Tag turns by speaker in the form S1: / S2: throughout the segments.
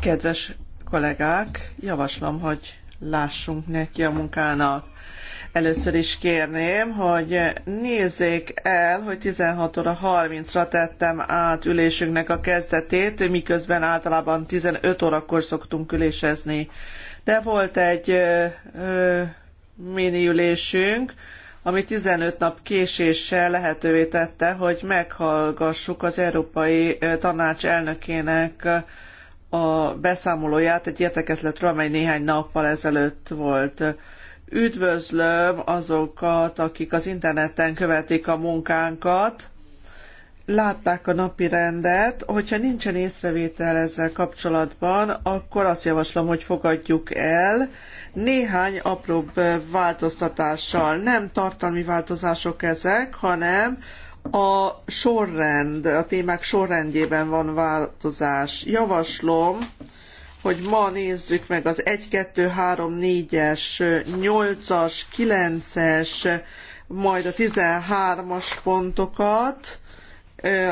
S1: Kedves kollégák, javaslom, hogy lássunk neki a munkának. Először is kérném, hogy nézzék el, hogy 16 óra 30-ra tettem át ülésünknek a kezdetét, miközben általában 15 órakor szoktunk ülésezni. De volt egy ö, ö, mini ülésünk, ami 15 nap késéssel lehetővé tette, hogy meghallgassuk az Európai Tanács elnökének a beszámolóját egy értekezletről, amely néhány nappal ezelőtt volt. Üdvözlöm azokat, akik az interneten követik a munkánkat látták a napi rendet, hogyha nincsen észrevétel ezzel kapcsolatban, akkor azt javaslom, hogy fogadjuk el néhány apróbb változtatással. Nem tartalmi változások ezek, hanem a sorrend, a témák sorrendjében van változás. Javaslom, hogy ma nézzük meg az 1, 2, 3, 4-es, 8-as, 9-es, majd a 13-as pontokat,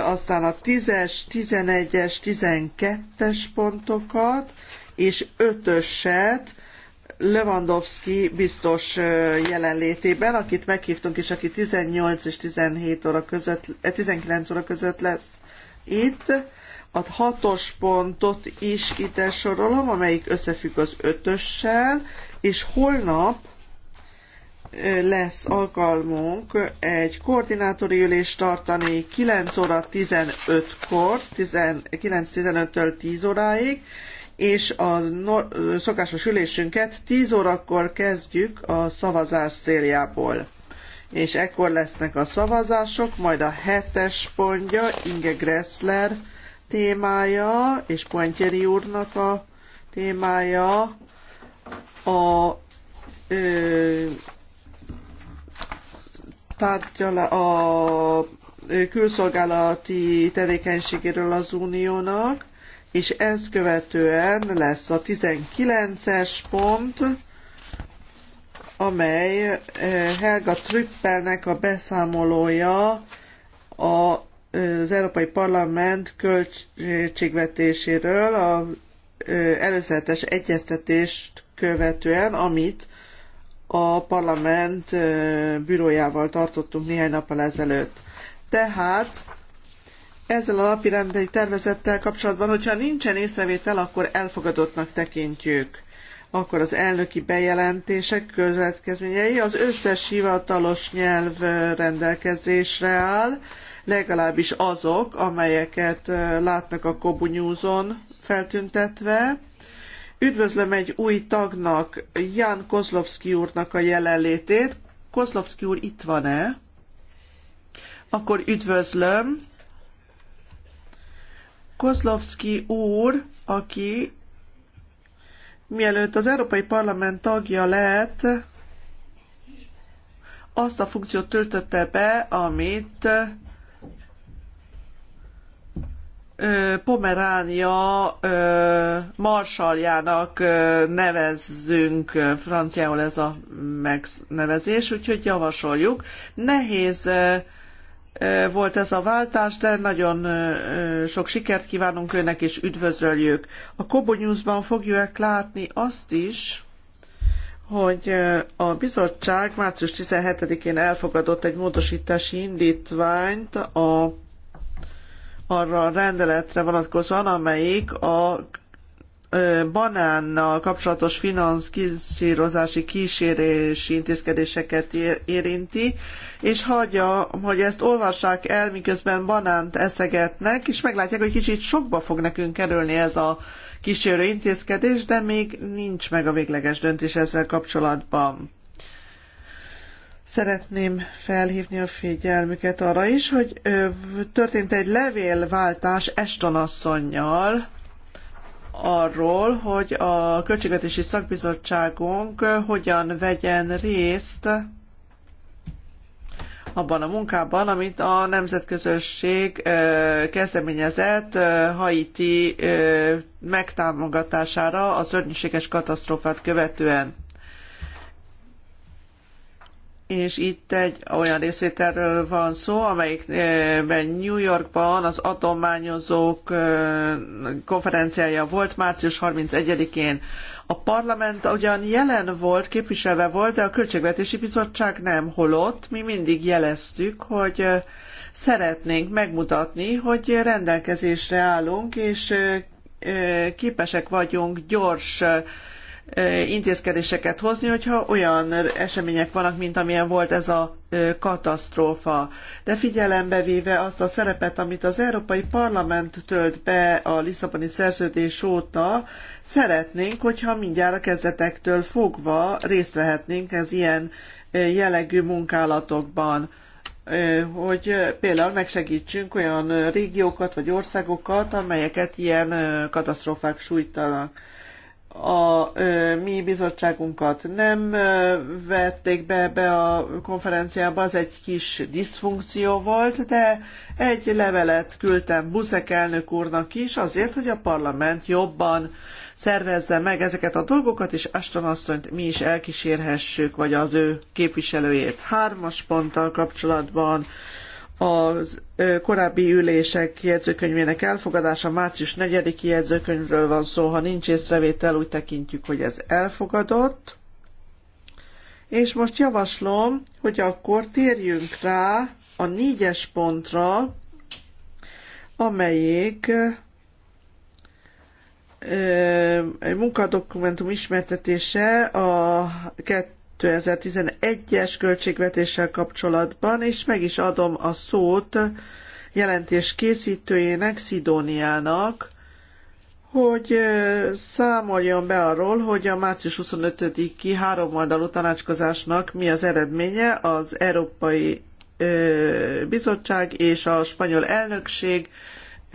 S1: aztán a 10-es, 11-es, 12-es pontokat, és 5-öset Lewandowski biztos jelenlétében, akit meghívtunk, és aki 18 és 17 óra között, 19 óra között lesz itt. A hatos pontot is ide sorolom, amelyik összefügg az ötössel, és holnap lesz alkalmunk egy koordinátori ülést tartani 9 óra 15-kor, 9-15-től 10 óráig, és a szokásos ülésünket 10 órakor kezdjük a szavazás céljából. És ekkor lesznek a szavazások, majd a hetes pontja, Inge Gressler témája, és Pontjeri úrnak a témája, a tárgyal a külszolgálati tevékenységéről az uniónak, és ezt követően lesz a 19-es pont, amely eh, Helga Trüppelnek a beszámolója a az Európai Parlament költségvetéséről a eh, előzetes egyeztetést követően, amit a parlament bürójával tartottunk néhány nappal ezelőtt. Tehát ezzel a napi rendei tervezettel kapcsolatban, hogyha nincsen észrevétel, akkor elfogadottnak tekintjük. Akkor az elnöki bejelentések következményei az összes hivatalos nyelv rendelkezésre áll, legalábbis azok, amelyeket látnak a Kobu News-on feltüntetve Üdvözlöm egy új tagnak, Jan Kozlovszki úrnak a jelenlétét. Kozlovszki úr itt van-e? Akkor üdvözlöm. Kozlovszki úr, aki mielőtt az Európai Parlament tagja lett, azt a funkciót töltötte be, amit Pomeránia marsaljának nevezzünk, franciául ez a megnevezés, úgyhogy javasoljuk. Nehéz volt ez a váltás, de nagyon sok sikert kívánunk önnek, és üdvözöljük. A Kobonyuszban fogjuk látni azt is, hogy a bizottság március 17-én elfogadott egy módosítási indítványt a arra a rendeletre vonatkozóan, amelyik a banánnal kapcsolatos finanszírozási kísérési intézkedéseket érinti, és hagyja, hogy ezt olvassák el, miközben banánt eszegetnek, és meglátják, hogy kicsit sokba fog nekünk kerülni ez a kísérő intézkedés, de még nincs meg a végleges döntés ezzel kapcsolatban. Szeretném felhívni a figyelmüket arra is, hogy történt egy levélváltás Eston asszonynal, arról, hogy a Költségvetési Szakbizottságunk hogyan vegyen részt abban a munkában, amit a nemzetközösség kezdeményezett Haiti megtámogatására a szörnyűséges katasztrófát követően és itt egy olyan részvételről van szó, amelyikben New Yorkban az adományozók konferenciája volt március 31-én. A parlament ugyan jelen volt, képviselve volt, de a Költségvetési Bizottság nem holott. Mi mindig jeleztük, hogy szeretnénk megmutatni, hogy rendelkezésre állunk, és képesek vagyunk gyors intézkedéseket hozni, hogyha olyan események vannak, mint amilyen volt ez a katasztrófa. De figyelembe véve azt a szerepet, amit az Európai Parlament tölt be a Lisszaboni szerződés óta, szeretnénk, hogyha mindjárt a kezdetektől fogva részt vehetnénk az ilyen jellegű munkálatokban hogy például megsegítsünk olyan régiókat vagy országokat, amelyeket ilyen katasztrófák sújtanak a ö, mi bizottságunkat nem ö, vették be ebbe a konferenciába, az egy kis diszfunkció volt, de egy levelet küldtem Buzek elnök úrnak is azért, hogy a parlament jobban szervezze meg ezeket a dolgokat, és Aston asszonyt mi is elkísérhessük, vagy az ő képviselőjét. Hármas ponttal kapcsolatban az korábbi ülések jegyzőkönyvének elfogadása március 4. jegyzőkönyvről van szó, ha nincs észrevétel, úgy tekintjük, hogy ez elfogadott. És most javaslom, hogy akkor térjünk rá a négyes pontra, amelyik egy munkadokumentum ismertetése a 2011-es költségvetéssel kapcsolatban, és meg is adom a szót jelentés készítőjének, Szidóniának, hogy számoljon be arról, hogy a március 25-i háromoldalú tanácskozásnak mi az eredménye az Európai Bizottság és a spanyol elnökség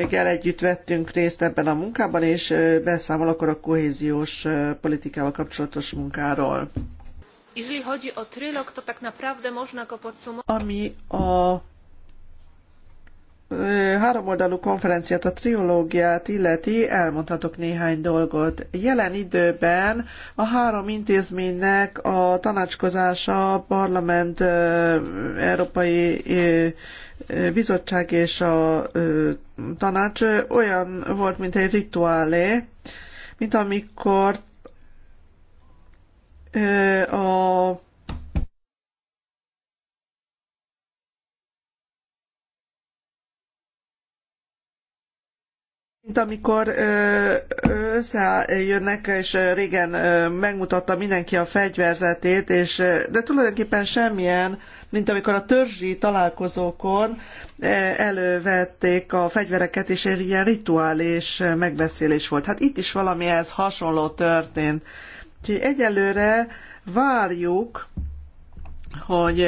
S1: el együtt vettünk részt ebben a munkában, és beszámol akkor a kohéziós politikával kapcsolatos munkáról.
S2: Jeżeli chodzi o trylog, to tak naprawdę można go podsumować.
S1: Ami a e, háromoldalú konferenciát, a triológiát illeti, elmondhatok néhány dolgot. Jelen időben a három intézménynek a tanácskozása, a parlament, e, Európai e, Bizottság és a tanács olyan volt, mint egy rituálé, mint amikor a mint amikor összejönnek, és régen megmutatta mindenki a fegyverzetét, és, de tulajdonképpen semmilyen, mint amikor a törzsi találkozókon elővették a fegyvereket, és egy ilyen rituális megbeszélés volt. Hát itt is valamihez hasonló történt. Úgyhogy egyelőre várjuk, hogy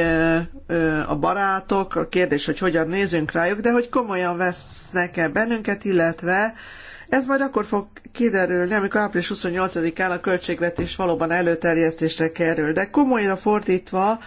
S1: a barátok, a kérdés, hogy hogyan nézünk rájuk, de hogy komolyan vesznek-e bennünket, illetve ez majd akkor fog kiderülni, amikor április 28-án a költségvetés valóban előterjesztésre kerül. De komolyra fordítva,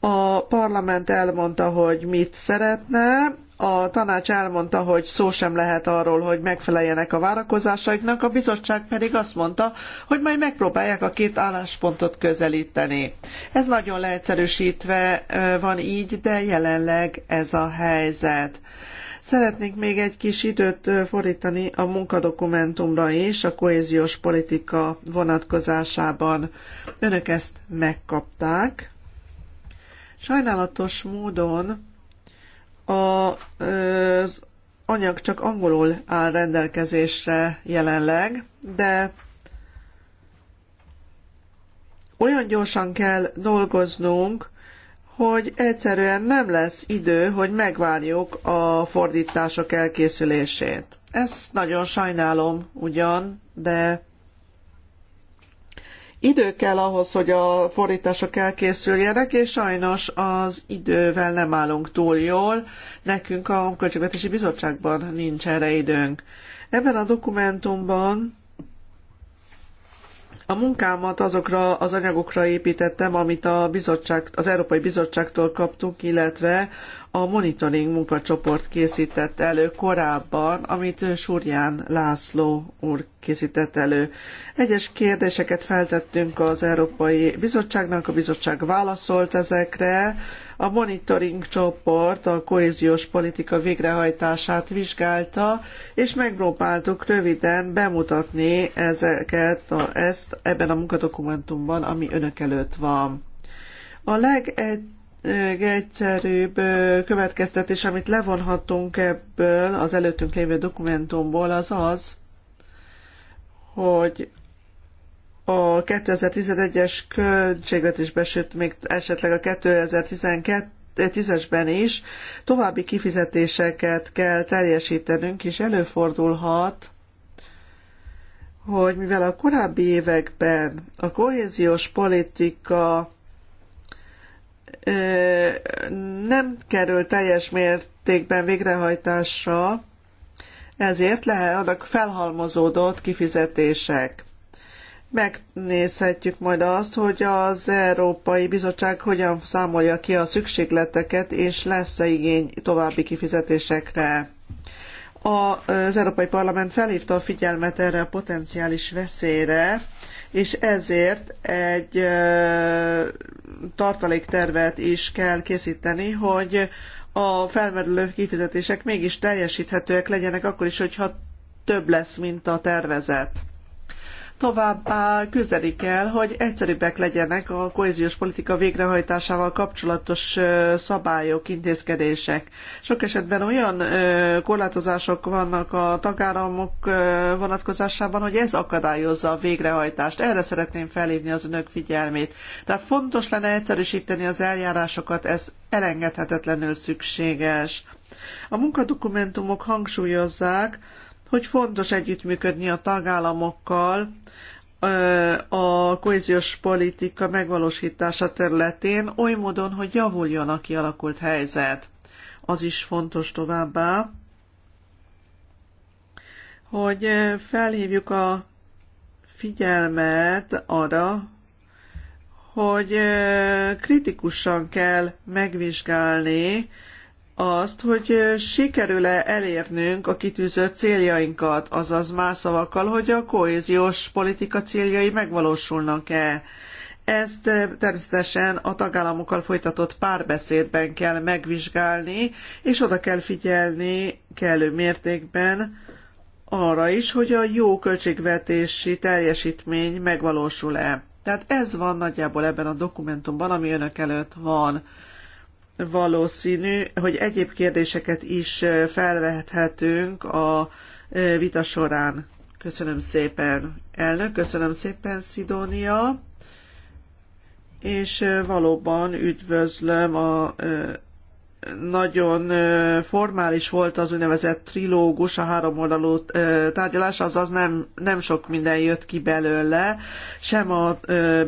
S1: a parlament elmondta, hogy mit szeretne, a tanács elmondta, hogy szó sem lehet arról, hogy megfeleljenek a várakozásaiknak, a bizottság pedig azt mondta, hogy majd megpróbálják a két álláspontot közelíteni. Ez nagyon leegyszerűsítve van így, de jelenleg ez a helyzet. Szeretnék még egy kis időt fordítani a munkadokumentumra és a kohéziós politika vonatkozásában. Önök ezt megkapták. Sajnálatos módon a, az anyag csak angolul áll rendelkezésre jelenleg, de olyan gyorsan kell dolgoznunk, hogy egyszerűen nem lesz idő, hogy megvárjuk a fordítások elkészülését. Ezt nagyon sajnálom ugyan, de Idő kell ahhoz, hogy a fordítások elkészüljenek, és sajnos az idővel nem állunk túl jól. Nekünk a Költségvetési Bizottságban nincs erre időnk. Ebben a dokumentumban a munkámat azokra az anyagokra építettem, amit a bizottság, az Európai Bizottságtól kaptunk, illetve a monitoring munkacsoport készített elő korábban, amit Súrján László úr készített elő. Egyes kérdéseket feltettünk az Európai Bizottságnak, a bizottság válaszolt ezekre. A monitoring csoport a kohéziós politika végrehajtását vizsgálta, és megpróbáltuk röviden bemutatni ezeket, a, ezt ebben a munkadokumentumban, ami önök előtt van. A legegyszerűbb egyszerűbb következtetés, amit levonhatunk ebből az előttünk lévő dokumentumból, az az, hogy a 2011-es költségvetésben, sőt még esetleg a 2012 esben is további kifizetéseket kell teljesítenünk, és előfordulhat, hogy mivel a korábbi években a kohéziós politika nem kerül teljes mértékben végrehajtásra, ezért lehet annak felhalmozódott kifizetések. Megnézhetjük majd azt, hogy az Európai Bizottság hogyan számolja ki a szükségleteket, és lesz-e igény további kifizetésekre. Az Európai Parlament felhívta a figyelmet erre a potenciális veszélyre, és ezért egy tartaléktervet is kell készíteni, hogy a felmerülő kifizetések mégis teljesíthetőek legyenek akkor is, hogyha több lesz, mint a tervezet. Továbbá küzdenik kell, hogy egyszerűbbek legyenek a kohéziós politika végrehajtásával kapcsolatos szabályok, intézkedések. Sok esetben olyan korlátozások vannak a tagállamok vonatkozásában, hogy ez akadályozza a végrehajtást. Erre szeretném felhívni az önök figyelmét. Tehát fontos lenne egyszerűsíteni az eljárásokat, ez elengedhetetlenül szükséges. A munkadokumentumok hangsúlyozzák, hogy fontos együttműködni a tagállamokkal a kohéziós politika megvalósítása területén oly módon, hogy javuljon a kialakult helyzet. Az is fontos továbbá, hogy felhívjuk a figyelmet arra, hogy kritikusan kell megvizsgálni azt, hogy sikerül-e elérnünk a kitűzött céljainkat, azaz más szavakkal, hogy a kohéziós politika céljai megvalósulnak-e. Ezt természetesen a tagállamokkal folytatott párbeszédben kell megvizsgálni, és oda kell figyelni kellő mértékben arra is, hogy a jó költségvetési teljesítmény megvalósul-e. Tehát ez van nagyjából ebben a dokumentumban, ami önök előtt van valószínű, hogy egyéb kérdéseket is felvehethetünk a vita során. Köszönöm szépen, elnök, köszönöm szépen, Szidónia, és valóban üdvözlöm a nagyon formális volt az úgynevezett trilógus, a háromoldalú tárgyalás, azaz nem, nem sok minden jött ki belőle, sem a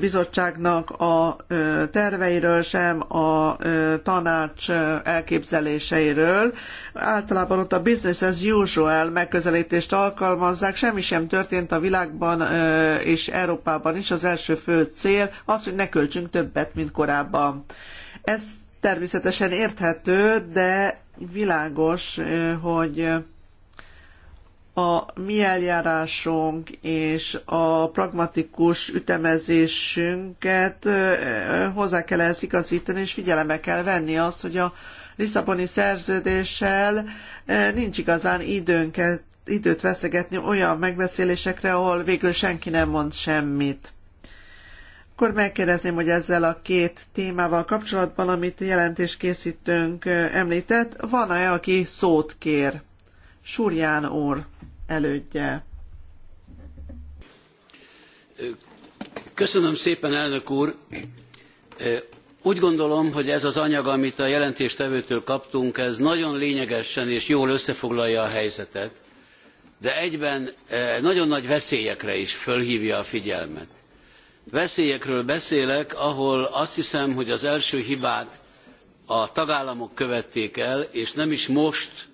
S1: bizottságnak a terveiről, sem a tanács elképzeléseiről. Általában ott a business as usual megközelítést alkalmazzák, semmi sem történt a világban és Európában is. Az első fő cél az, hogy ne költsünk többet, mint korábban. Ezt természetesen érthető, de világos, hogy a mi eljárásunk és a pragmatikus ütemezésünket hozzá kell ehhez igazítani, és figyelembe kell venni azt, hogy a Lisszaboni szerződéssel nincs igazán időnket, időt veszegetni olyan megbeszélésekre, ahol végül senki nem mond semmit akkor megkérdezném, hogy ezzel a két témával kapcsolatban, amit jelentéskészítőnk említett, van-e, aki szót kér? Surján úr elődje.
S3: Köszönöm szépen, elnök úr. Úgy gondolom, hogy ez az anyag, amit a jelentéstevőtől kaptunk, ez nagyon lényegesen és jól összefoglalja a helyzetet, de egyben nagyon nagy veszélyekre is fölhívja a figyelmet veszélyekről beszélek, ahol azt hiszem, hogy az első hibát a tagállamok követték el, és nem is most,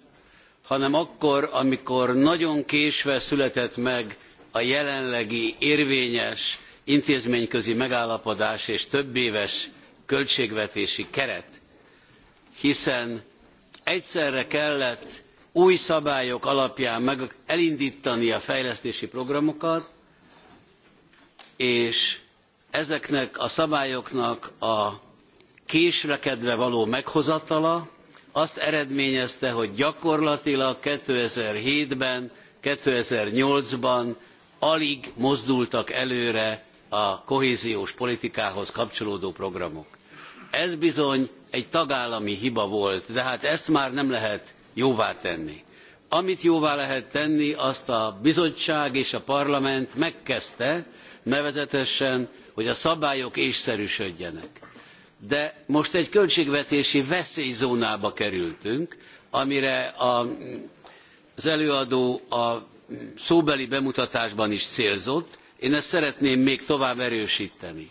S3: hanem akkor, amikor nagyon késve született meg a jelenlegi érvényes intézményközi megállapodás és többéves költségvetési keret, hiszen egyszerre kellett új szabályok alapján meg elindítani a fejlesztési programokat, és ezeknek a szabályoknak a késlekedve való meghozatala azt eredményezte, hogy gyakorlatilag 2007-ben, 2008-ban alig mozdultak előre a kohéziós politikához kapcsolódó programok. Ez bizony egy tagállami hiba volt, de hát ezt már nem lehet jóvá tenni. Amit jóvá lehet tenni, azt a bizottság és a parlament megkezdte, nevezetesen hogy a szabályok észszerűsödjenek. De most egy költségvetési veszélyzónába kerültünk, amire a, az előadó a szóbeli bemutatásban is célzott, én ezt szeretném még tovább erősíteni.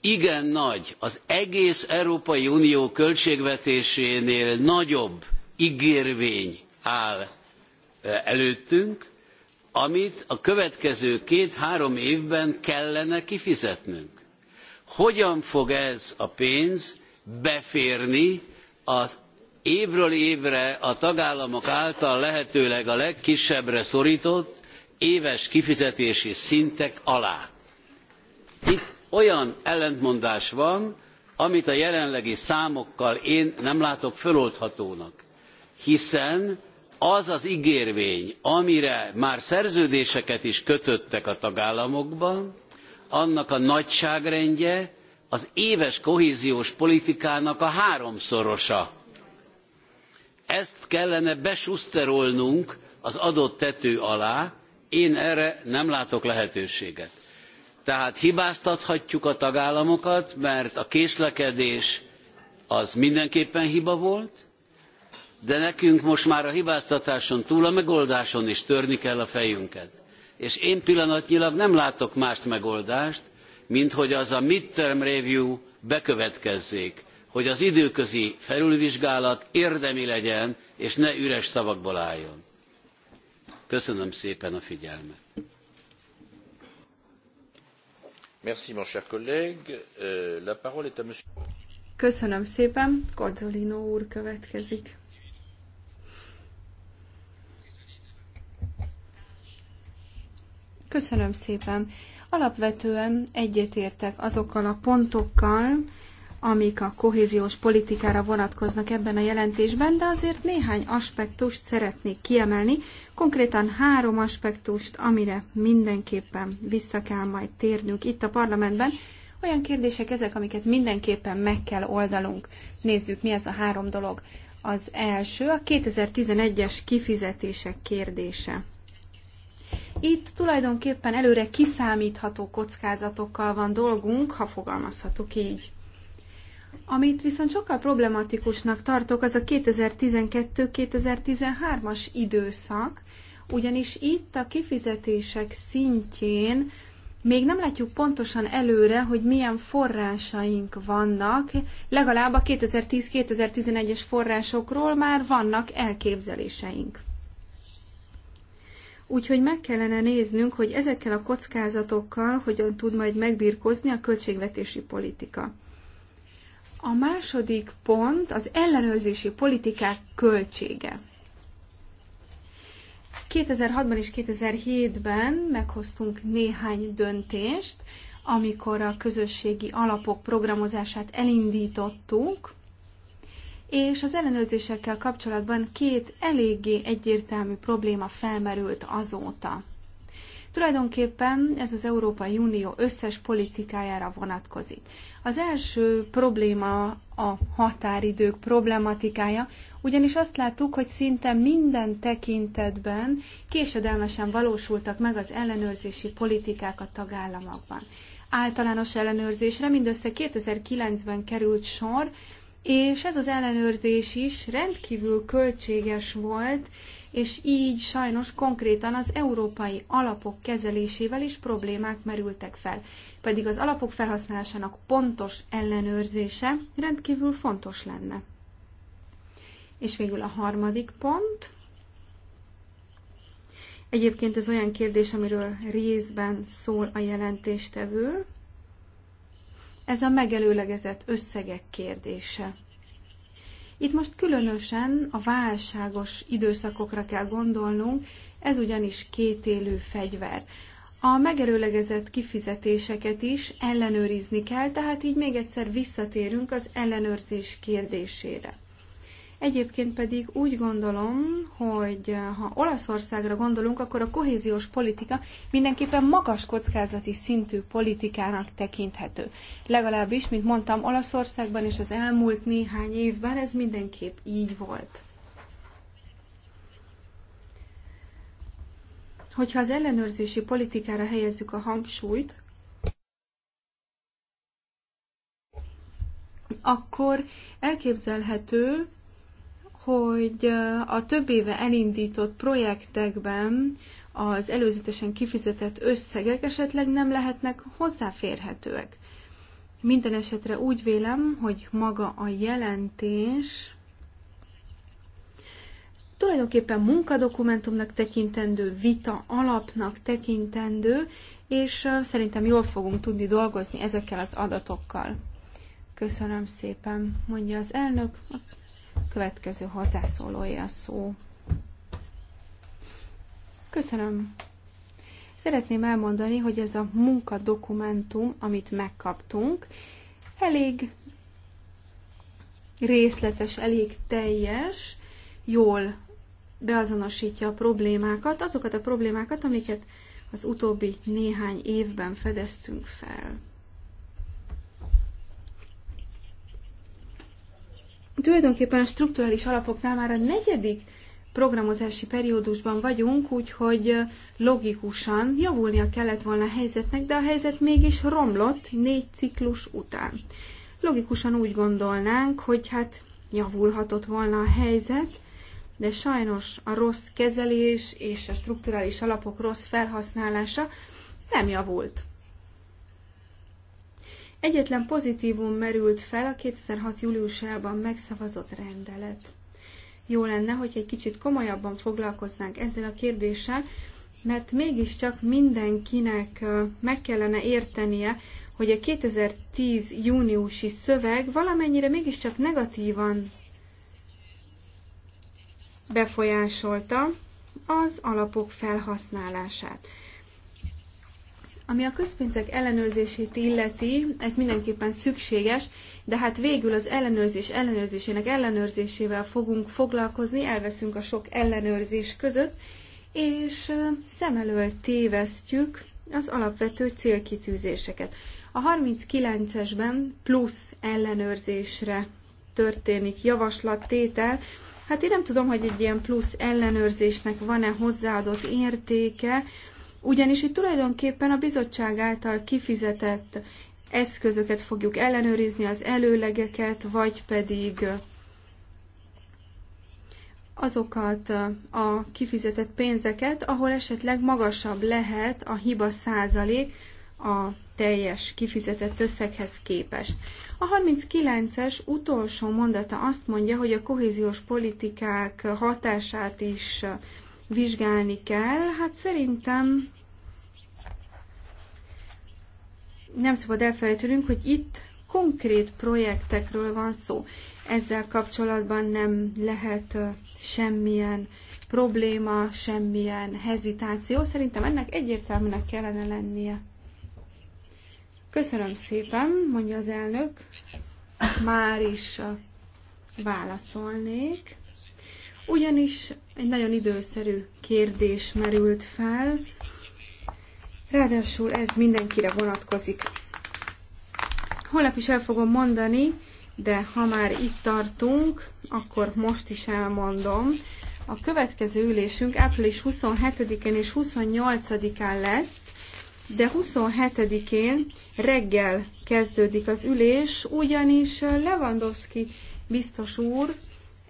S3: Igen nagy, az egész Európai Unió költségvetésénél nagyobb ígérvény áll e, előttünk, amit a következő két-három évben kellene kifizetnünk. Hogyan fog ez a pénz beférni az évről évre a tagállamok által lehetőleg a legkisebbre szortott éves kifizetési szintek alá? Itt olyan ellentmondás van, amit a jelenlegi számokkal én nem látok föloldhatónak, hiszen az az ígérvény, amire már szerződéseket is kötöttek a tagállamokban, annak a nagyságrendje az éves kohéziós politikának a háromszorosa. Ezt kellene besuszterolnunk az adott tető alá, én erre nem látok lehetőséget. Tehát hibáztathatjuk a tagállamokat, mert a késlekedés az mindenképpen hiba volt, de nekünk most már a hibáztatáson túl a megoldáson is törni kell a fejünket. És én pillanatnyilag nem látok más megoldást, mint hogy az a midterm review bekövetkezzék, hogy az időközi felülvizsgálat érdemi legyen, és ne üres szavakból álljon. Köszönöm szépen a figyelmet. Euh,
S4: Köszönöm szépen, Kozzolino úr következik. Köszönöm szépen. Alapvetően egyetértek azokkal a pontokkal, amik a kohéziós politikára vonatkoznak ebben a jelentésben, de azért néhány aspektust szeretnék kiemelni, konkrétan három aspektust, amire mindenképpen vissza kell majd térnünk itt a parlamentben. Olyan kérdések ezek, amiket mindenképpen meg kell oldalunk. Nézzük, mi ez a három dolog. Az első a 2011-es kifizetések kérdése. Itt tulajdonképpen előre kiszámítható kockázatokkal van dolgunk, ha fogalmazhatok így. Amit viszont sokkal problematikusnak tartok, az a 2012-2013-as időszak, ugyanis itt a kifizetések szintjén még nem látjuk pontosan előre, hogy milyen forrásaink vannak. Legalább a 2010-2011-es forrásokról már vannak elképzeléseink. Úgyhogy meg kellene néznünk, hogy ezekkel a kockázatokkal hogyan tud majd megbírkozni a költségvetési politika. A második pont az ellenőrzési politikák költsége. 2006-ban és 2007-ben meghoztunk néhány döntést, amikor a közösségi alapok programozását elindítottuk, és az ellenőrzésekkel kapcsolatban két eléggé egyértelmű probléma felmerült azóta. Tulajdonképpen ez az Európai Unió összes politikájára vonatkozik. Az első probléma a határidők problematikája, ugyanis azt láttuk, hogy szinte minden tekintetben késedelmesen valósultak meg az ellenőrzési politikák a tagállamokban. Általános ellenőrzésre mindössze 2009-ben került sor, és ez az ellenőrzés is rendkívül költséges volt, és így sajnos konkrétan az európai alapok kezelésével is problémák merültek fel. Pedig az alapok felhasználásának pontos ellenőrzése rendkívül fontos lenne. És végül a harmadik pont. Egyébként ez olyan kérdés, amiről részben szól a jelentéstevő, ez a megelőlegezett összegek kérdése. Itt most különösen a válságos időszakokra kell gondolnunk, ez ugyanis kétélű fegyver. A megerőlegezett kifizetéseket is ellenőrizni kell, tehát így még egyszer visszatérünk az ellenőrzés kérdésére. Egyébként pedig úgy gondolom, hogy eh, ha Olaszországra gondolunk, akkor a kohéziós politika mindenképpen magas kockázati szintű politikának tekinthető. Legalábbis, mint mondtam, Olaszországban és az elmúlt néhány évben ez mindenképp így volt. Hogyha az ellenőrzési politikára helyezzük a hangsúlyt, akkor elképzelhető, hogy a több éve elindított projektekben az előzetesen kifizetett összegek esetleg nem lehetnek hozzáférhetőek. Minden esetre úgy vélem, hogy maga a jelentés tulajdonképpen munkadokumentumnak tekintendő, vita alapnak tekintendő, és szerintem jól fogunk tudni dolgozni ezekkel az adatokkal. Köszönöm szépen, mondja az elnök következő hozzászólója a szó. Köszönöm. Szeretném elmondani, hogy ez a munkadokumentum, amit megkaptunk, elég részletes, elég teljes, jól beazonosítja a problémákat, azokat a problémákat, amiket az utóbbi néhány évben fedeztünk fel. tulajdonképpen a strukturális alapoknál már a negyedik programozási periódusban vagyunk, úgyhogy logikusan javulnia kellett volna a helyzetnek, de a helyzet mégis romlott négy ciklus után. Logikusan úgy gondolnánk, hogy hát javulhatott volna a helyzet, de sajnos a rossz kezelés és a strukturális alapok rossz felhasználása nem javult Egyetlen pozitívum merült fel a 2006. júliusában megszavazott rendelet. Jó lenne, hogy egy kicsit komolyabban foglalkoznánk ezzel a kérdéssel, mert mégiscsak mindenkinek meg kellene értenie, hogy a 2010 júniusi szöveg valamennyire mégiscsak negatívan befolyásolta az alapok felhasználását. Ami a közpénzek ellenőrzését illeti, ez mindenképpen szükséges, de hát végül az ellenőrzés ellenőrzésének ellenőrzésével fogunk foglalkozni, elveszünk a sok ellenőrzés között, és szem elől tévesztjük az alapvető célkitűzéseket. A 39-esben plusz ellenőrzésre történik javaslattétel. Hát én nem tudom, hogy egy ilyen plusz ellenőrzésnek van-e hozzáadott értéke, ugyanis itt tulajdonképpen a bizottság által kifizetett eszközöket fogjuk ellenőrizni, az előlegeket, vagy pedig azokat a kifizetett pénzeket, ahol esetleg magasabb lehet a hiba százalék a teljes kifizetett összeghez képest. A 39-es utolsó mondata azt mondja, hogy a kohéziós politikák hatását is vizsgálni kell. Hát szerintem nem szabad elfelejtenünk, hogy itt konkrét projektekről van szó. Ezzel kapcsolatban nem lehet semmilyen probléma, semmilyen hezitáció. Szerintem ennek egyértelműnek kellene lennie. Köszönöm szépen, mondja az elnök. Már is válaszolnék. Ugyanis egy nagyon időszerű kérdés merült fel, Ráadásul ez mindenkire vonatkozik. Holnap is el fogom mondani, de ha már itt tartunk, akkor most is elmondom. A következő ülésünk április 27-én és 28-án lesz, de 27-én reggel kezdődik az ülés, ugyanis Lewandowski biztos úr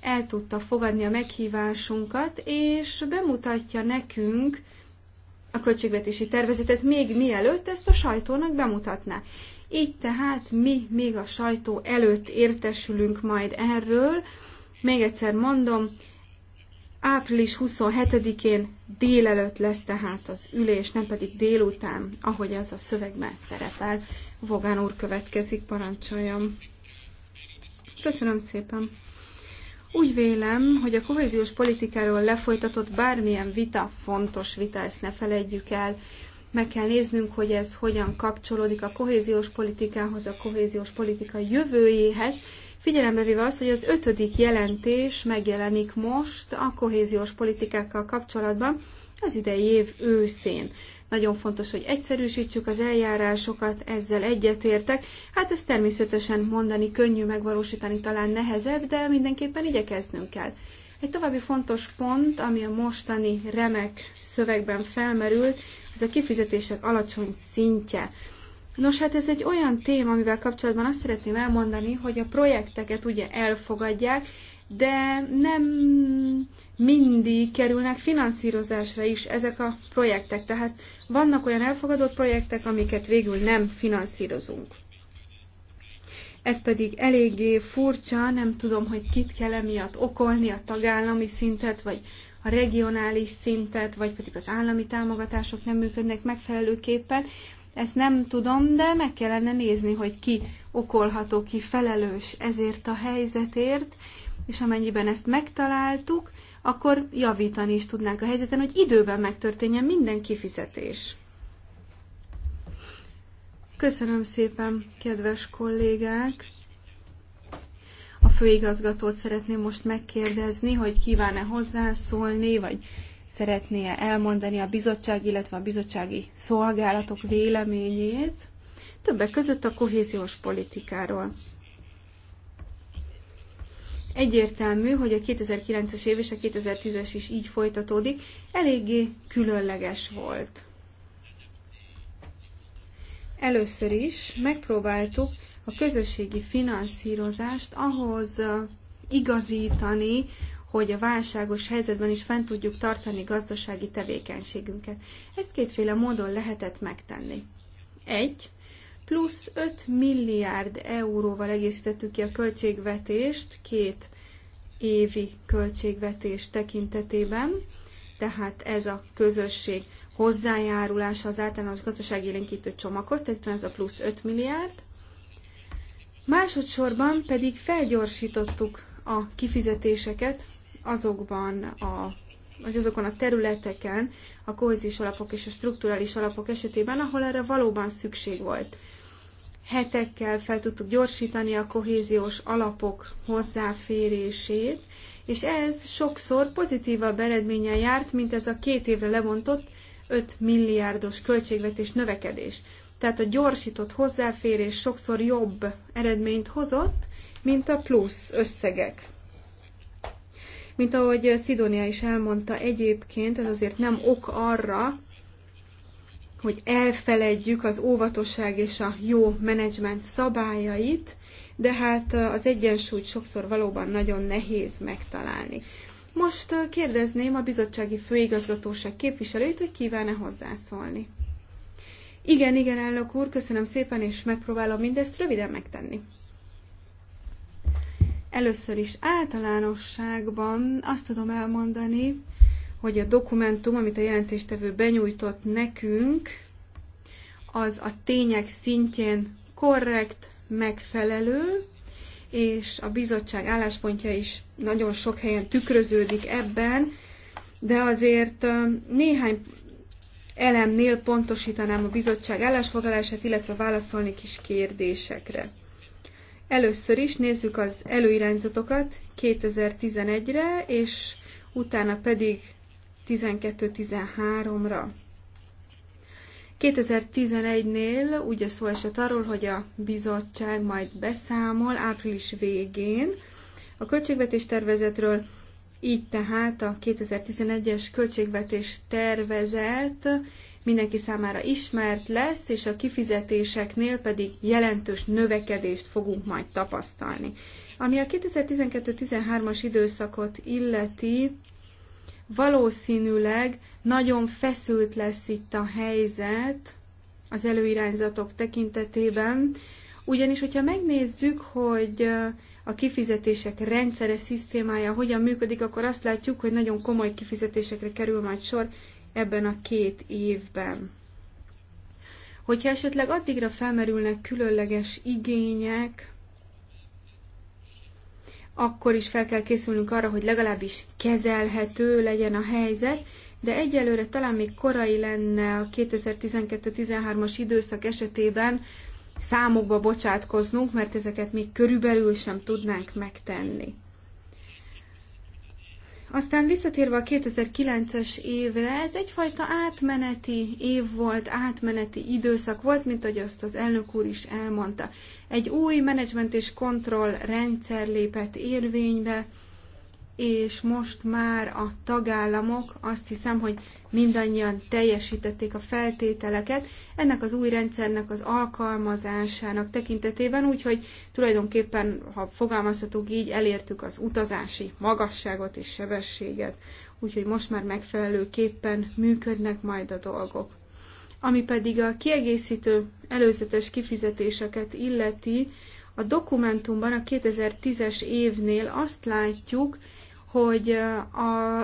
S4: el tudta fogadni a meghívásunkat, és bemutatja nekünk a költségvetési tervezetet még mielőtt ezt a sajtónak bemutatná. Így tehát mi még a sajtó előtt értesülünk majd erről. Még egyszer mondom, április 27-én délelőtt lesz tehát az ülés, nem pedig délután, ahogy az a szövegben szerepel. Vogán úr következik, parancsoljam. Köszönöm szépen! Úgy vélem, hogy a kohéziós politikáról lefolytatott bármilyen vita fontos vita, ezt ne felejtjük el. Meg kell néznünk, hogy ez hogyan kapcsolódik a kohéziós politikához, a kohéziós politika jövőjéhez, figyelembe véve azt, hogy az ötödik jelentés megjelenik most a kohéziós politikákkal kapcsolatban az idei év őszén. Nagyon fontos, hogy egyszerűsítsük az eljárásokat, ezzel egyetértek. Hát ez természetesen mondani könnyű, megvalósítani talán nehezebb, de mindenképpen igyekeznünk kell. Egy további fontos pont, ami a mostani remek szövegben felmerül, ez a kifizetések alacsony szintje. Nos, hát ez egy olyan téma, amivel kapcsolatban azt szeretném elmondani, hogy a projekteket ugye elfogadják, de nem mindig kerülnek finanszírozásra is ezek a projektek. Tehát vannak olyan elfogadott projektek, amiket végül nem finanszírozunk. Ez pedig eléggé furcsa, nem tudom, hogy kit kell emiatt okolni, a tagállami szintet, vagy a regionális szintet, vagy pedig az állami támogatások nem működnek megfelelőképpen. Ezt nem tudom, de meg kellene nézni, hogy ki okolható, ki felelős ezért a helyzetért, és amennyiben ezt megtaláltuk, akkor javítani is tudnánk a helyzeten, hogy időben megtörténjen minden kifizetés. Köszönöm szépen, kedves kollégák! A főigazgatót szeretném most megkérdezni, hogy kíván-e hozzászólni, vagy szeretné-e elmondani a bizottság, illetve a bizottsági szolgálatok véleményét, többek között a kohéziós politikáról. Egyértelmű, hogy a 2009-es év és a 2010-es is így folytatódik, eléggé különleges volt. Először is megpróbáltuk a közösségi finanszírozást ahhoz igazítani, hogy a válságos helyzetben is fent tudjuk tartani gazdasági tevékenységünket. Ezt kétféle módon lehetett megtenni. Egy, plusz 5 milliárd euróval egészítettük ki a költségvetést két évi költségvetés tekintetében, tehát ez a közösség hozzájárulása az általános élénkítő csomaghoz, tehát ez a plusz 5 milliárd. Másodszorban pedig felgyorsítottuk a kifizetéseket azokban a hogy azokon a területeken, a kohézis alapok és a strukturális alapok esetében, ahol erre valóban szükség volt. Hetekkel fel tudtuk gyorsítani a kohéziós alapok hozzáférését, és ez sokszor pozitívabb eredménnyel járt, mint ez a két évre levontott 5 milliárdos költségvetés növekedés. Tehát a gyorsított hozzáférés sokszor jobb eredményt hozott, mint a plusz összegek. Mint ahogy Szidónia is elmondta egyébként, ez azért nem ok arra, hogy elfeledjük az óvatosság és a jó menedzsment szabályait, de hát az egyensúlyt sokszor valóban nagyon nehéz megtalálni. Most kérdezném a bizottsági főigazgatóság képviselőit, hogy kíván-e hozzászólni. Igen, igen, elnök úr, köszönöm szépen, és megpróbálom mindezt röviden megtenni. Először is általánosságban azt tudom elmondani, hogy a dokumentum, amit a jelentéstevő benyújtott nekünk, az a tények szintjén korrekt, megfelelő, és a bizottság álláspontja is nagyon sok helyen tükröződik ebben, de azért néhány elemnél pontosítanám a bizottság állásfoglalását, illetve válaszolnék is kérdésekre. Először is nézzük az előirányzatokat 2011-re, és utána pedig 12-13-ra. 2011-nél ugye szó esett arról, hogy a bizottság majd beszámol április végén a költségvetés tervezetről, így tehát a 2011-es költségvetés tervezet mindenki számára ismert lesz, és a kifizetéseknél pedig jelentős növekedést fogunk majd tapasztalni. Ami a 2012-13-as időszakot illeti, valószínűleg nagyon feszült lesz itt a helyzet az előirányzatok tekintetében, ugyanis, hogyha megnézzük, hogy a kifizetések rendszere, szisztémája hogyan működik, akkor azt látjuk, hogy nagyon komoly kifizetésekre kerül majd sor ebben a két évben. Hogyha esetleg addigra felmerülnek különleges igények, akkor is fel kell készülnünk arra, hogy legalábbis kezelhető legyen a helyzet, de egyelőre talán még korai lenne a 2012-13-as időszak esetében számokba bocsátkoznunk, mert ezeket még körülbelül sem tudnánk megtenni. Aztán visszatérve a 2009-es évre, ez egyfajta átmeneti év volt, átmeneti időszak volt, mint ahogy azt az elnök úr is elmondta. Egy új menedzsment és kontroll rendszer lépett érvénybe, és most már a tagállamok azt hiszem, hogy mindannyian teljesítették a feltételeket ennek az új rendszernek az alkalmazásának tekintetében, úgyhogy tulajdonképpen, ha fogalmazhatunk így, elértük az utazási magasságot és sebességet, úgyhogy most már megfelelőképpen működnek majd a dolgok. Ami pedig a kiegészítő előzetes kifizetéseket illeti, a dokumentumban a 2010-es évnél azt látjuk, hogy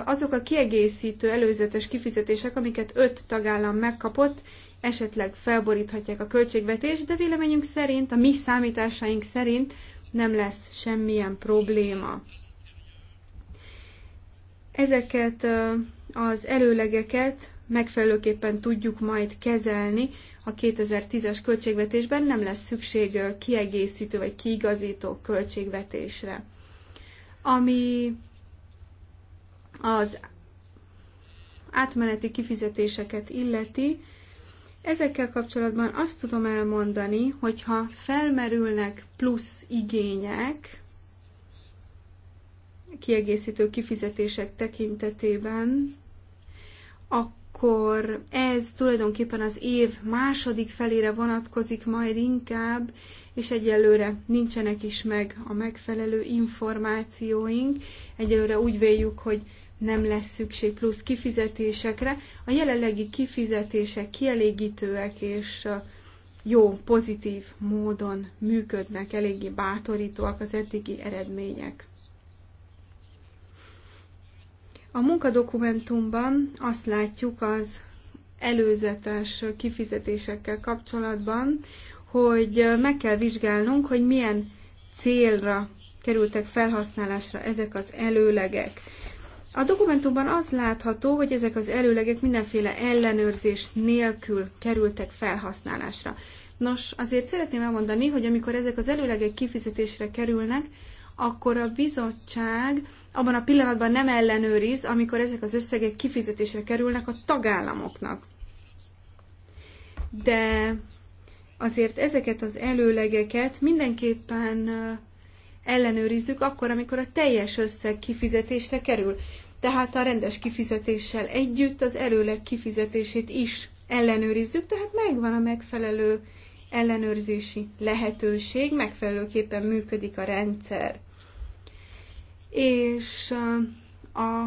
S4: azok a kiegészítő előzetes kifizetések, amiket öt tagállam megkapott, esetleg felboríthatják a költségvetést, de véleményünk szerint, a mi számításaink szerint nem lesz semmilyen probléma. Ezeket az előlegeket megfelelőképpen tudjuk majd kezelni a 2010-es költségvetésben, nem lesz szükség kiegészítő vagy kiigazító költségvetésre. Ami az átmeneti kifizetéseket illeti, ezekkel kapcsolatban azt tudom elmondani, hogyha felmerülnek plusz igények kiegészítő kifizetések tekintetében, akkor ez tulajdonképpen az év második felére vonatkozik majd inkább, és egyelőre nincsenek is meg a megfelelő információink. Egyelőre úgy véljük, hogy nem lesz szükség plusz kifizetésekre. A jelenlegi kifizetések kielégítőek és jó, pozitív módon működnek, eléggé bátorítóak az eddigi eredmények. A munkadokumentumban azt látjuk az előzetes kifizetésekkel kapcsolatban, hogy meg kell vizsgálnunk, hogy milyen célra kerültek felhasználásra ezek az előlegek. A dokumentumban az látható, hogy ezek az előlegek mindenféle ellenőrzés nélkül kerültek felhasználásra. Nos, azért szeretném elmondani, hogy amikor ezek az előlegek kifizetésre kerülnek, akkor a bizottság abban a pillanatban nem ellenőriz, amikor ezek az összegek kifizetésre kerülnek a tagállamoknak. De azért ezeket az előlegeket mindenképpen ellenőrizzük akkor, amikor a teljes összeg kifizetésre kerül tehát a rendes kifizetéssel együtt az előleg kifizetését is ellenőrizzük, tehát megvan a megfelelő ellenőrzési lehetőség, megfelelőképpen működik a rendszer. És a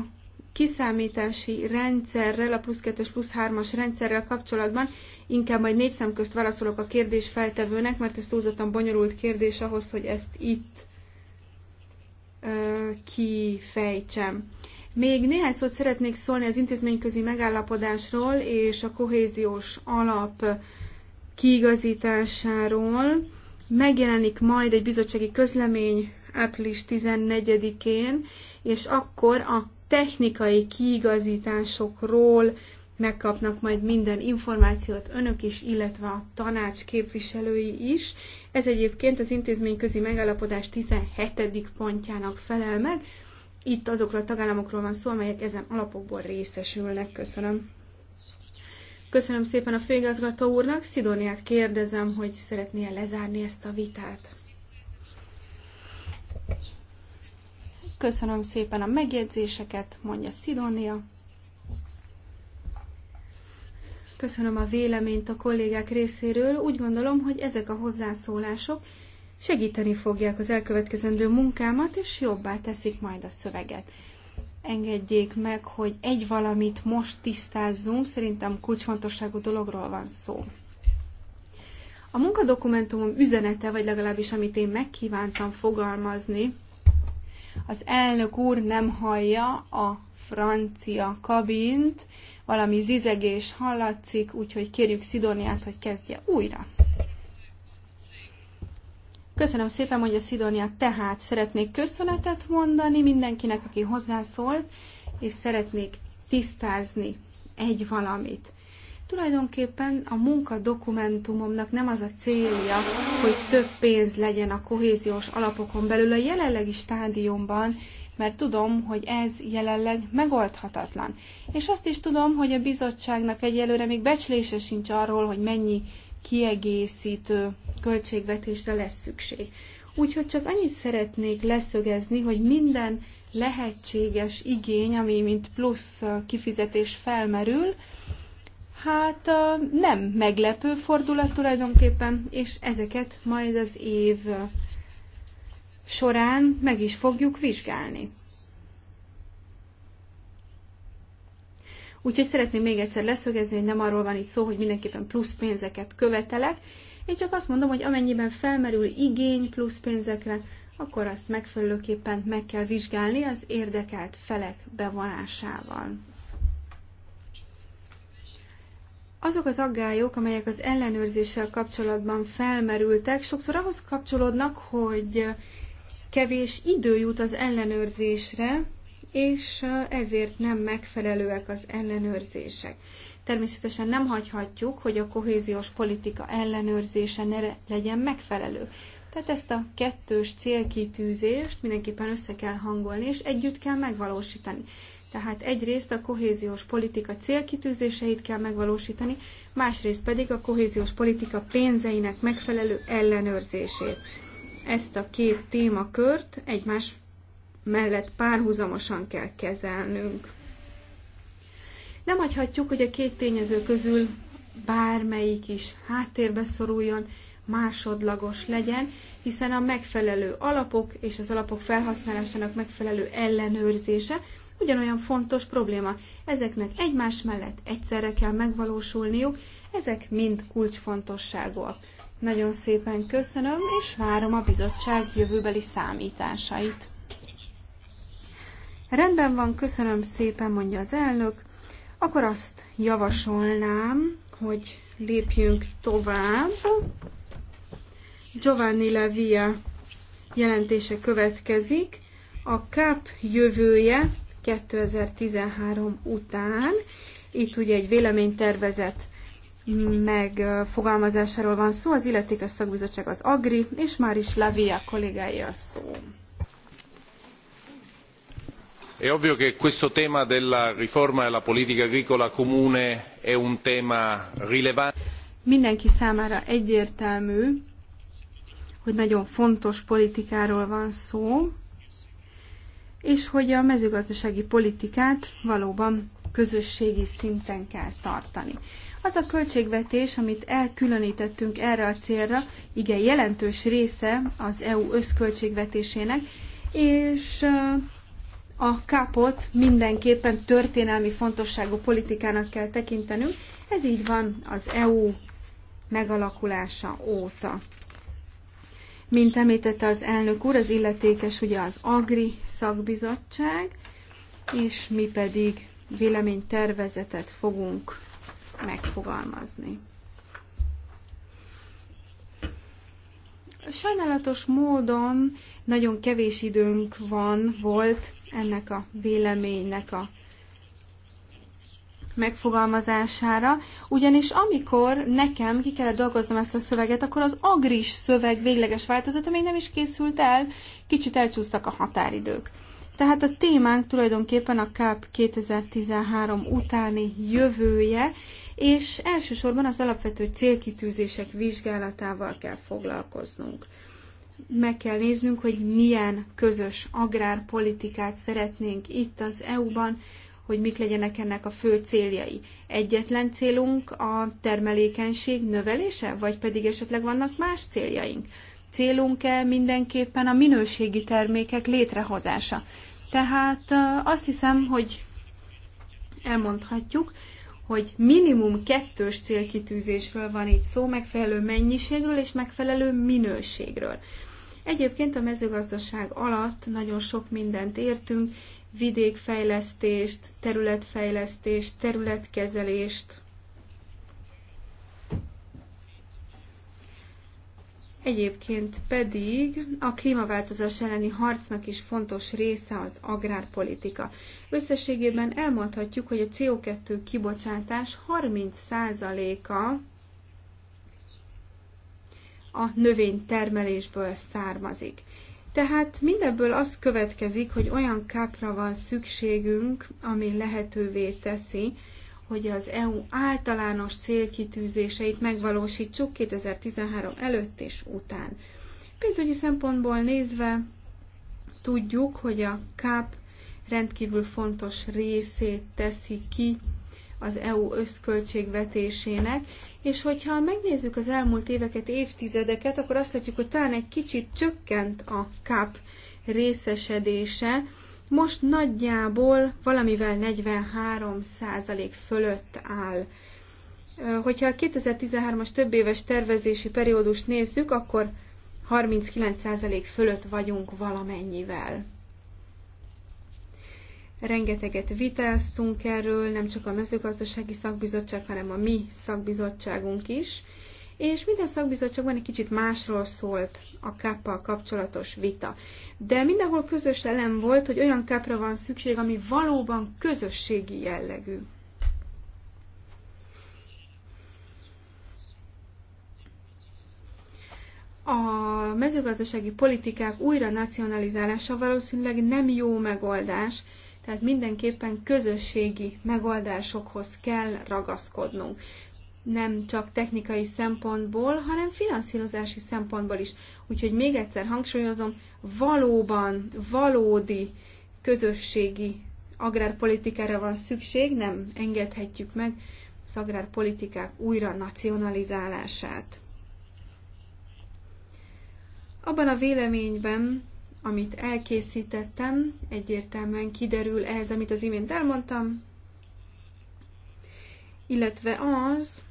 S4: kiszámítási rendszerrel, a plusz 2 plusz 3-as rendszerrel kapcsolatban inkább majd négy szem közt válaszolok a kérdés feltevőnek, mert ez túlzottan bonyolult kérdés ahhoz, hogy ezt itt ö, kifejtsem. Még néhány szót szeretnék szólni az intézményközi megállapodásról és a kohéziós alap kiigazításáról. Megjelenik majd egy bizottsági közlemény április 14-én, és akkor a technikai kiigazításokról megkapnak majd minden információt önök is, illetve a tanács képviselői is. Ez egyébként az intézményközi megállapodás 17. pontjának felel meg, itt azokról a tagállamokról van szó, amelyek ezen alapokból részesülnek. Köszönöm. Köszönöm szépen a főigazgató úrnak. Szidóniát kérdezem, hogy szeretné -e lezárni ezt a vitát. Köszönöm szépen a megjegyzéseket, mondja Szidónia. Köszönöm a véleményt a kollégák részéről. Úgy gondolom, hogy ezek a hozzászólások segíteni fogják az elkövetkezendő munkámat, és jobbá teszik majd a szöveget. Engedjék meg, hogy egy valamit most tisztázzunk, szerintem kulcsfontosságú dologról van szó. A munkadokumentumom üzenete, vagy legalábbis amit én megkívántam fogalmazni, az elnök úr nem hallja a francia kabint, valami zizegés hallatszik, úgyhogy kérjük Szidóniát, hogy kezdje újra. Köszönöm szépen, hogy a Szidónia. Tehát szeretnék köszönetet mondani mindenkinek, aki hozzászólt, és szeretnék tisztázni egy valamit. Tulajdonképpen a munka dokumentumomnak nem az a célja, hogy több pénz legyen a kohéziós alapokon belül a jelenlegi stádiumban, mert tudom, hogy ez jelenleg megoldhatatlan. És azt is tudom, hogy a bizottságnak egyelőre még becslése sincs arról, hogy mennyi kiegészítő költségvetésre lesz szükség. Úgyhogy csak annyit szeretnék leszögezni, hogy minden lehetséges igény, ami mint plusz kifizetés felmerül, hát nem meglepő fordulat tulajdonképpen, és ezeket majd az év során meg is fogjuk vizsgálni. Úgyhogy szeretném még egyszer leszögezni, hogy nem arról van itt szó, hogy mindenképpen plusz pénzeket követelek, én csak azt mondom, hogy amennyiben felmerül igény plusz pénzekre, akkor azt megfelelőképpen meg kell vizsgálni az érdekelt felek bevonásával. Azok az aggályok, amelyek az ellenőrzéssel kapcsolatban felmerültek, sokszor ahhoz kapcsolódnak, hogy kevés idő jut az ellenőrzésre, és ezért nem megfelelőek az ellenőrzések. Természetesen nem hagyhatjuk, hogy a kohéziós politika ellenőrzése ne legyen megfelelő. Tehát ezt a kettős célkitűzést mindenképpen össze kell hangolni, és együtt kell megvalósítani. Tehát egyrészt a kohéziós politika célkitűzéseit kell megvalósítani, másrészt pedig a kohéziós politika pénzeinek megfelelő ellenőrzését. Ezt a két témakört egymás mellett párhuzamosan kell kezelnünk. Nem hagyhatjuk, hogy a két tényező közül bármelyik is háttérbe szoruljon, másodlagos legyen, hiszen a megfelelő alapok és az alapok felhasználásának megfelelő ellenőrzése ugyanolyan fontos probléma. Ezeknek egymás mellett egyszerre kell megvalósulniuk, ezek mind kulcsfontosságúak. Nagyon szépen köszönöm, és várom a bizottság jövőbeli számításait. Rendben van, köszönöm szépen, mondja az elnök akkor azt javasolnám, hogy lépjünk tovább. Giovanni Lavia jelentése következik. A KAP jövője 2013 után. Itt ugye egy véleménytervezet megfogalmazásáról van szó, az illetékes szakbizottság az AGRI, és már is Lavia kollégája a szó
S5: è ovvio che questo tema della riforma della politica agricola comune è un tema rilevante.
S4: Mindenki számára egyértelmű, hogy nagyon fontos politikáról van szó, és hogy a mezőgazdasági politikát valóban közösségi szinten kell tartani. Az a költségvetés, amit elkülönítettünk erre a célra, igen jelentős része az EU összköltségvetésének, és a kapot mindenképpen történelmi fontosságú politikának kell tekintenünk. Ez így van az EU megalakulása óta. Mint említette az elnök úr, az illetékes ugye az Agri szakbizottság, és mi pedig véleménytervezetet fogunk megfogalmazni. Sajnálatos módon nagyon kevés időnk van, volt ennek a véleménynek a megfogalmazására, ugyanis amikor nekem ki kellett dolgoznom ezt a szöveget, akkor az agris szöveg végleges változata még nem is készült el, kicsit elcsúsztak a határidők. Tehát a témánk tulajdonképpen a KAP 2013 utáni jövője, és elsősorban az alapvető célkitűzések vizsgálatával kell foglalkoznunk meg kell néznünk, hogy milyen közös agrárpolitikát szeretnénk itt az EU-ban, hogy mik legyenek ennek a fő céljai. Egyetlen célunk a termelékenység növelése, vagy pedig esetleg vannak más céljaink? Célunk-e mindenképpen a minőségi termékek létrehozása? Tehát azt hiszem, hogy elmondhatjuk, hogy minimum kettős célkitűzésről van itt szó, megfelelő mennyiségről és megfelelő minőségről. Egyébként a mezőgazdaság alatt nagyon sok mindent értünk, vidékfejlesztést, területfejlesztést, területkezelést. Egyébként pedig a klímaváltozás elleni harcnak is fontos része az agrárpolitika. Összességében elmondhatjuk, hogy a CO2 kibocsátás 30%-a a növénytermelésből származik. Tehát mindebből az következik, hogy olyan kápra van szükségünk, ami lehetővé teszi, hogy az EU általános célkitűzéseit megvalósítsuk 2013 előtt és után. Pénzügyi szempontból nézve tudjuk, hogy a KAP rendkívül fontos részét teszi ki az EU összköltségvetésének, és hogyha megnézzük az elmúlt éveket, évtizedeket, akkor azt látjuk, hogy talán egy kicsit csökkent a kap részesedése, most nagyjából valamivel 43 százalék fölött áll. Hogyha a 2013-as több éves tervezési periódust nézzük, akkor 39% fölött vagyunk valamennyivel rengeteget vitáztunk erről, nem csak a mezőgazdasági szakbizottság, hanem a mi szakbizottságunk is, és minden szakbizottságban egy kicsit másról szólt a káppal kapcsolatos vita. De mindenhol közös elem volt, hogy olyan kápra van szükség, ami valóban közösségi jellegű. a mezőgazdasági politikák újra nacionalizálása valószínűleg nem jó megoldás, tehát mindenképpen közösségi megoldásokhoz kell ragaszkodnunk. Nem csak technikai szempontból, hanem finanszírozási szempontból is. Úgyhogy még egyszer hangsúlyozom, valóban, valódi közösségi agrárpolitikára van szükség, nem engedhetjük meg az agrárpolitikák újra nacionalizálását. Abban a véleményben, amit elkészítettem, egyértelműen kiderül ehhez, amit az imént elmondtam, illetve az,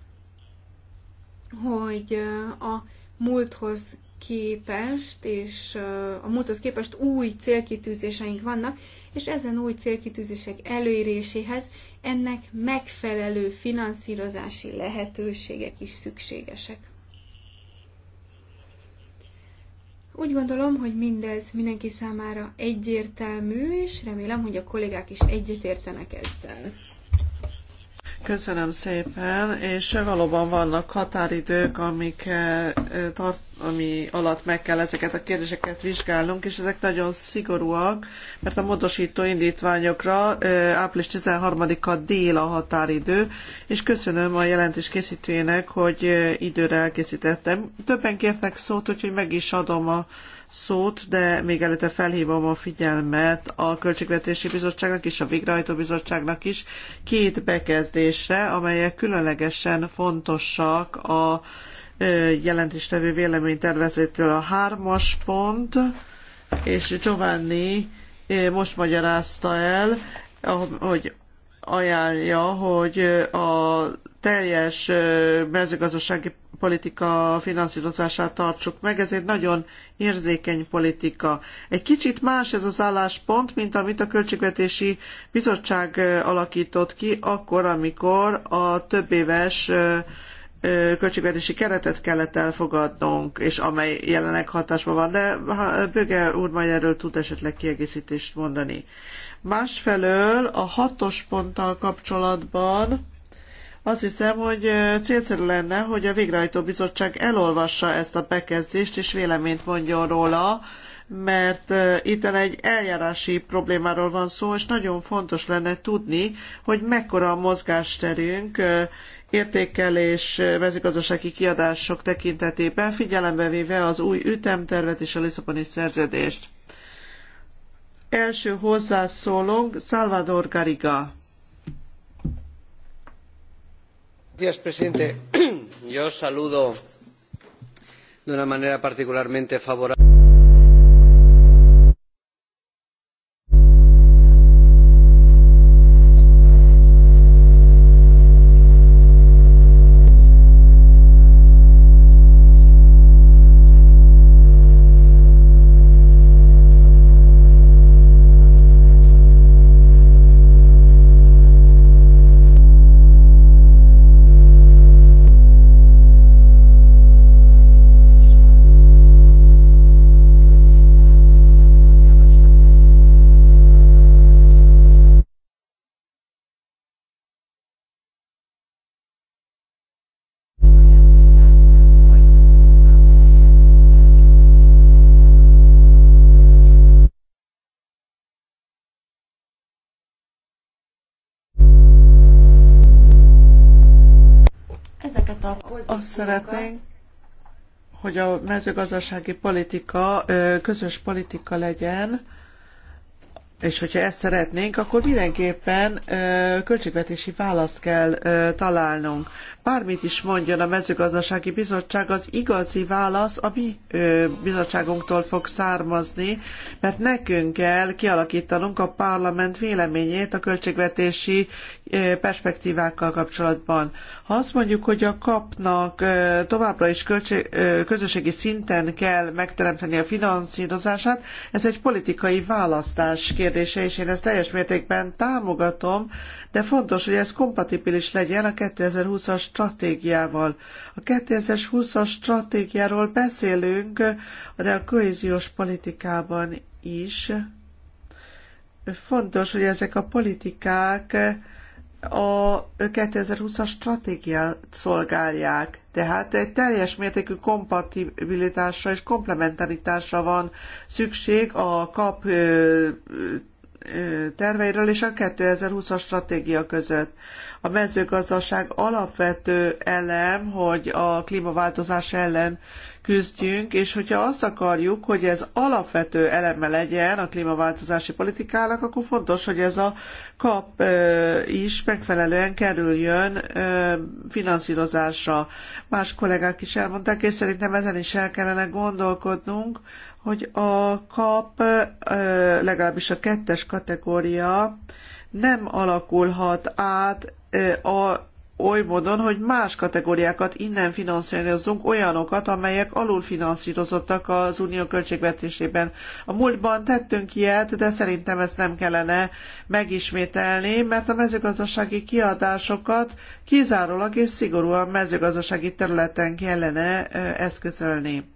S4: hogy a múlthoz képest, és a múlthoz képest új célkitűzéseink vannak, és ezen új célkitűzések előéréséhez ennek megfelelő finanszírozási lehetőségek is szükségesek. Úgy gondolom, hogy mindez mindenki számára egyértelmű, és remélem, hogy a kollégák is egyetértenek ezzel.
S1: Köszönöm szépen, és valóban vannak határidők, amik, eh, tart, ami alatt meg kell ezeket a kérdéseket vizsgálnunk, és ezek nagyon szigorúak, mert a módosító indítványokra eh, április 13-a dél a határidő, és köszönöm a jelentés készítőjének, hogy eh, időre elkészítettem. Többen kértek szót, úgyhogy meg is adom a szót, de még előtte felhívom a figyelmet a Költségvetési Bizottságnak és a Végrehajtó Bizottságnak is két bekezdésre, amelyek különlegesen fontosak a jelentéstevő véleménytervezétől a hármas pont, és Giovanni most magyarázta el, hogy ajánlja, hogy a teljes mezőgazdasági politika finanszírozását tartsuk meg, ez egy nagyon érzékeny politika. Egy kicsit más ez az álláspont, mint amit a Költségvetési Bizottság alakított ki akkor, amikor a többéves költségvetési keretet kellett elfogadnunk, és amely jelenleg hatásban van, de Böge úr majd erről tud esetleg kiegészítést mondani. Másfelől a hatos ponttal kapcsolatban azt hiszem, hogy célszerű lenne, hogy a végrehajtó bizottság elolvassa ezt a bekezdést, és véleményt mondjon róla, mert itt egy eljárási problémáról van szó, és nagyon fontos lenne tudni, hogy mekkora a mozgásterünk értékelés mezőgazdasági kiadások tekintetében, figyelembe véve az új ütemtervet és a Lisszaboni szerződést. Első hozzászólónk Salvador Garriga.
S3: señor presidente. Yo saludo de una manera particularmente favorable.
S1: Azt szeretnénk, hogy a mezőgazdasági politika közös politika legyen, és hogyha ezt szeretnénk, akkor mindenképpen ö, költségvetési választ kell ö, találnunk. Bármit is mondjon a mezőgazdasági bizottság, az igazi válasz a mi ö, bizottságunktól fog származni, mert nekünk kell kialakítanunk a parlament véleményét a költségvetési ö, perspektívákkal kapcsolatban. Ha azt mondjuk, hogy a kapnak ö, továbbra is költség, ö, közösségi szinten kell megteremteni a finanszírozását, ez egy politikai választás kérdés kérdése, és én ezt teljes mértékben támogatom, de fontos, hogy ez kompatibilis legyen a 2020-as stratégiával. A 2020-as stratégiáról beszélünk, de a kohéziós politikában is. Fontos, hogy ezek a politikák a 2020-as stratégiát szolgálják. Tehát egy teljes mértékű kompatibilitásra és komplementaritásra van szükség a kap terveiről és a 2020-as stratégia között. A mezőgazdaság alapvető elem, hogy a klímaváltozás ellen küzdjünk, és hogyha azt akarjuk, hogy ez alapvető eleme legyen a klímaváltozási politikának, akkor fontos, hogy ez a kap is megfelelően kerüljön finanszírozásra. Más kollégák is elmondták, és szerintem ezen is el kellene gondolkodnunk, hogy a kap, legalábbis a kettes kategória nem alakulhat át a oly módon, hogy más kategóriákat innen finanszírozzunk, olyanokat, amelyek finanszírozottak az unió költségvetésében. A múltban tettünk ilyet, de szerintem ezt nem kellene megismételni, mert a mezőgazdasági kiadásokat kizárólag és szigorúan mezőgazdasági területen kellene eszközölni.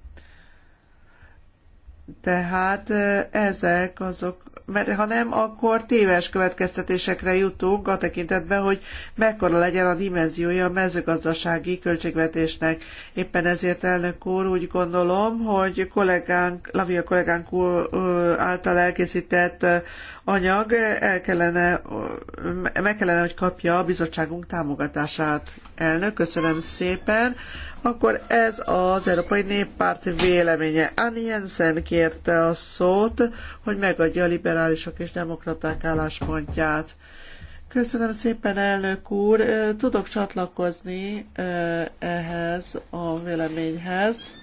S1: Tehát ezek azok, mert ha nem, akkor téves következtetésekre jutunk a tekintetben, hogy mekkora legyen a dimenziója a mezőgazdasági költségvetésnek. Éppen ezért, elnök úr, úgy gondolom, hogy kollégánk, Lavia kollégánk úr által elkészített anyag el kellene, meg kellene, hogy kapja a bizottságunk támogatását. Elnök, köszönöm szépen. Akkor ez az Európai Néppárt véleménye. Annie Jensen kérte a szót, hogy megadja a liberálisok és demokraták álláspontját. Köszönöm szépen, elnök úr. Tudok csatlakozni ehhez a véleményhez,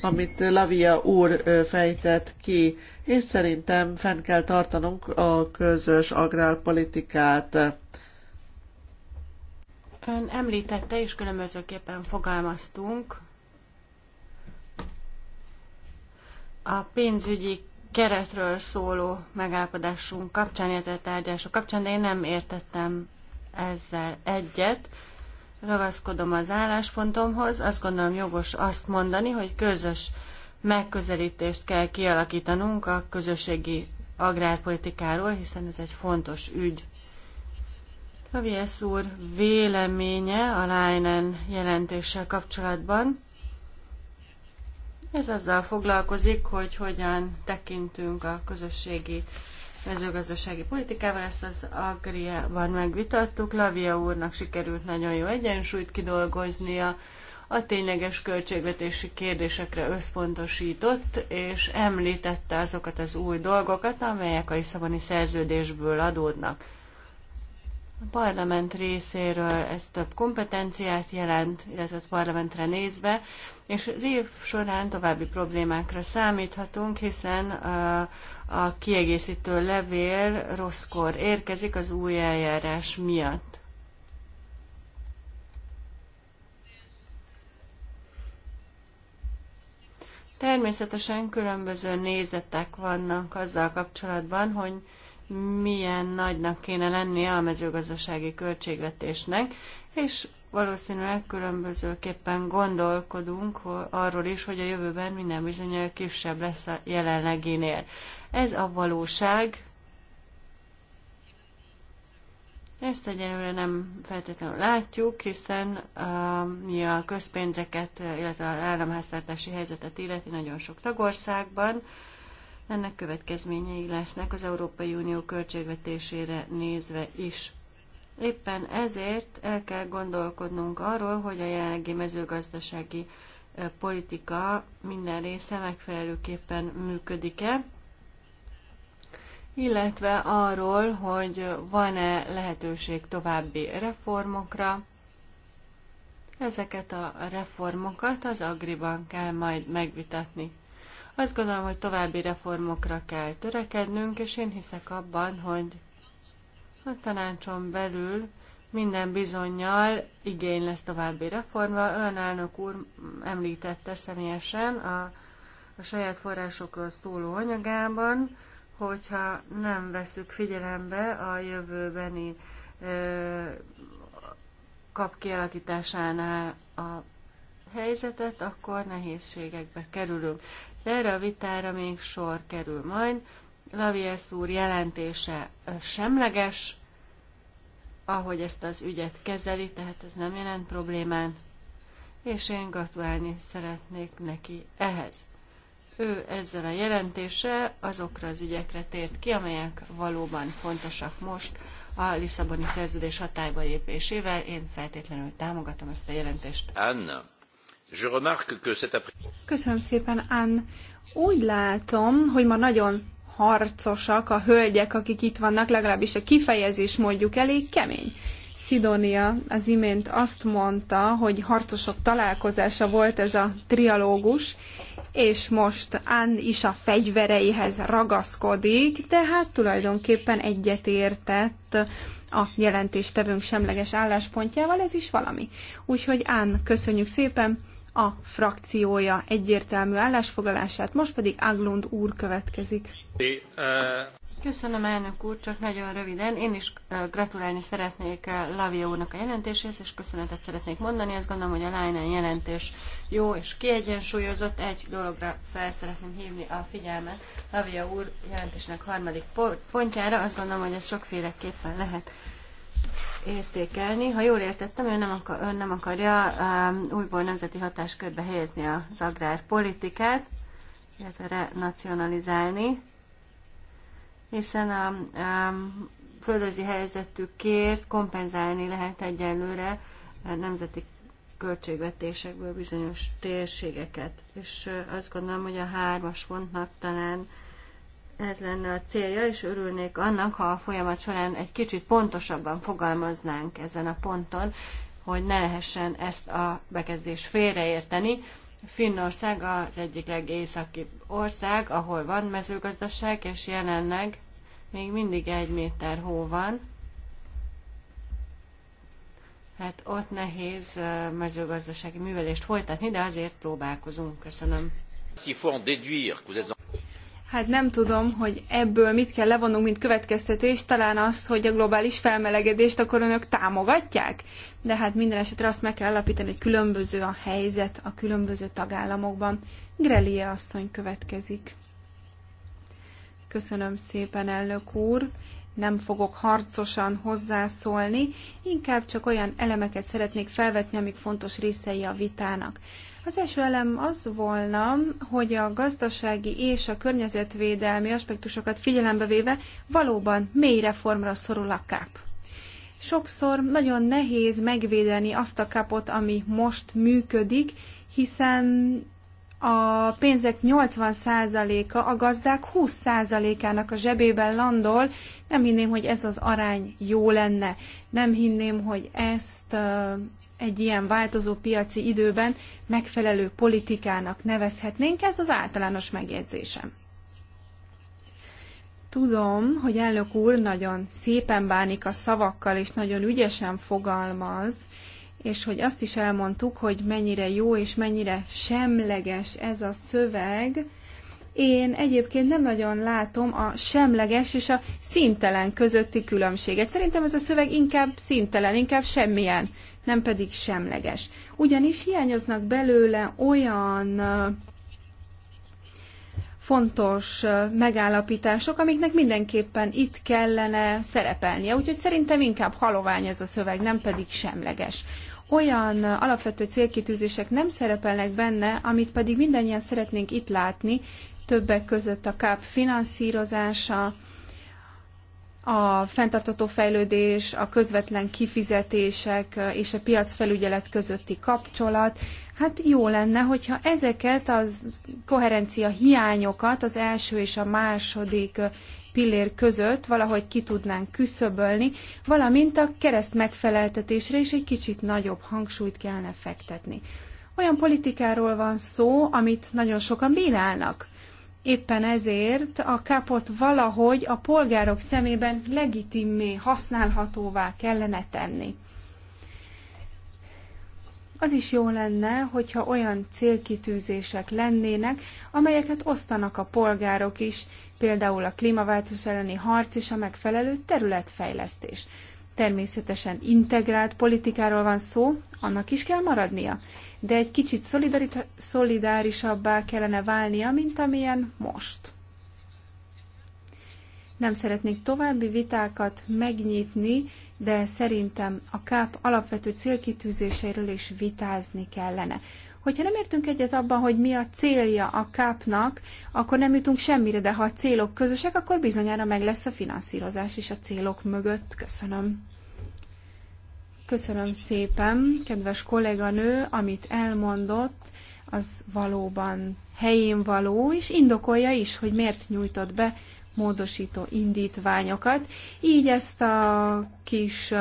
S1: amit Lavia úr fejtett ki, és szerintem fenn kell tartanunk a közös agrárpolitikát.
S2: Ön említette, és különbözőképpen fogalmaztunk, a pénzügyi keretről szóló megállapodásunk kapcsán, illetve tárgyások kapcsán, de én nem értettem ezzel egyet. Ragaszkodom az álláspontomhoz. Azt gondolom jogos azt mondani, hogy közös megközelítést kell kialakítanunk a közösségi agrárpolitikáról, hiszen ez egy fontos ügy. Kaviesz úr véleménye a Leinen jelentéssel kapcsolatban. Ez azzal foglalkozik, hogy hogyan tekintünk a közösségi mezőgazdasági politikával. Ezt az Agriában megvitattuk. Lavia úrnak sikerült nagyon jó egyensúlyt kidolgoznia. A tényleges költségvetési kérdésekre összpontosított, és említette azokat az új dolgokat, amelyek a Lisszaboni szerződésből adódnak. A parlament részéről ez több kompetenciát jelent, illetve a parlamentre nézve, és az év során további problémákra számíthatunk, hiszen a, a kiegészítő levél rosszkor érkezik az új eljárás miatt. Természetesen különböző nézetek vannak azzal kapcsolatban, hogy milyen nagynak kéne lennie a mezőgazdasági költségvetésnek, és valószínűleg különbözőképpen gondolkodunk arról is, hogy a jövőben minden bizony kisebb lesz a jelenleginél. Ez a valóság. Ezt egyelőre nem feltétlenül látjuk, hiszen uh, mi a közpénzeket, illetve az államháztartási helyzetet illeti nagyon sok tagországban, uh, ennek következményei lesznek az Európai Unió költségvetésére nézve is. Éppen ezért el kell gondolkodnunk arról, hogy a jelenlegi mezőgazdasági politika minden része megfelelőképpen működik-e, illetve arról, hogy van-e lehetőség további reformokra. Ezeket a reformokat az Agriban kell majd megvitatni. Azt gondolom, hogy további reformokra kell törekednünk, és én hiszek abban, hogy a tanácson belül minden bizonyal igény lesz további reformra. Ön elnök úr említette személyesen a, a saját forrásokról szóló anyagában, hogyha nem veszük figyelembe a jövőbeni ö, kap kialakításánál a helyzetet, akkor nehézségekbe kerülünk de erre a vitára még sor kerül majd. Laviesz úr jelentése semleges, ahogy ezt az ügyet kezeli, tehát ez nem jelent problémán, és én gratulálni szeretnék neki ehhez. Ő ezzel a jelentése azokra az ügyekre tért ki, amelyek valóban fontosak most a Lisszaboni szerződés hatályba lépésével. Én feltétlenül támogatom ezt a jelentést.
S5: Anna. Je remarque que cet après...
S2: Köszönöm szépen, Anne. Úgy látom, hogy
S4: ma nagyon harcosak a hölgyek, akik itt vannak, legalábbis a kifejezés mondjuk elég kemény. Sidonia az imént azt mondta, hogy harcosok találkozása volt ez a trialógus, és most Ann is a fegyvereihez ragaszkodik, de hát tulajdonképpen egyetértett a jelentéstevőnk semleges álláspontjával, ez is valami. Úgyhogy Ann, köszönjük szépen! a frakciója egyértelmű állásfoglalását, most pedig Aglund úr
S2: következik. Köszönöm, elnök úr, csak nagyon röviden. Én is gratulálni szeretnék Lavia úrnak a jelentéséhez, és köszönetet szeretnék mondani. Azt gondolom, hogy a Lájnán jelentés jó és kiegyensúlyozott. Egy dologra fel szeretném hívni a figyelmet Lavia úr jelentésnek harmadik pontjára. Azt gondolom, hogy ez sokféleképpen lehet értékelni. Ha jól értettem, ő nem, akar, ön nem akarja um, újból nemzeti hatáskörbe helyezni az agrárpolitikát, illetve renacionalizálni, hiszen a um, földrajzi helyzetükért kompenzálni lehet egyelőre nemzeti költségvetésekből bizonyos térségeket. És azt gondolom, hogy a hármas pontnak talán ez lenne a célja, és örülnék annak, ha a folyamat során egy kicsit pontosabban fogalmaznánk ezen a ponton, hogy ne lehessen ezt a bekezdést félreérteni. Finnország az egyik legészaki ország, ahol van mezőgazdaság, és jelenleg még mindig egy méter hó van. Hát ott nehéz mezőgazdasági művelést folytatni, de azért próbálkozunk. Köszönöm.
S4: Hát nem tudom, hogy ebből mit kell levonnunk, mint következtetés, talán azt, hogy a globális felmelegedést akkor önök támogatják, de hát minden esetre azt meg kell állapítani, hogy különböző a helyzet a különböző tagállamokban. Grelia asszony következik. Köszönöm szépen, elnök úr. Nem fogok harcosan hozzászólni, inkább csak olyan elemeket szeretnék felvetni, amik fontos részei a vitának. Az első elem az volna, hogy a gazdasági és a környezetvédelmi aspektusokat figyelembe véve valóban mély reformra szorul a káp. Sokszor nagyon nehéz megvédeni azt a kapot, ami most működik, hiszen a pénzek 80%-a a gazdák 20%-ának a zsebében landol. Nem hinném, hogy ez az arány jó lenne. Nem hinném, hogy ezt egy ilyen változó piaci időben megfelelő politikának nevezhetnénk, ez az általános megjegyzésem. Tudom, hogy elnök úr nagyon szépen bánik a szavakkal, és nagyon ügyesen fogalmaz, és hogy azt is elmondtuk, hogy mennyire jó és mennyire semleges ez a szöveg, én egyébként nem nagyon látom a semleges és a szintelen közötti különbséget. Szerintem ez a szöveg inkább szintelen, inkább semmilyen, nem pedig semleges. Ugyanis hiányoznak belőle olyan fontos megállapítások, amiknek mindenképpen itt kellene szerepelnie. Úgyhogy szerintem inkább halovány ez a szöveg, nem pedig semleges. Olyan alapvető célkitűzések nem szerepelnek benne, amit pedig mindannyian szeretnénk itt látni, többek között a KAP finanszírozása, a fenntartató fejlődés, a közvetlen kifizetések és a piacfelügyelet közötti kapcsolat. Hát jó lenne, hogyha ezeket az koherencia hiányokat az első és a második pillér között valahogy ki tudnánk küszöbölni, valamint a kereszt megfeleltetésre is egy kicsit nagyobb hangsúlyt kellene fektetni. Olyan politikáról van szó, amit nagyon sokan bírálnak Éppen ezért a kapot valahogy a polgárok szemében legitimé, használhatóvá kellene tenni. Az is jó lenne, hogyha olyan célkitűzések lennének, amelyeket osztanak a polgárok is, például a klímaváltozás elleni harc és a megfelelő területfejlesztés. Természetesen integrált politikáról van szó, annak is kell maradnia, de egy kicsit szolidárisabbá kellene válnia, mint amilyen most. Nem szeretnék további vitákat megnyitni, de szerintem a KÁP alapvető célkitűzéseiről is vitázni kellene. Hogyha nem értünk egyet abban, hogy mi a célja a kápnak, akkor nem jutunk semmire, de ha a célok közösek, akkor bizonyára meg lesz a finanszírozás is a célok mögött. Köszönöm. Köszönöm szépen, kedves kolléganő, amit elmondott, az valóban helyén való, és indokolja is, hogy miért nyújtott be módosító indítványokat. Így ezt a kis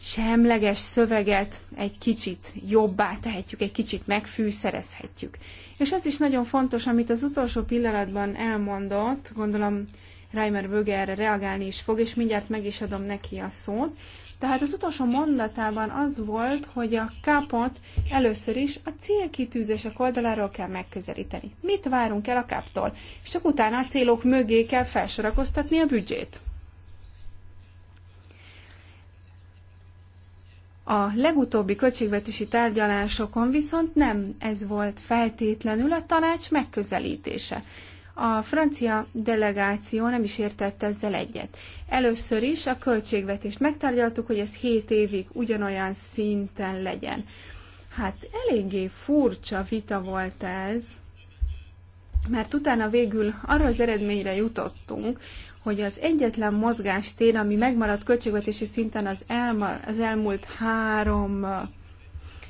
S4: semleges szöveget egy kicsit jobbá tehetjük, egy kicsit megfűszerezhetjük. És ez is nagyon fontos, amit az utolsó pillanatban elmondott, gondolom Reimer Böge erre reagálni is fog, és mindjárt meg is adom neki a szót. Tehát az utolsó mondatában az volt, hogy a kápot először is a célkitűzések oldaláról kell megközelíteni. Mit várunk el a káptól? És csak utána a célok mögé kell felsorakoztatni a büdzsét. A legutóbbi költségvetési tárgyalásokon viszont nem ez volt feltétlenül a tanács megközelítése. A francia delegáció nem is értett ezzel egyet. Először is a költségvetést megtárgyaltuk, hogy ez 7 évig ugyanolyan szinten legyen. Hát eléggé furcsa vita volt ez, mert utána végül arra az eredményre jutottunk, hogy az egyetlen mozgástér, ami megmaradt költségvetési szinten az, elma, az elmúlt három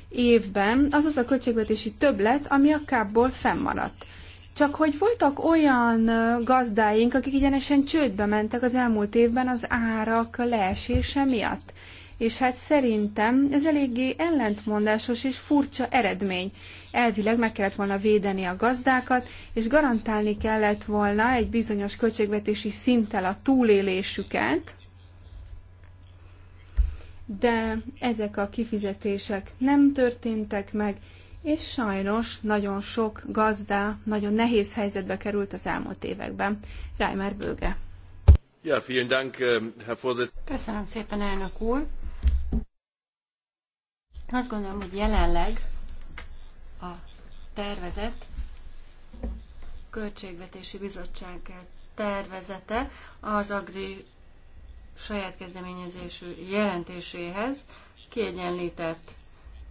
S4: évben, az az a költségvetési többlet, ami a kábból fennmaradt. Csak hogy voltak olyan gazdáink, akik egyenesen csődbe mentek az elmúlt évben az árak leesése miatt és hát szerintem ez eléggé ellentmondásos és furcsa eredmény. Elvileg meg kellett volna védeni a gazdákat, és garantálni kellett volna egy bizonyos költségvetési szinttel a túlélésüket, de ezek a kifizetések nem történtek meg, és sajnos nagyon sok gazda nagyon nehéz helyzetbe került
S2: az elmúlt években. Reimer Bőge.
S5: Ja, vielen Dank, Herr
S2: Köszönöm szépen, elnök úr. Azt gondolom, hogy jelenleg a tervezet Költségvetési Bizottság tervezete az Agri saját kezdeményezésű jelentéséhez kiegyenlített.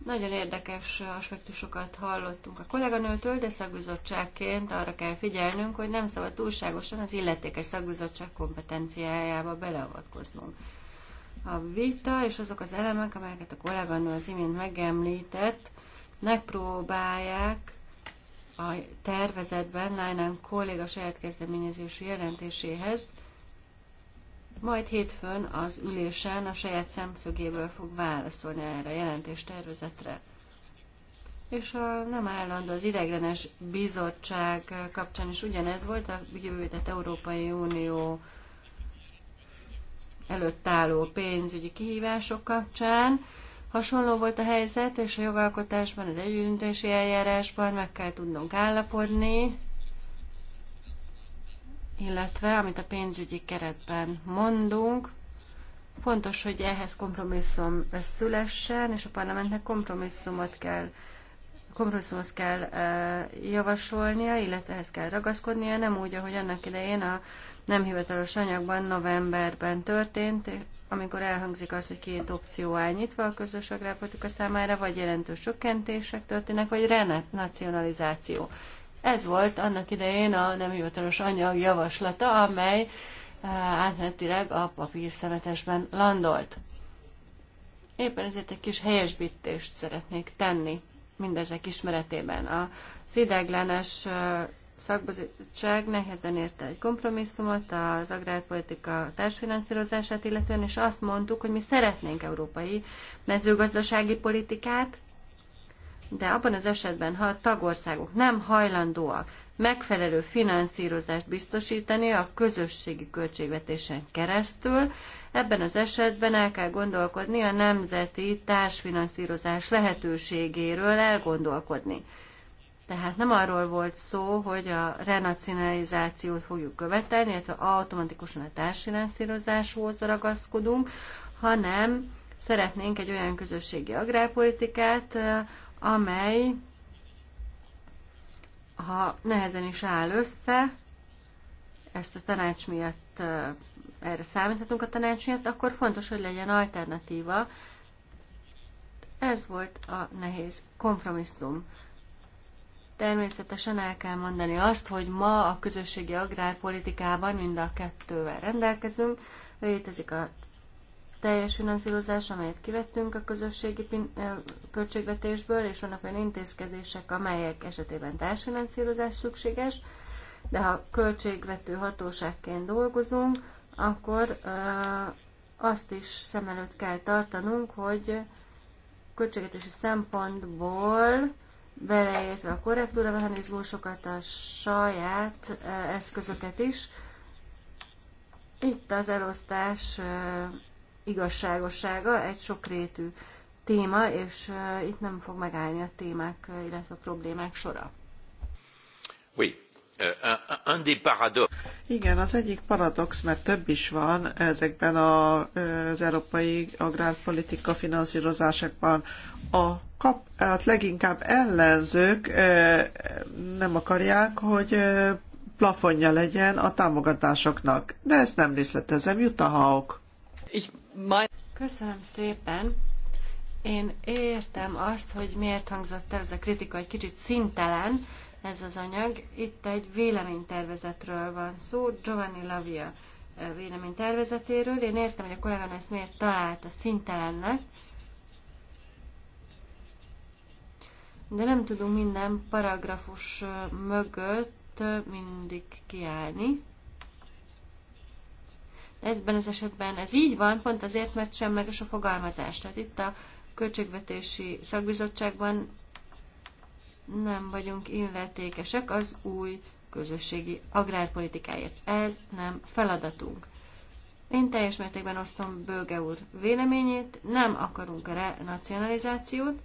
S2: Nagyon érdekes aspektusokat hallottunk a kolléganőtől, de szakbizottságként arra kell figyelnünk, hogy nem szabad túlságosan az illetékes szakbizottság kompetenciájába beleavatkoznunk a vita és azok az elemek, amelyeket a kolléganő az imént megemlített, megpróbálják a tervezetben Lájnán kolléga saját kezdeményezési jelentéséhez, majd hétfőn az ülésen a saját szemszögéből fog válaszolni erre a jelentés tervezetre. És a nem állandó az ideglenes bizottság kapcsán is ugyanez volt, a jövő Európai Unió előtt álló pénzügyi kihívások kapcsán. Hasonló volt a helyzet, és a jogalkotásban, az együttdöntési eljárásban meg kell tudnunk állapodni, illetve amit a pénzügyi keretben mondunk, fontos, hogy ehhez kompromisszum szülessen, és a parlamentnek kompromisszumot kell kompromisszumhoz kell uh, javasolnia, illetve ehhez kell ragaszkodnia, nem úgy, ahogy annak idején a nem hivatalos anyagban novemberben történt, amikor elhangzik az, hogy két opció áll nyitva a közös agrárpolitika számára, vagy jelentős csökkentések történnek, vagy renacionalizáció. Ez volt annak idején a nem hivatalos anyag javaslata, amely eh, átmenetileg a papír szemetesben landolt. Éppen ezért egy kis helyesbítést szeretnék tenni mindezek ismeretében. A ideglenes eh, szakbizottság nehezen érte egy kompromisszumot az agrárpolitika társfinanszírozását illetően, és azt mondtuk, hogy mi szeretnénk európai mezőgazdasági politikát, de abban az esetben, ha a tagországok nem hajlandóak megfelelő finanszírozást biztosítani a közösségi költségvetésen keresztül, ebben az esetben el kell gondolkodni a nemzeti társfinanszírozás lehetőségéről elgondolkodni. Tehát nem arról volt szó, hogy a renacionalizációt fogjuk követelni, illetve automatikusan a társfinanszírozáshoz ragaszkodunk, hanem szeretnénk egy olyan közösségi agrárpolitikát, amely, ha nehezen is áll össze, ezt a tanács miatt, erre számíthatunk a tanács miatt, akkor fontos, hogy legyen alternatíva. Ez volt a nehéz kompromisszum. Természetesen el kell mondani azt, hogy ma a közösségi agrárpolitikában mind a kettővel rendelkezünk. Létezik a teljes finanszírozás, amelyet kivettünk a közösségi költségvetésből, és vannak olyan intézkedések, amelyek esetében társfinanszírozás szükséges, de ha költségvető hatóságként dolgozunk, akkor azt is szem előtt kell tartanunk, hogy költségvetési szempontból beleértve a korrektúra mechanizmusokat, a saját eszközöket is. Itt az elosztás igazságossága egy sokrétű téma, és itt nem fog megállni
S1: a témák, illetve a problémák sora.
S5: Oui. Uh, uh, uh,
S1: Igen, az egyik paradox, mert több is van ezekben a, az európai agrárpolitika finanszírozásokban. A kap, hát leginkább ellenzők nem akarják, hogy plafonja legyen a támogatásoknak. De ezt nem részletezem, Jutta Hauk.
S2: Köszönöm szépen. Én értem azt, hogy miért hangzott el ez a kritika egy kicsit szintelen, ez az anyag. Itt egy véleménytervezetről van szó, Giovanni Lavia eh, véleménytervezetéről. Én értem, hogy a kolléganő ezt miért találta szintelennek, de nem tudunk minden paragrafus eh, mögött eh, mindig kiállni. Ezben az esetben ez így van, pont azért, mert semleges a fogalmazás. Tehát itt a Költségvetési Szakbizottságban nem vagyunk illetékesek az új közösségi agrárpolitikáért. Ez nem feladatunk. Én teljes mértékben osztom Bölge úr véleményét, nem akarunk renacionalizációt,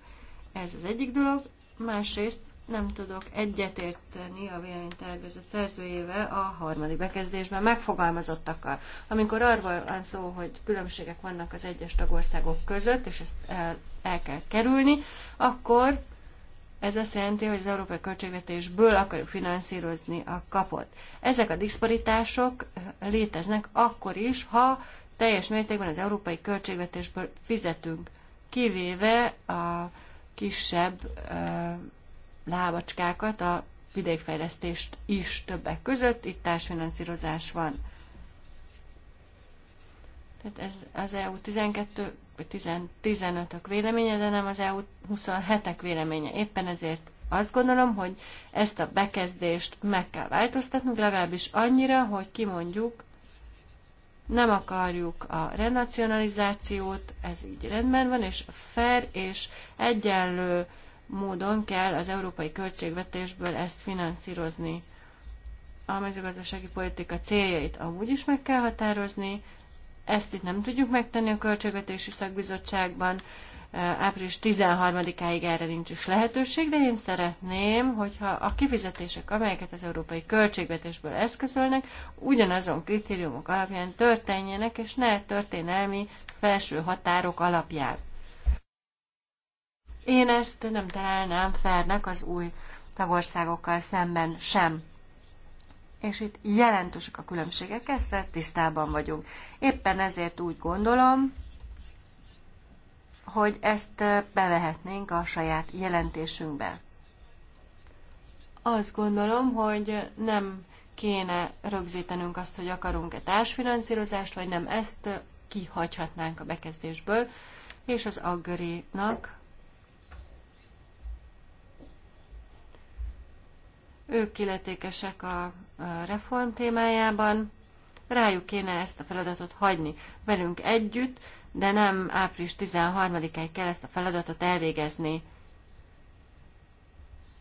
S2: ez az egyik dolog. Másrészt nem tudok egyetérteni a véleménytervezet szerzőjével a harmadik bekezdésben megfogalmazottakkal. Amikor arról van szó, hogy különbségek vannak az egyes tagországok között, és ezt el, el kell kerülni, akkor ez azt jelenti, hogy az európai költségvetésből akarjuk finanszírozni a kapot. Ezek a diszparitások léteznek akkor is, ha teljes mértékben az európai költségvetésből fizetünk, kivéve a kisebb lábacskákat, a vidékfejlesztést is többek között, itt társfinanszírozás van. Tehát ez az EU 12 vagy 15-ök véleménye, de nem az EU 27-ek véleménye. Éppen ezért azt gondolom, hogy ezt a bekezdést meg kell változtatnunk, legalábbis annyira, hogy kimondjuk, nem akarjuk a renacionalizációt, ez így rendben van, és fair és egyenlő módon kell az európai költségvetésből ezt finanszírozni. A mezőgazdasági politika céljait amúgy is meg kell határozni, ezt itt nem tudjuk megtenni a Költségvetési Szakbizottságban. Április 13-áig erre nincs is lehetőség, de én szeretném, hogyha a kifizetések, amelyeket az európai költségvetésből eszközölnek, ugyanazon kritériumok alapján történjenek, és ne történelmi felső határok alapján. Én ezt nem találnám fernek az új tagországokkal szemben sem és itt jelentősek a különbségek, ezzel tisztában vagyunk. Éppen ezért úgy gondolom, hogy ezt eh, bevehetnénk a saját jelentésünkbe. Azt gondolom, hogy nem kéne rögzítenünk azt, hogy akarunk-e társfinanszírozást, vagy nem, ezt eh, kihagyhatnánk a bekezdésből, és az aggarinak Ők illetékesek a reform témájában, rájuk kéne ezt a feladatot hagyni velünk együtt, de nem április 13-áig kell ezt a feladatot elvégezni.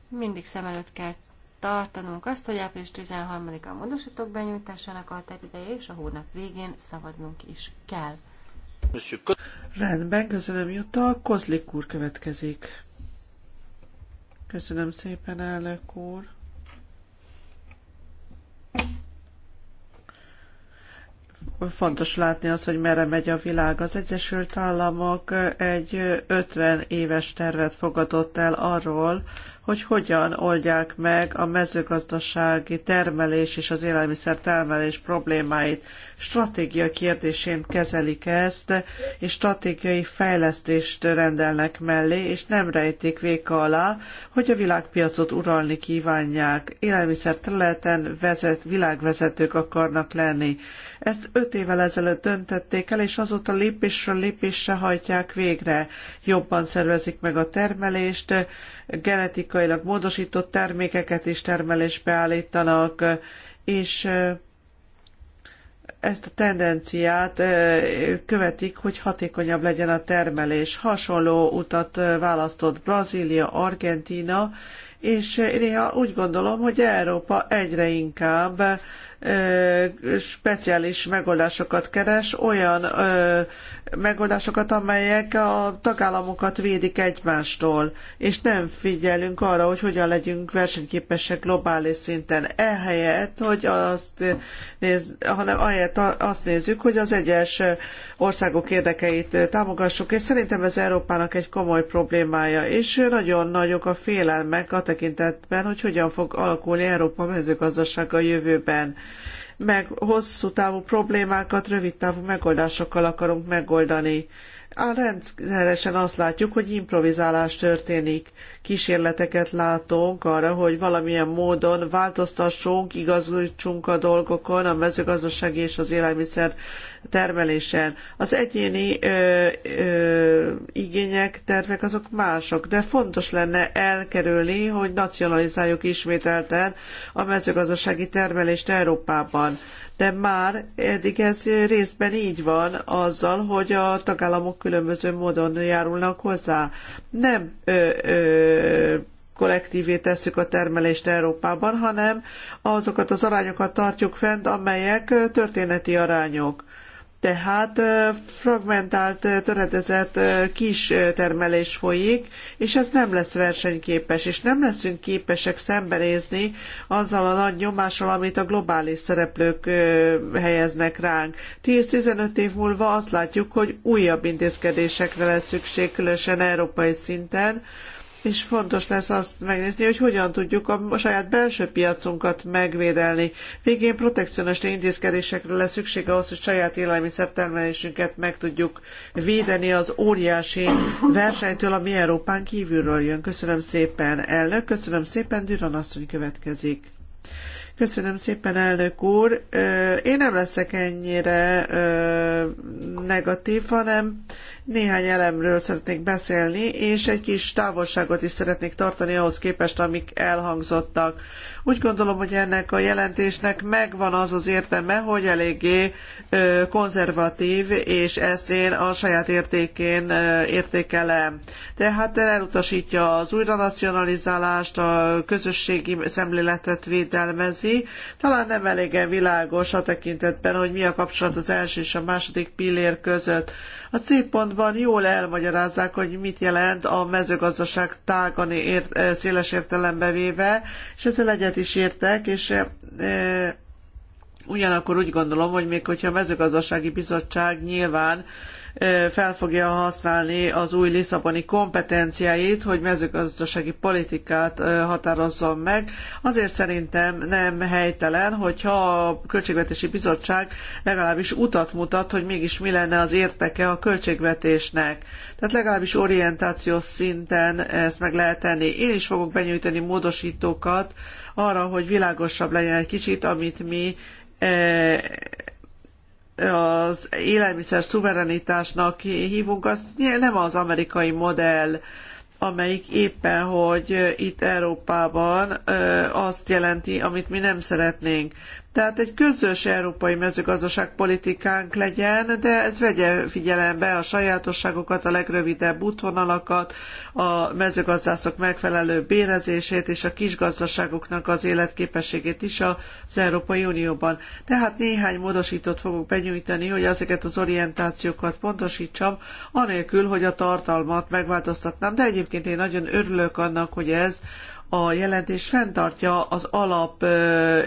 S2: Mindig szem előtt kell tartanunk azt, hogy április 13-a módosítók benyújtásának határideje, és a hónap végén szavaznunk is kell.
S1: Rendben, köszönöm Jutta. Kozlik úr következik. Köszönöm szépen, elnök úr. fontos látni az, hogy merre megy a világ. Az Egyesült Államok egy 50 éves tervet fogadott el arról, hogy hogyan oldják meg a mezőgazdasági termelés és az élelmiszer termelés problémáit. Stratégia kérdésén kezelik ezt, és stratégiai fejlesztést rendelnek mellé, és nem rejtik véka alá, hogy a világpiacot uralni kívánják. Élelmiszer területen vezet, világvezetők akarnak lenni. Ezt öt évvel ezelőtt döntették el, és azóta lépésről lépésre hajtják végre. Jobban szervezik meg a termelést, genetikailag módosított termékeket is termelésbe állítanak, és ezt a tendenciát követik, hogy hatékonyabb legyen a termelés. Hasonló utat választott Brazília, Argentína, és néha úgy gondolom, hogy Európa egyre inkább speciális megoldásokat keres, olyan megoldásokat, amelyek a tagállamokat védik egymástól, és nem figyelünk arra, hogy hogyan legyünk versenyképesek globális szinten. Ehelyett, hogy azt, néz, hanem ahelyett azt nézzük, hogy az egyes országok érdekeit támogassuk, és szerintem ez Európának egy komoly problémája, és nagyon nagyok a félelmek a tekintetben, hogy hogyan fog alakulni Európa mezőgazdasága a jövőben meg hosszú távú problémákat rövid távú megoldásokkal akarunk megoldani a rendszeresen azt látjuk, hogy improvizálás történik. Kísérleteket látunk arra, hogy valamilyen módon változtassunk, igazítsunk a dolgokon, a mezőgazdasági és az élelmiszer termelésen. Az egyéni ö, ö, igények, tervek azok mások, de fontos lenne elkerülni, hogy nacionalizáljuk ismételten a mezőgazdasági termelést Európában de már eddig ez részben így van azzal, hogy a tagállamok különböző módon járulnak hozzá. Nem ö, ö, kollektívé tesszük a termelést Európában, hanem azokat az arányokat tartjuk fent, amelyek történeti arányok. Tehát fragmentált, töredezett kis termelés folyik, és ez nem lesz versenyképes, és nem leszünk képesek szembenézni azzal a nagy nyomással, amit a globális szereplők helyeznek ránk. 10-15 év múlva azt látjuk, hogy újabb intézkedésekre lesz szükség, különösen európai szinten, és fontos lesz azt megnézni, hogy hogyan tudjuk a saját belső piacunkat megvédelni. Végén protekcionist intézkedésekre lesz szükség ahhoz, hogy saját termelésünket meg tudjuk védeni az óriási versenytől, ami Európán kívülről jön. Köszönöm szépen, elnök, köszönöm szépen, Düran asszony következik. Köszönöm szépen, elnök úr. Én nem leszek ennyire negatív, hanem néhány elemről szeretnék beszélni, és egy kis távolságot is szeretnék tartani ahhoz képest, amik elhangzottak. Úgy gondolom, hogy ennek a jelentésnek megvan az az értelme, hogy eléggé konzervatív, és ezt én a saját értékén értékelem. Tehát elutasítja az újranacionalizálást, a közösségi szemléletet védelmezi. Talán nem eléggé világos a tekintetben, hogy mi a kapcsolat az első és a második pillér között. A C pontban jól elmagyarázzák, hogy mit jelent a mezőgazdaság tágan ért, széles értelembe véve, és ezzel egyet egyet is értek, és e, e, ugyanakkor úgy gondolom, hogy még hogyha a mezőgazdasági bizottság nyilván fel fogja használni az új Lisszaboni kompetenciáit, hogy mezőgazdasági politikát határozzon meg. Azért szerintem nem helytelen, hogyha a Költségvetési Bizottság legalábbis utat mutat, hogy mégis mi lenne az érteke a költségvetésnek. Tehát legalábbis orientációs szinten ezt meg lehet tenni. Én is fogok benyújtani módosítókat arra, hogy világosabb legyen egy kicsit, amit mi az élelmiszer szuverenitásnak hívunk, az nem az amerikai modell, amelyik éppen, hogy itt Európában azt jelenti, amit mi nem szeretnénk. Tehát egy közös európai mezőgazdaságpolitikánk legyen, de ez vegye figyelembe a sajátosságokat, a legrövidebb útvonalakat, a mezőgazdászok megfelelő bérezését és a kisgazdaságoknak az életképességét is az Európai Unióban. Tehát néhány módosítót fogok benyújtani, hogy ezeket az orientációkat pontosítsam, anélkül, hogy a tartalmat megváltoztatnám, de egyébként én nagyon örülök annak, hogy ez a jelentés fenntartja az alap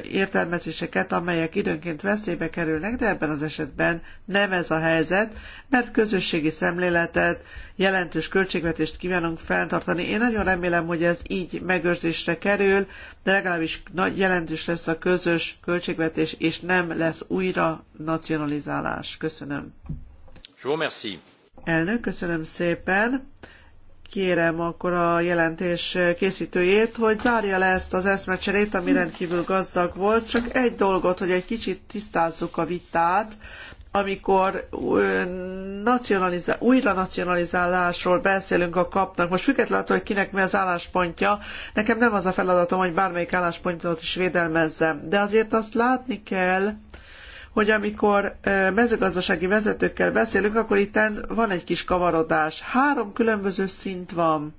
S1: értelmezéseket, amelyek időnként veszélybe kerülnek, de ebben az esetben nem ez a helyzet, mert közösségi szemléletet, jelentős költségvetést kívánunk fenntartani. Én nagyon remélem, hogy ez így megőrzésre kerül, de legalábbis nagy jelentős lesz a közös költségvetés, és nem lesz újra nacionalizálás. Köszönöm. Jó, merci. Elnök, köszönöm szépen kérem akkor a jelentés készítőjét, hogy zárja le ezt az eszmecserét, ami rendkívül gazdag volt. Csak egy dolgot, hogy egy kicsit tisztázzuk a vitát, amikor nacionalizá- újra nacionalizálásról beszélünk a kapnak, most függetlenül attól, hogy kinek mi az álláspontja, nekem nem az a feladatom, hogy bármelyik álláspontot is védelmezzem. De azért azt látni kell, hogy amikor mezőgazdasági vezetőkkel beszélünk, akkor itt van egy kis kavarodás. Három különböző szint van.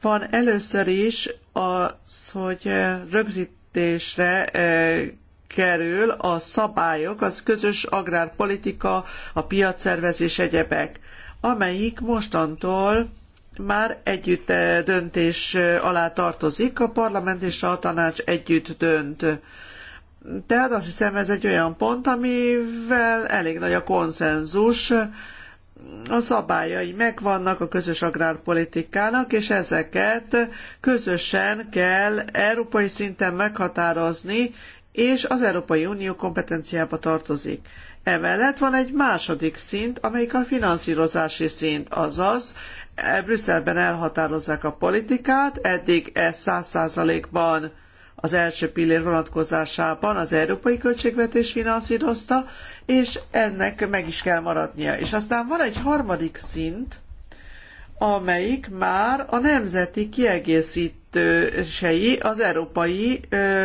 S1: Van először is az, hogy rögzítésre kerül a szabályok, az közös agrárpolitika, a piacszervezés egyebek, amelyik mostantól már együtt döntés alá tartozik, a parlament és a tanács együtt dönt tehát azt hiszem ez egy olyan pont, amivel elég nagy a konszenzus, a szabályai megvannak a közös agrárpolitikának, és ezeket közösen kell európai szinten meghatározni, és az Európai Unió kompetenciába tartozik. Emellett van egy második szint, amelyik a finanszírozási szint, azaz e, Brüsszelben elhatározzák a politikát, eddig ez 100%-ban az első pillér vonatkozásában az európai költségvetés finanszírozta, és ennek meg is kell maradnia. És aztán van egy harmadik szint, amelyik már a nemzeti kiegészítősei az európai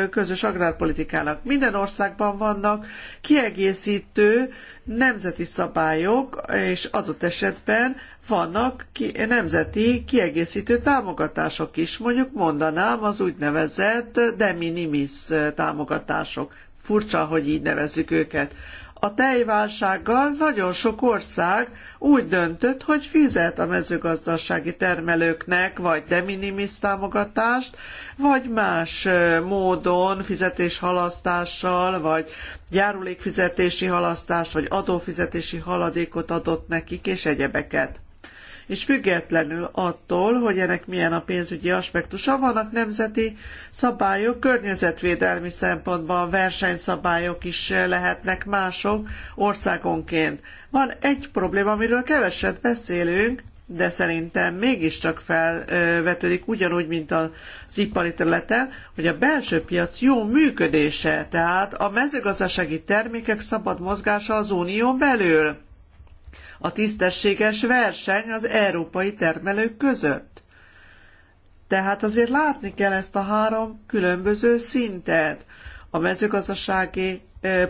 S1: közös agrárpolitikának. Minden országban vannak kiegészítő nemzeti szabályok, és adott esetben vannak nemzeti kiegészítő támogatások is. Mondjuk mondanám az úgynevezett de minimis támogatások. Furcsa, hogy így nevezzük őket a tejválsággal nagyon sok ország úgy döntött, hogy fizet a mezőgazdasági termelőknek vagy de minimis támogatást, vagy más módon fizetéshalasztással, vagy járulékfizetési halasztást, vagy adófizetési haladékot adott nekik, és egyebeket és függetlenül attól, hogy ennek milyen a pénzügyi aspektusa, vannak nemzeti szabályok, környezetvédelmi szempontban versenyszabályok is lehetnek mások országonként. Van egy probléma, amiről keveset beszélünk, de szerintem mégiscsak felvetődik ugyanúgy, mint az ipari területen, hogy a belső piac jó működése, tehát a mezőgazdasági termékek szabad mozgása az unión belül a tisztességes verseny az európai termelők között. Tehát azért látni kell ezt a három különböző szintet. A mezőgazdasági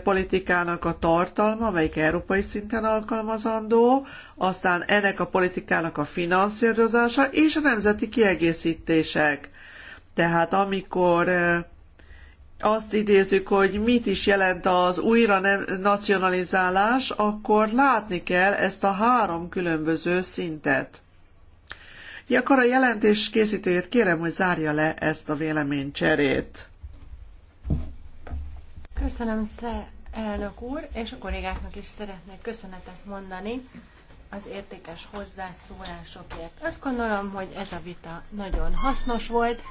S1: politikának a tartalma, amelyik európai szinten alkalmazandó, aztán ennek a politikának a finanszírozása és a nemzeti kiegészítések. Tehát amikor azt idézzük, hogy mit is jelent az újra nem, nacionalizálás, akkor látni kell ezt a három különböző szintet. Ja, akkor a jelentés készítőjét kérem, hogy zárja le ezt a véleménycserét.
S2: Köszönöm szépen, elnök úr, és a kollégáknak is szeretnék köszönetet mondani az értékes hozzászólásokért. Azt gondolom, hogy ez a vita nagyon hasznos volt,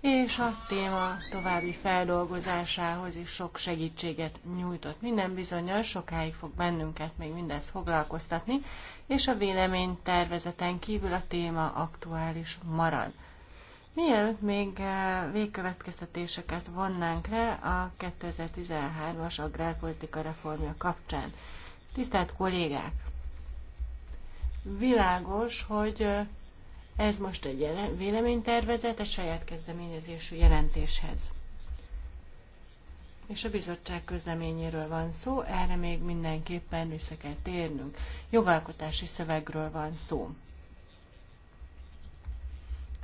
S2: és a téma további feldolgozásához is sok segítséget nyújtott. Minden bizonyal sokáig fog bennünket még mindezt foglalkoztatni, és a vélemény tervezeten kívül a téma aktuális marad. Mielőtt még eh, végkövetkeztetéseket vonnánk le a 2013-as agrárpolitika reformja kapcsán. Tisztelt kollégák! Világos, hogy eh, ez most egy véleménytervezet a saját kezdeményezésű jelentéshez. És a bizottság közleményéről van szó, erre még mindenképpen vissza kell térnünk. Jogalkotási szövegről van szó.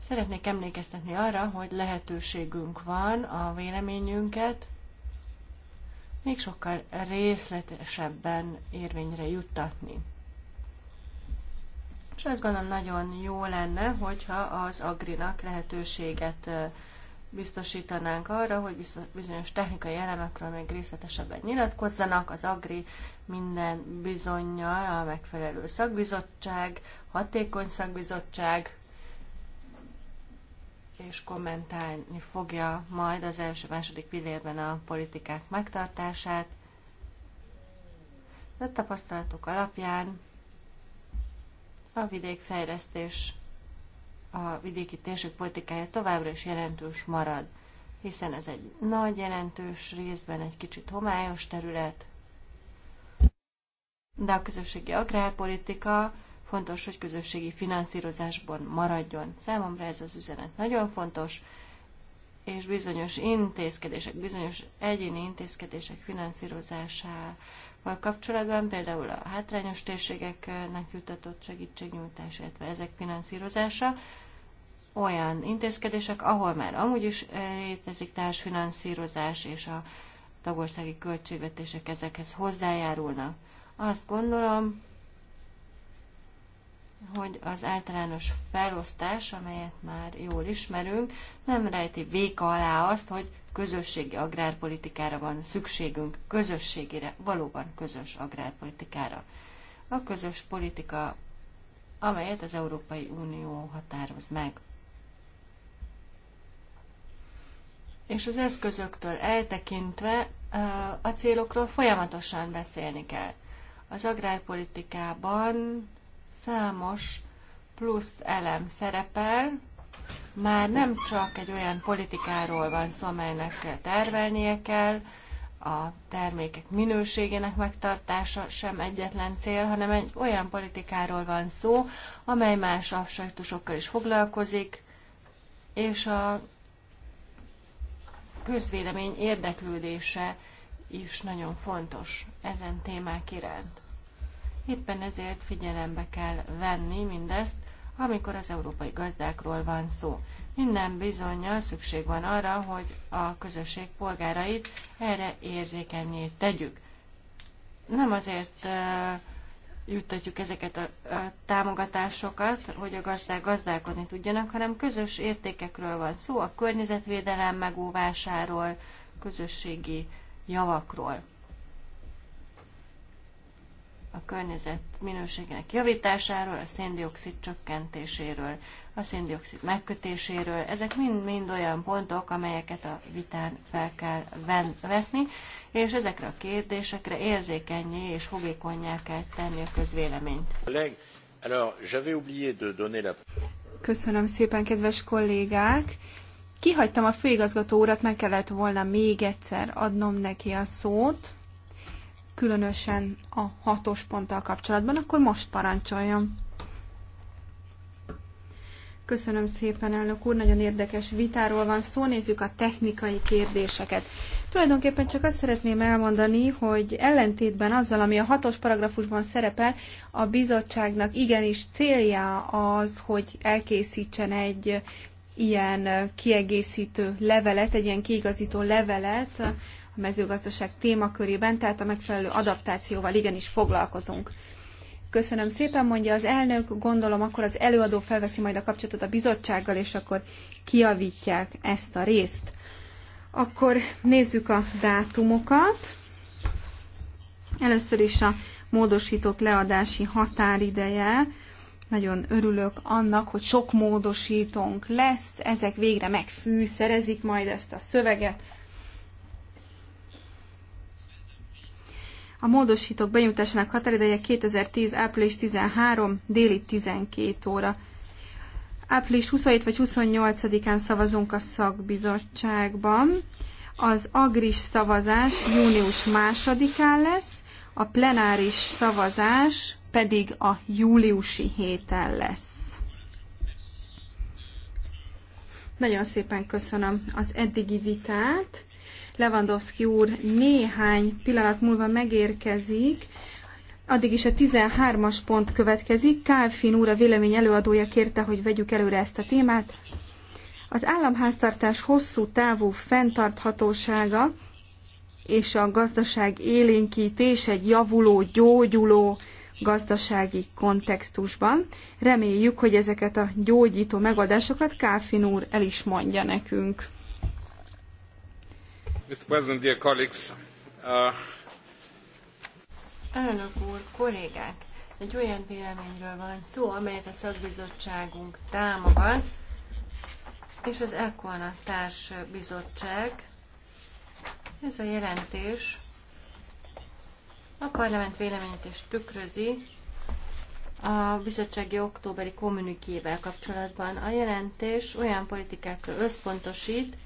S2: Szeretnék emlékeztetni arra, hogy lehetőségünk van a véleményünket még sokkal részletesebben érvényre juttatni és azt gondolom nagyon jó lenne, hogyha az Agrinak lehetőséget biztosítanánk arra, hogy bizonyos technikai elemekről még részletesebben nyilatkozzanak. Az Agri minden bizonyal a megfelelő szakbizottság, hatékony szakbizottság, és kommentálni fogja majd az első-második pillérben a politikák megtartását. A tapasztalatok alapján a vidékfejlesztés, a vidéki térség politikája továbbra is jelentős marad, hiszen ez egy nagy jelentős részben egy kicsit homályos terület, de a közösségi agrárpolitika fontos, hogy közösségi finanszírozásban maradjon. Számomra ez az üzenet nagyon fontos, és bizonyos intézkedések, bizonyos egyéni intézkedések finanszírozásával kapcsolatban, például a hátrányos térségeknek jutatott segítségnyújtás, illetve ezek finanszírozása, olyan intézkedések, ahol már amúgy is eh, létezik társfinanszírozás, és a tagországi költségvetések ezekhez hozzájárulnak. Azt gondolom, hogy az általános felosztás, amelyet már jól ismerünk, nem rejti véka alá azt, hogy közösségi agrárpolitikára van szükségünk, közösségére, valóban közös agrárpolitikára. A közös politika, amelyet az Európai Unió határoz meg. És az eszközöktől eltekintve eh, a célokról folyamatosan beszélni kell. Az agrárpolitikában számos plusz elem szerepel, már nem csak egy olyan politikáról van szó, amelynek tervelnie kell, a termékek minőségének megtartása sem egyetlen cél, hanem egy olyan politikáról van szó, amely más aspektusokkal is foglalkozik, és a közvélemény érdeklődése is nagyon fontos ezen témák iránt. Éppen ezért figyelembe kell venni mindezt, amikor az európai gazdákról van szó. Minden bizonyal szükség van arra, hogy a közösség polgárait erre érzékenyé tegyük. Nem azért juttatjuk ezeket a, a támogatásokat, hogy a gazdák gazdálkodni tudjanak, hanem közös értékekről van szó, a környezetvédelem megóvásáról, közösségi javakról a környezet minőségének javításáról, a széndiokszid csökkentéséről, a széndiokszid megkötéséről. Ezek mind-mind olyan pontok, amelyeket a vitán fel kell vetni, és ezekre a kérdésekre érzékenyé és fogékonyá kell tenni a közvéleményt. Köszönöm szépen, kedves kollégák!
S4: Kihagytam a főigazgató urat, meg kellett volna még egyszer adnom neki a szót különösen a hatos ponttal kapcsolatban, akkor most parancsoljon. Köszönöm szépen, elnök úr, nagyon érdekes vitáról van szó, nézzük a technikai kérdéseket. Tulajdonképpen csak azt szeretném elmondani, hogy ellentétben azzal, ami a hatos paragrafusban szerepel, a bizottságnak igenis célja az, hogy elkészítsen egy ilyen kiegészítő levelet, egy ilyen kiigazító levelet mezőgazdaság témakörében, tehát a megfelelő adaptációval igenis foglalkozunk. Köszönöm szépen, mondja az elnök, gondolom akkor az előadó felveszi majd a kapcsolatot a bizottsággal, és akkor kiavítják ezt a részt. Akkor nézzük a dátumokat. Először is a módosítók leadási határideje. Nagyon örülök annak, hogy sok módosítónk lesz, ezek végre megfűszerezik majd ezt a szöveget, A módosítók benyújtásának határideje 2010. április 13. déli 12 óra. Április 27 vagy 28-án szavazunk a szakbizottságban. Az agris szavazás június 2-án lesz, a plenáris szavazás pedig a júliusi héten lesz. Nagyon szépen köszönöm az eddigi vitát. Lewandowski úr néhány pillanat múlva megérkezik, Addig is a 13-as pont következik. Kálfin úr a vélemény előadója kérte, hogy vegyük előre ezt a témát. Az államháztartás hosszú távú fenntarthatósága és a gazdaság élénkítés egy javuló, gyógyuló gazdasági kontextusban. Reméljük, hogy ezeket a gyógyító megoldásokat Kálfin úr el is mondja nekünk.
S3: Uh,
S2: Elnök úr, kollégák, egy olyan véleményről van szó, amelyet a szakbizottságunk támogat, és az ECOLNA társ bizottság. Ez a jelentés a parlament véleményét is tükrözi a bizottsági októberi kommunikével kapcsolatban. A jelentés olyan politikákra összpontosít,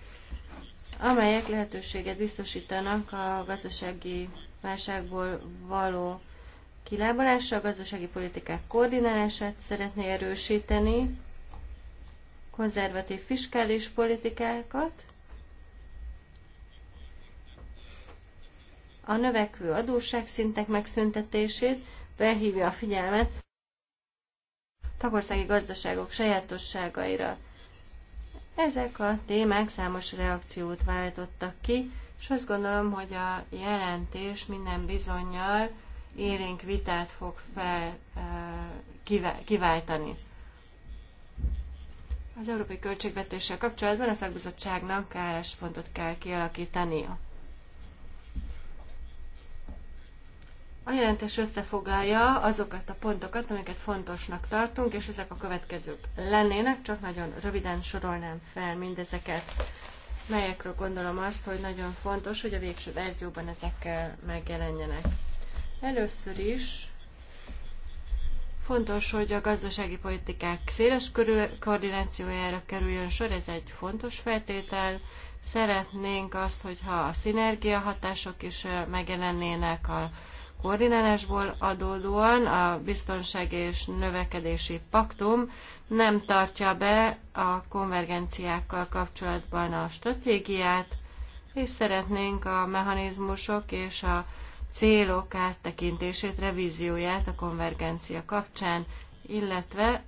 S2: amelyek lehetőséget biztosítanak a gazdasági válságból való kilábalásra, a gazdasági politikák koordinálását szeretné erősíteni, konzervatív fiskális politikákat, a növekvő adósságszintek megszüntetését, felhívja a figyelmet tagországi gazdaságok sajátosságaira. Ezek a témák számos reakciót váltottak ki, és azt gondolom, hogy a jelentés minden bizonyal élénk vitát fog fel kiváltani. Az európai költségvetéssel kapcsolatban a szakbizottságnak álláspontot kell kialakítania. A jelentés összefoglalja azokat a pontokat, amiket fontosnak tartunk, és ezek a következők lennének, csak nagyon röviden sorolnám fel mindezeket, melyekről gondolom azt, hogy nagyon fontos, hogy a végső verzióban ezek megjelenjenek. Először is Fontos, hogy a gazdasági politikák széles körül koordinációjára kerüljön sor, ez egy fontos feltétel. Szeretnénk azt, hogyha a szinergia hatások is megjelennének a koordinálásból adódóan a biztonság és növekedési paktum nem tartja be a konvergenciákkal kapcsolatban a stratégiát, és szeretnénk a mechanizmusok és a célok áttekintését, revízióját a konvergencia kapcsán, illetve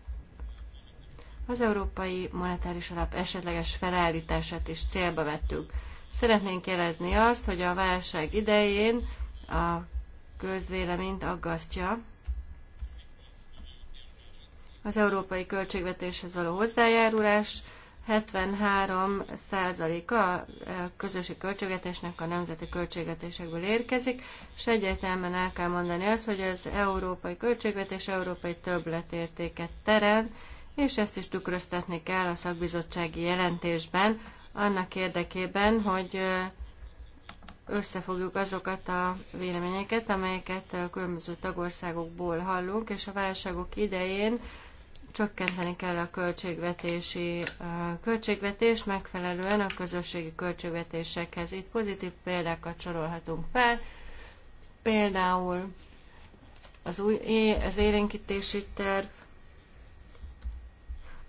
S2: az Európai Monetáris Alap esetleges felállítását is célba vettük. Szeretnénk jelezni azt, hogy a válság idején a közvéleményt aggasztja az európai költségvetéshez való hozzájárulás, 73%-a a e, közösségi költségvetésnek a nemzeti költségvetésekből érkezik, és egyértelműen el kell mondani azt, hogy az európai költségvetés európai többletértéket terem, és ezt is tükröztetni kell a szakbizottsági jelentésben, annak érdekében, hogy e, összefogjuk azokat a véleményeket, amelyeket a különböző tagországokból hallunk, és a válságok idején csökkenteni kell a költségvetési költségvetés megfelelően a közösségi költségvetésekhez. Itt pozitív példákat sorolhatunk fel, például az, új, az élénkítési terv,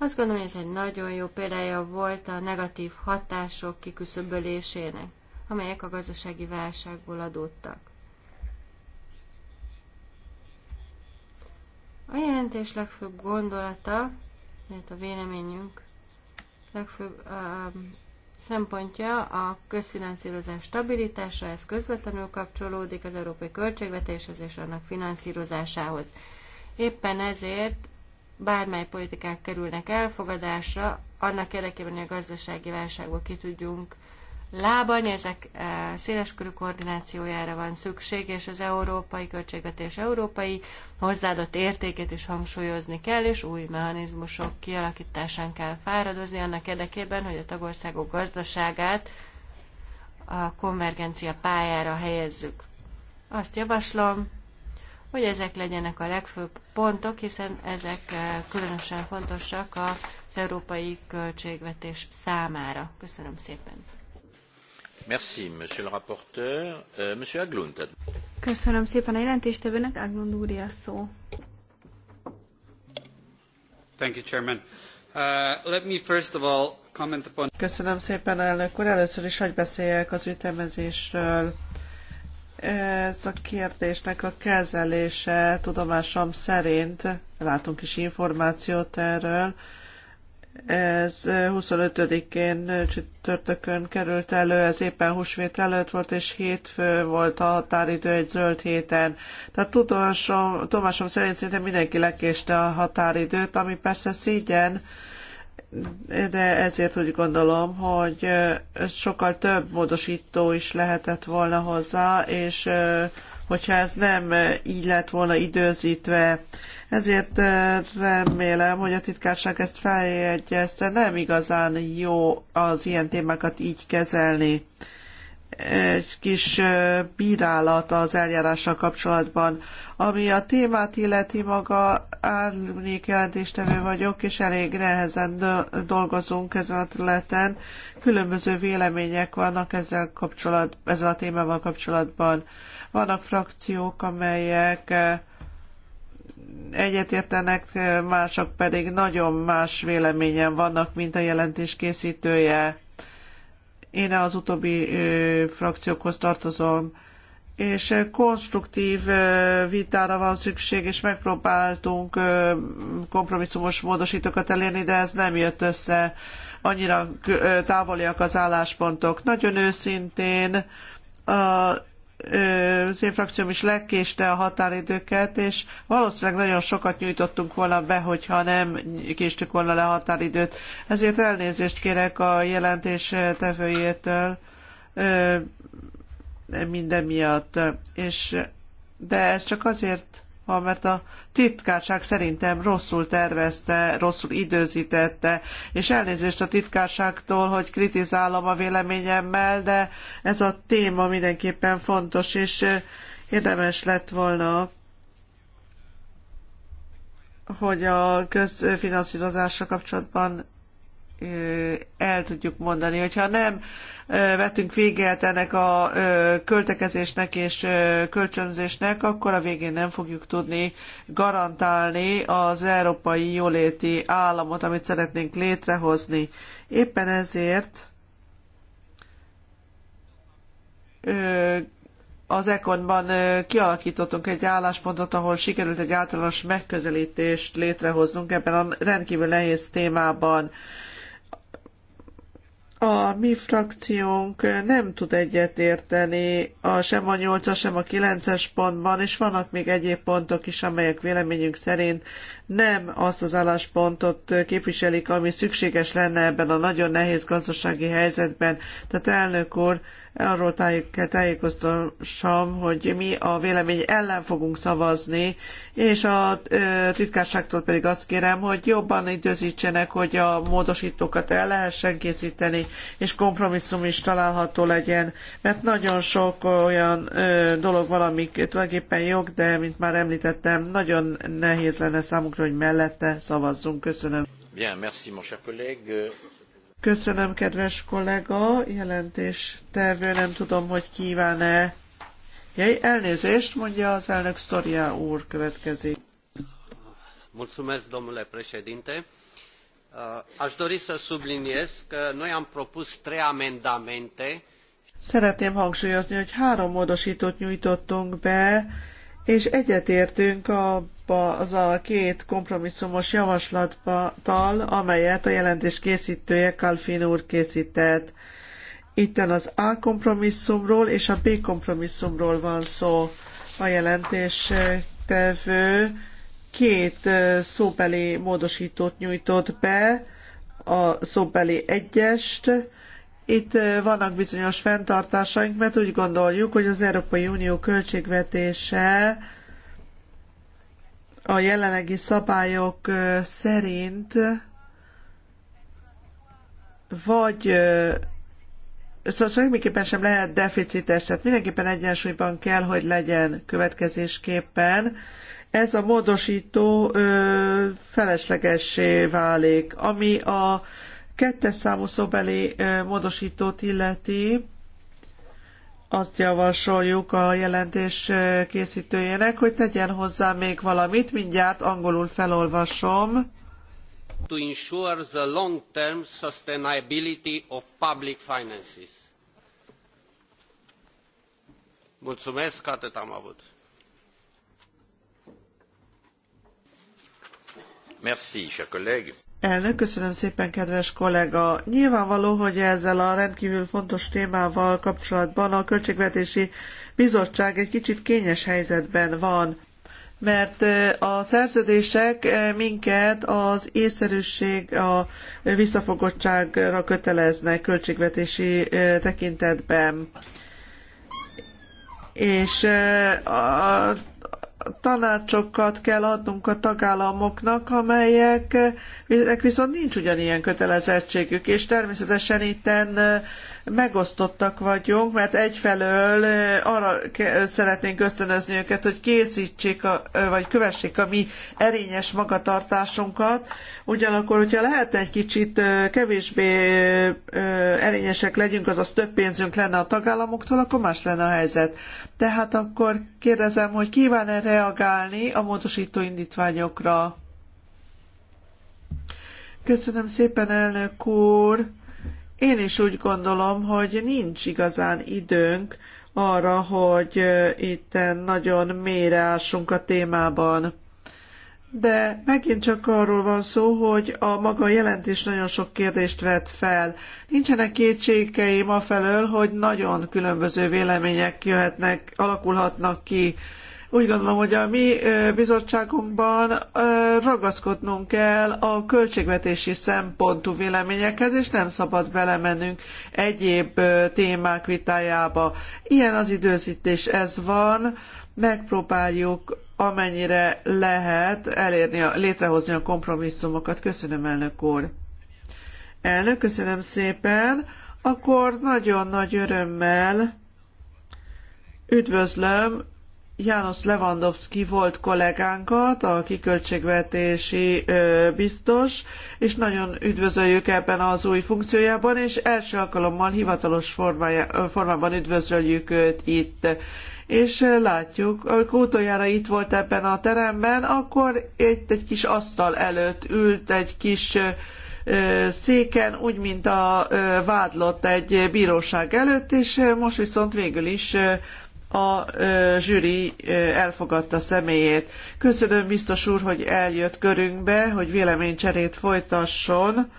S2: azt gondolom, hogy ez egy nagyon jó példája volt a negatív hatások kiküszöbölésének amelyek a gazdasági válságból adódtak. A jelentés legfőbb gondolata, mert a véleményünk legfőbb uh, szempontja a közfinanszírozás stabilitása, ez közvetlenül kapcsolódik az európai költségvetéshez és annak finanszírozásához. Éppen ezért bármely politikák kerülnek elfogadásra, annak érdekében, hogy a gazdasági válságból ki tudjunk lábany, ezek eh, széleskörű koordinációjára van szükség, és az európai költségvetés európai hozzáadott értékét is hangsúlyozni kell, és új mechanizmusok kialakításán kell fáradozni annak érdekében, hogy a tagországok gazdaságát a konvergencia pályára helyezzük. Azt javaslom, hogy ezek legyenek a legfőbb pontok, hiszen ezek eh, különösen fontosak az európai költségvetés számára. Köszönöm szépen!
S5: Merci, monsieur le rapporteur. Uh, monsieur
S3: Aglund.
S4: Köszönöm szépen a jelentéstevőnek, Aglund úr a szó.
S3: Thank you, Chairman. Uh, let me first of all comment upon...
S1: Köszönöm szépen, elnök úr. Először is hagy beszéljek az ütemezésről. Ez a kérdésnek a kezelése tudomásom szerint, látunk is információt erről, ez 25-én csütörtökön került elő, ez éppen húsvét előtt volt, és hétfő volt a határidő egy zöld héten. Tehát tudomásom, tudomásom szerint szinte mindenki lekéste a határidőt, ami persze szígyen, de ezért úgy gondolom, hogy sokkal több módosító is lehetett volna hozzá, és hogyha ez nem így lett volna időzítve, ezért eh, remélem, hogy a titkárság ezt feljegyezte. Nem igazán jó az ilyen témákat így kezelni. Egy kis eh, bírálat az eljárással kapcsolatban. Ami a témát illeti maga, árnyék jelentéstevő vagyok, és elég nehezen dolgozunk ezen a területen. Különböző vélemények vannak ezzel, kapcsolat, ezzel a témával kapcsolatban. Vannak frakciók, amelyek eh, egyetértenek, mások pedig nagyon más véleményen vannak, mint a jelentés készítője. Én az utóbbi ö, frakciókhoz tartozom, és konstruktív ö, vitára van szükség, és megpróbáltunk ö, kompromisszumos módosítókat elérni, de ez nem jött össze. Annyira távoliak az álláspontok. Nagyon őszintén a az én frakcióm is lekéste a határidőket, és valószínűleg nagyon sokat nyújtottunk volna be, hogyha nem késtük volna le a határidőt. Ezért elnézést kérek a jelentés tevőjétől minden miatt. És, de ez csak azért van, mert a titkárság szerintem rosszul tervezte, rosszul időzítette, és elnézést a titkárságtól, hogy kritizálom a véleményemmel, de ez a téma mindenképpen fontos, és érdemes lett volna hogy a közfinanszírozásra kapcsolatban el tudjuk mondani. Hogyha nem vetünk véget ennek a költekezésnek és kölcsönzésnek, akkor a végén nem fogjuk tudni garantálni az európai jóléti államot, amit szeretnénk létrehozni. Éppen ezért az ekonban kialakítottunk egy álláspontot, ahol sikerült egy általános megközelítést létrehoznunk ebben a rendkívül nehéz témában. A mi frakciónk nem tud egyetérteni a sem a 8 sem a 9-es pontban, és vannak még egyéb pontok is, amelyek véleményünk szerint nem azt az álláspontot képviselik, ami szükséges lenne ebben a nagyon nehéz gazdasági helyzetben. Tehát elnök úr, arról tájékoztassam, hogy mi a vélemény ellen fogunk szavazni, és a titkárságtól pedig azt kérem, hogy jobban időzítsenek, hogy a módosítókat el lehessen készíteni, és kompromisszum is található legyen, mert nagyon sok olyan dolog van, tulajdonképpen jog, de mint már említettem, nagyon nehéz lenne számunkra, hogy mellette szavazzunk. Köszönöm.
S5: Bien, merci, mon cher collègue.
S1: Köszönöm, kedves kollega, jelentés tervő, nem tudom, hogy kíván-e. Jaj, elnézést, mondja az elnök Storia úr, következik.
S3: Mulțumesc, domnule președinte. Uh, aș dori să subliniez că noi am propus trei amendamente
S1: Szeretném hangsúlyozni, hogy három módosítót nyújtottunk be, és egyetértünk abba az a két kompromisszumos javaslattal, amelyet a jelentés készítője Kalfin úr készített. Itten az A kompromisszumról és a B kompromisszumról van szó. A jelentés tevő két szóbeli módosítót nyújtott be, a szóbeli egyest, itt vannak bizonyos fenntartásaink, mert úgy gondoljuk, hogy az Európai Unió költségvetése a jelenlegi szabályok szerint vagy szóval semmiképpen sem lehet deficites, tehát mindenképpen egyensúlyban kell, hogy legyen következésképpen. Ez a módosító ö, feleslegessé válik, ami a kettes számú szóbeli módosítót illeti, azt javasoljuk a jelentés készítőjének, hogy tegyen hozzá még valamit, mindjárt angolul felolvasom.
S3: To ensure the long-term sustainability of public finances. Mulțumesc, atât am avut.
S5: Merci, chers collègues.
S1: Elnök, köszönöm szépen, kedves kollega. Nyilvánvaló, hogy ezzel a rendkívül fontos témával kapcsolatban a Költségvetési Bizottság egy kicsit kényes helyzetben van, mert a szerződések minket az észszerűség, a visszafogottságra köteleznek költségvetési tekintetben és a tanácsokat kell adnunk a tagállamoknak, amelyek viszont nincs ugyanilyen kötelezettségük, és természetesen itten megosztottak vagyunk, mert egyfelől arra szeretnénk ösztönözni őket, hogy készítsék, a, vagy kövessék a mi erényes magatartásunkat, ugyanakkor, hogyha lehetne egy kicsit kevésbé erényesek legyünk, azaz több pénzünk lenne a tagállamoktól, akkor más lenne a helyzet. Tehát akkor kérdezem, hogy kíván-e reagálni a módosító indítványokra? Köszönöm szépen, elnök úr! Én is úgy gondolom, hogy nincs igazán időnk arra, hogy itt nagyon mélyreássunk a témában. De megint csak arról van szó, hogy a maga jelentés nagyon sok kérdést vet fel. Nincsenek kétségeim afelől, hogy nagyon különböző vélemények jöhetnek, alakulhatnak ki úgy gondolom, hogy a mi bizottságunkban ragaszkodnunk kell a költségvetési szempontú véleményekhez, és nem szabad belemennünk egyéb témák vitájába. Ilyen az időzítés, ez van, megpróbáljuk amennyire lehet elérni, a létrehozni a kompromisszumokat. Köszönöm, elnök úr. Elnök, köszönöm szépen. Akkor nagyon nagy örömmel üdvözlöm János Lewandowski volt kollégánkat, a kiköltségvetési biztos, és nagyon üdvözöljük ebben az új funkciójában, és első alkalommal hivatalos formája, formában üdvözöljük őt itt. És látjuk, amikor utoljára itt volt ebben a teremben, akkor itt egy kis asztal előtt ült egy kis széken, úgy, mint a vádlott egy bíróság előtt, és most viszont végül is a zsűri elfogadta személyét. Köszönöm biztos úr, hogy eljött körünkbe, hogy véleménycserét folytasson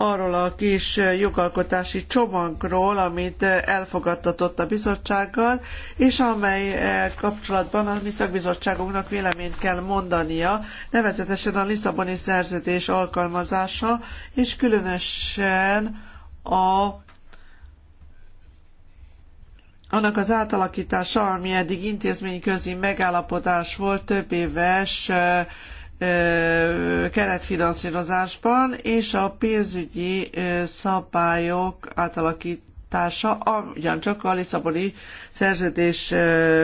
S1: arról a kis jogalkotási csomagról, amit elfogadtatott a bizottsággal, és amely kapcsolatban a mi szakbizottságunknak véleményt kell mondania, nevezetesen a Lisszaboni szerződés alkalmazása, és különösen a annak az átalakítása, ami eddig intézményközi megállapodás volt több éves keretfinanszírozásban, és a pénzügyi szabályok átalakítása ugyancsak a Lisszaboni szerződés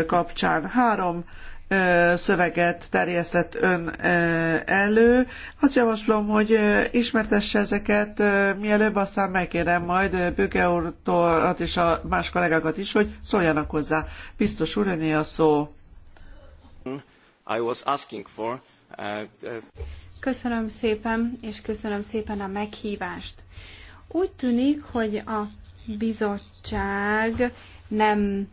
S1: kapcsán. Három szöveget terjesztett ön elő. Azt javaslom, hogy ismertesse ezeket mielőbb, aztán megkérem majd Böke úrtól és a más kollégákat is, hogy szóljanak hozzá. Biztos úr, a szó.
S3: I was asking for, uh,
S1: uh...
S4: Köszönöm szépen, és köszönöm szépen a meghívást. Úgy tűnik, hogy a bizottság nem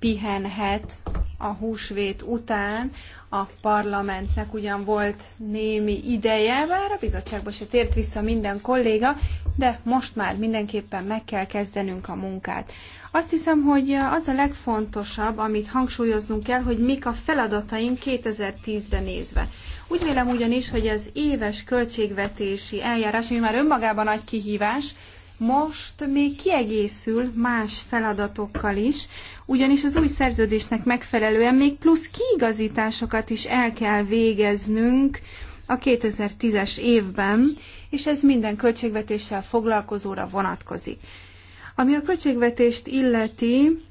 S4: pihenhet a húsvét után. A parlamentnek ugyan volt némi ideje, bár a bizottságba se tért vissza minden kolléga, de most már mindenképpen meg kell kezdenünk a munkát. Azt hiszem, hogy az a legfontosabb, amit hangsúlyoznunk kell, hogy mik a feladataink 2010-re nézve. Úgy vélem ugyanis, hogy az éves költségvetési eljárás, ami már önmagában nagy kihívás, most még kiegészül más feladatokkal is, ugyanis az új szerződésnek megfelelően még plusz kiigazításokat is el kell végeznünk a 2010-es évben, és ez minden költségvetéssel foglalkozóra vonatkozik. Ami a költségvetést illeti,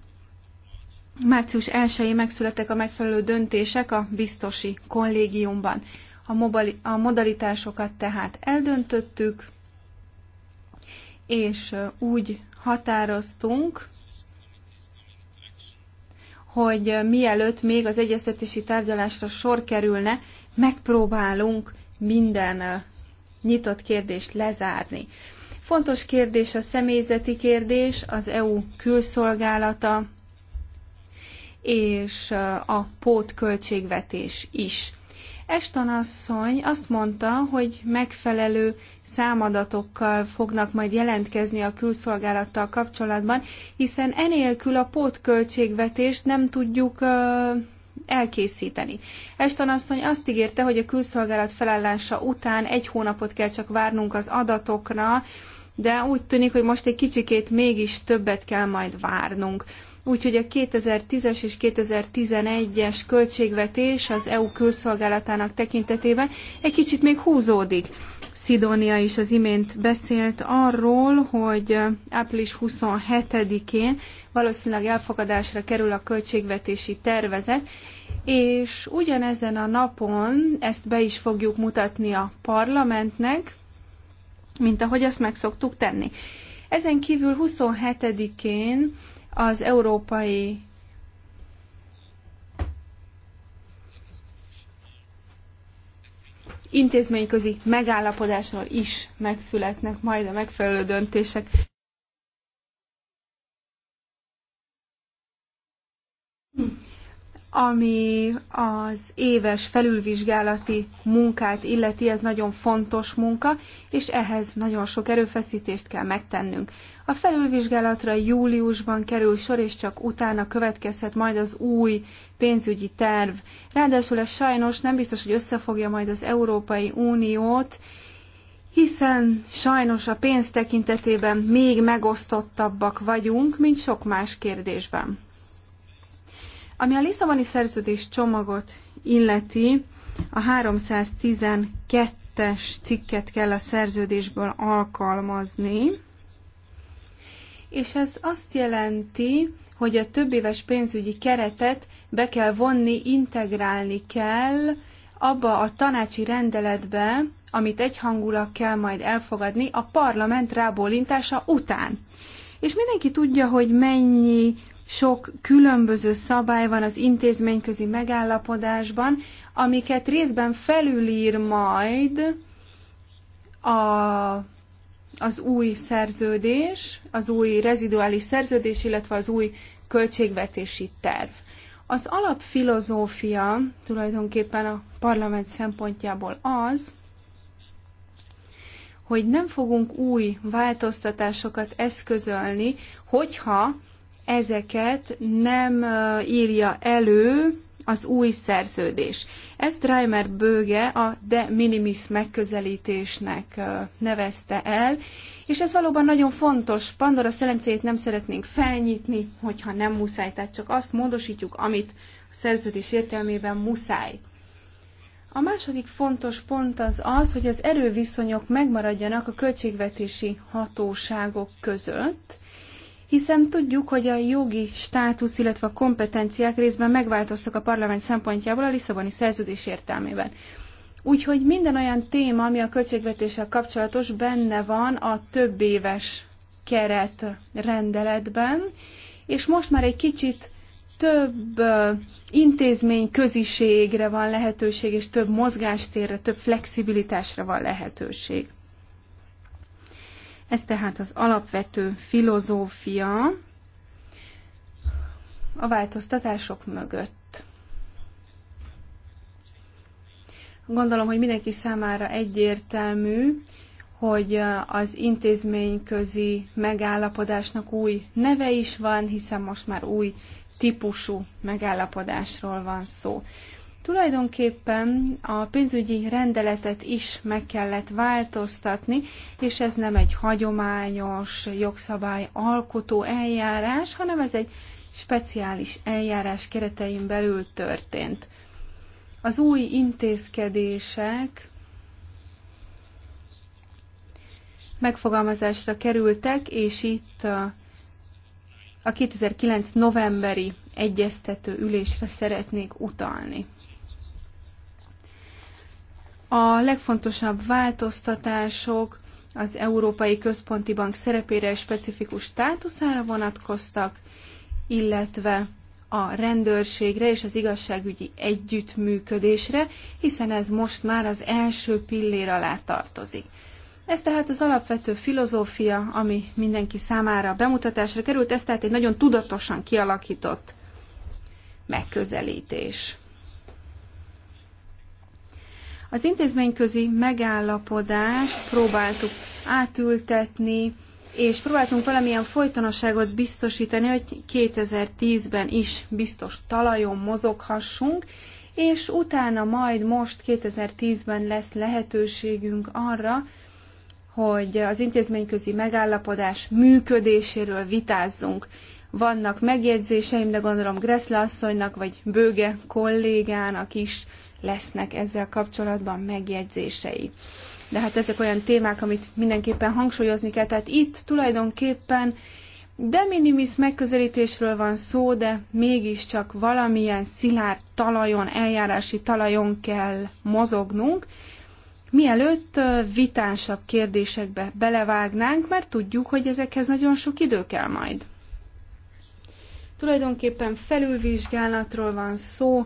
S4: március 1-én megszületek a megfelelő döntések a biztosi kollégiumban. A, mobali, a modalitásokat tehát eldöntöttük, és úgy határoztunk, hogy mielőtt még az egyeztetési tárgyalásra sor kerülne, megpróbálunk minden nyitott kérdést lezárni. Fontos kérdés a személyzeti kérdés, az EU külszolgálata és a pótköltségvetés is. Eston asszony azt mondta, hogy megfelelő számadatokkal fognak majd jelentkezni a külszolgálattal kapcsolatban, hiszen enélkül a pótköltségvetést nem tudjuk elkészíteni. Eston asszony azt ígérte, hogy a külszolgálat felállása után egy hónapot kell csak várnunk az adatokra, de úgy tűnik, hogy most egy kicsikét mégis többet kell majd várnunk. Úgyhogy a 2010-es és 2011-es költségvetés az EU külszolgálatának tekintetében egy kicsit még húzódik. Szidónia is az imént beszélt arról, hogy április 27-én valószínűleg elfogadásra kerül a költségvetési tervezet, és ugyanezen a napon ezt be is fogjuk mutatni a parlamentnek, mint ahogy azt meg szoktuk tenni. Ezen kívül 27-én az Európai intézményközi megállapodásról is megszületnek majd a megfelelő döntések ami az éves felülvizsgálati munkát illeti, ez nagyon fontos munka, és ehhez nagyon sok erőfeszítést kell megtennünk. A felülvizsgálatra júliusban kerül sor, és csak utána következhet majd az új pénzügyi terv. Ráadásul ez sajnos nem biztos, hogy összefogja majd az Európai Uniót, hiszen sajnos a pénz tekintetében még megosztottabbak vagyunk, mint sok más kérdésben. Ami a Lisszaboni szerződés csomagot illeti, a 312-es cikket kell a szerződésből alkalmazni, és ez azt jelenti, hogy a többéves pénzügyi keretet be kell vonni, integrálni kell abba a tanácsi rendeletbe, amit egyhangulag kell majd elfogadni a parlament rábólintása után. És mindenki tudja, hogy mennyi sok különböző szabály van az intézményközi megállapodásban, amiket részben felülír majd a, az új szerződés, az új reziduális szerződés, illetve az új költségvetési terv. Az alapfilozófia tulajdonképpen a parlament szempontjából az, hogy nem fogunk új változtatásokat eszközölni, hogyha ezeket nem írja elő az új szerződés. Ezt Reimer Böge a de minimis megközelítésnek nevezte el, és ez valóban nagyon fontos. Pandora szelencéjét nem szeretnénk felnyitni, hogyha nem muszáj, tehát csak azt módosítjuk, amit a szerződés értelmében muszáj. A második fontos pont az az, hogy az erőviszonyok megmaradjanak a költségvetési hatóságok között, hiszen tudjuk, hogy a jogi státusz, illetve a kompetenciák részben megváltoztak a parlament szempontjából a Lisszaboni szerződés értelmében. Úgyhogy minden olyan téma, ami a költségvetéssel kapcsolatos, benne van a több éves keret rendeletben, és most már egy kicsit több intézmény köziségre van lehetőség, és több mozgástérre, több flexibilitásra van lehetőség. Ez tehát az alapvető filozófia a változtatások mögött. Gondolom, hogy mindenki számára egyértelmű, hogy az intézményközi megállapodásnak új neve is van, hiszen most már új típusú megállapodásról van szó. Tulajdonképpen a pénzügyi rendeletet is meg kellett változtatni, és ez nem egy hagyományos jogszabály alkotó eljárás, hanem ez egy speciális eljárás keretein belül történt. Az új intézkedések megfogalmazásra kerültek, és itt a, 2009. novemberi egyeztető ülésre szeretnék utalni. A legfontosabb változtatások az Európai Központi Bank szerepére és specifikus státuszára vonatkoztak, illetve a rendőrségre és az igazságügyi együttműködésre, hiszen ez most már az első pillér alá tartozik. Ez tehát az alapvető filozófia, ami mindenki számára bemutatásra került, ez tehát egy nagyon tudatosan kialakított megközelítés. Az intézményközi megállapodást próbáltuk átültetni, és próbáltunk valamilyen folytonosságot biztosítani, hogy 2010-ben is biztos talajon mozoghassunk, és utána majd most 2010-ben lesz lehetőségünk arra, hogy az intézményközi megállapodás működéséről vitázzunk. Vannak megjegyzéseim, de gondolom Greszle asszonynak, vagy Bőge kollégának is lesznek ezzel kapcsolatban megjegyzései. De hát ezek olyan témák, amit mindenképpen hangsúlyozni kell. Tehát itt tulajdonképpen de minimis megközelítésről van szó, de mégiscsak valamilyen szilárd talajon, eljárási talajon kell mozognunk, mielőtt vitánsabb kérdésekbe belevágnánk, mert tudjuk, hogy ezekhez nagyon sok idő kell majd. Tulajdonképpen felülvizsgálatról van szó,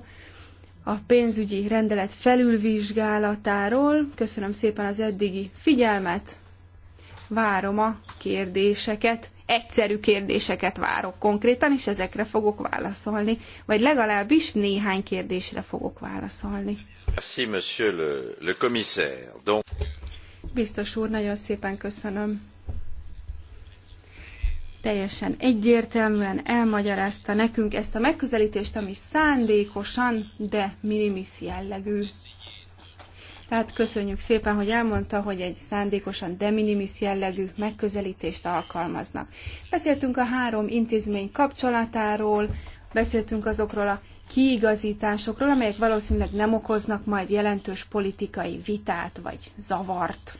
S4: a pénzügyi rendelet felülvizsgálatáról. Köszönöm szépen az eddigi figyelmet, várom a kérdéseket, egyszerű kérdéseket várok konkrétan, és ezekre fogok válaszolni, vagy legalábbis néhány kérdésre fogok válaszolni.
S5: Merci, monsieur le, le commissaire. Donc...
S4: Biztos úr, nagyon szépen köszönöm teljesen egyértelműen elmagyarázta nekünk ezt a megközelítést, ami szándékosan, de minimis jellegű. Tehát köszönjük szépen, hogy elmondta, hogy egy szándékosan de minimis jellegű megközelítést alkalmaznak. Beszéltünk a három intézmény kapcsolatáról, beszéltünk azokról a kiigazításokról, amelyek valószínűleg nem okoznak majd jelentős politikai vitát vagy zavart.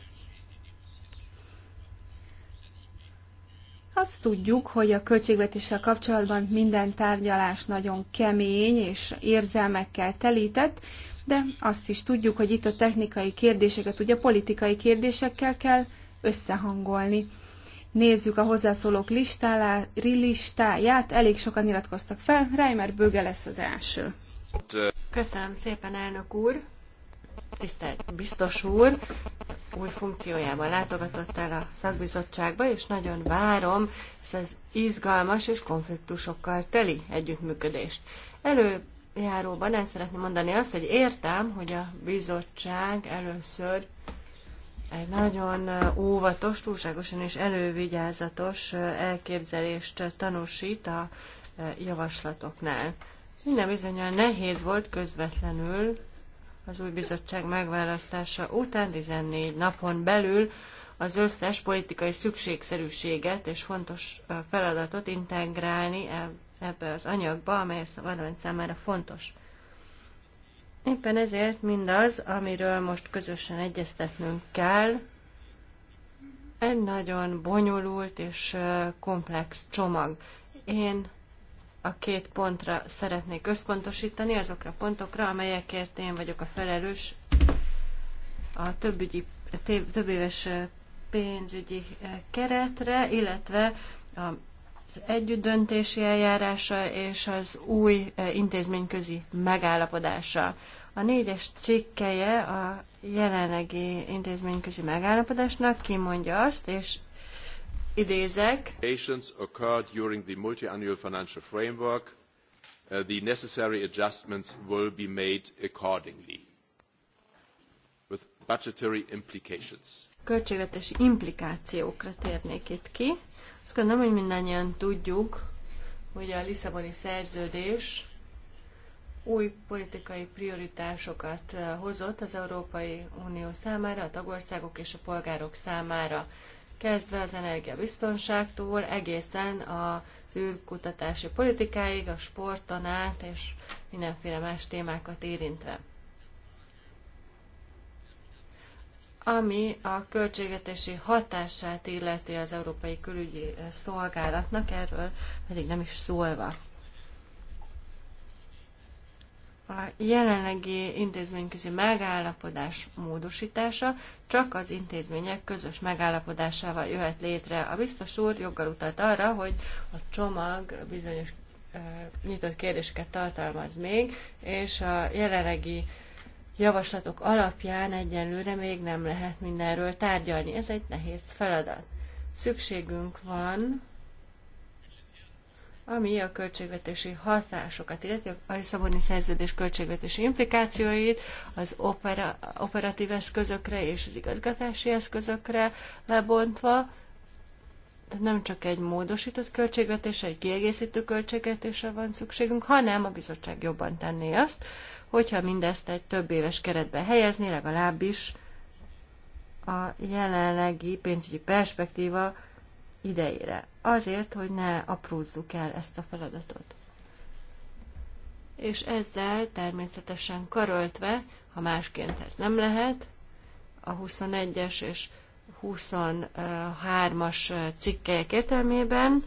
S4: Azt tudjuk, hogy a költségvetéssel kapcsolatban minden tárgyalás nagyon kemény és érzelmekkel telített, de azt is tudjuk, hogy itt a technikai kérdéseket ugye politikai kérdésekkel kell összehangolni. Nézzük a hozzászólók listálá, listáját, elég sokan iratkoztak fel, Reimer Böge
S2: lesz az első. Köszönöm szépen, elnök úr! Tisztelt biztos úr, új funkciójában látogatott el a szakbizottságba, és nagyon várom ezt az izgalmas és konfliktusokkal teli együttműködést. Előjáróban el szeretném mondani azt, hogy értem, hogy a bizottság először egy nagyon óvatos, túlságosan és elővigyázatos elképzelést tanúsít a javaslatoknál. Minden bizonyal nehéz volt közvetlenül az új bizottság megválasztása után 14 napon belül az összes politikai szükségszerűséget és fontos feladatot integrálni ebbe az anyagba, amely a parlament számára fontos. Éppen ezért mindaz, amiről most közösen egyeztetnünk kell, egy nagyon bonyolult és komplex csomag. Én a két pontra szeretnék összpontosítani, azokra a pontokra, amelyekért én vagyok a felelős a többügyi, több éves pénzügyi keretre, illetve az együttdöntési eljárása és az új intézményközi megállapodása. A négyes cikkeje a jelenlegi intézményközi megállapodásnak kimondja azt, és idézek.
S5: occurred during the multiannual financial framework. Uh, the necessary adjustments will be made accordingly with budgetary implications.
S2: Költségvetési implikációkra térnék itt ki. Azt gondolom, hogy mindannyian tudjuk, hogy a Lisszaboni szerződés új politikai prioritásokat uh, hozott az Európai Unió számára, a tagországok és a polgárok számára kezdve az energiabiztonságtól egészen a űrkutatási politikáig, a sporton át és mindenféle más témákat érintve. ami a költségvetési hatását illeti az Európai Külügyi Szolgálatnak, erről pedig nem is szólva a jelenlegi intézményközi megállapodás módosítása csak az intézmények közös megállapodásával jöhet létre. A biztos úr joggal utalt arra, hogy a csomag bizonyos nyitott kérdéseket tartalmaz még, és a jelenlegi javaslatok alapján egyenlőre még nem lehet mindenről tárgyalni. Ez egy nehéz feladat. Szükségünk van ami a költségvetési hatásokat, illetve a Lisszaboni szerződés költségvetési implikációit az opera, operatív eszközökre és az igazgatási eszközökre lebontva, tehát nem csak egy módosított költségvetésre, egy kiegészítő költségvetésre van szükségünk, hanem a bizottság jobban tenné azt, hogyha mindezt egy több éves keretbe helyezni, legalábbis a jelenlegi pénzügyi perspektíva idejére, azért, hogy ne aprózzuk el ezt a feladatot. És ezzel természetesen karöltve, ha másként ez nem lehet, a 21-es és 23-as cikkelyek értelmében,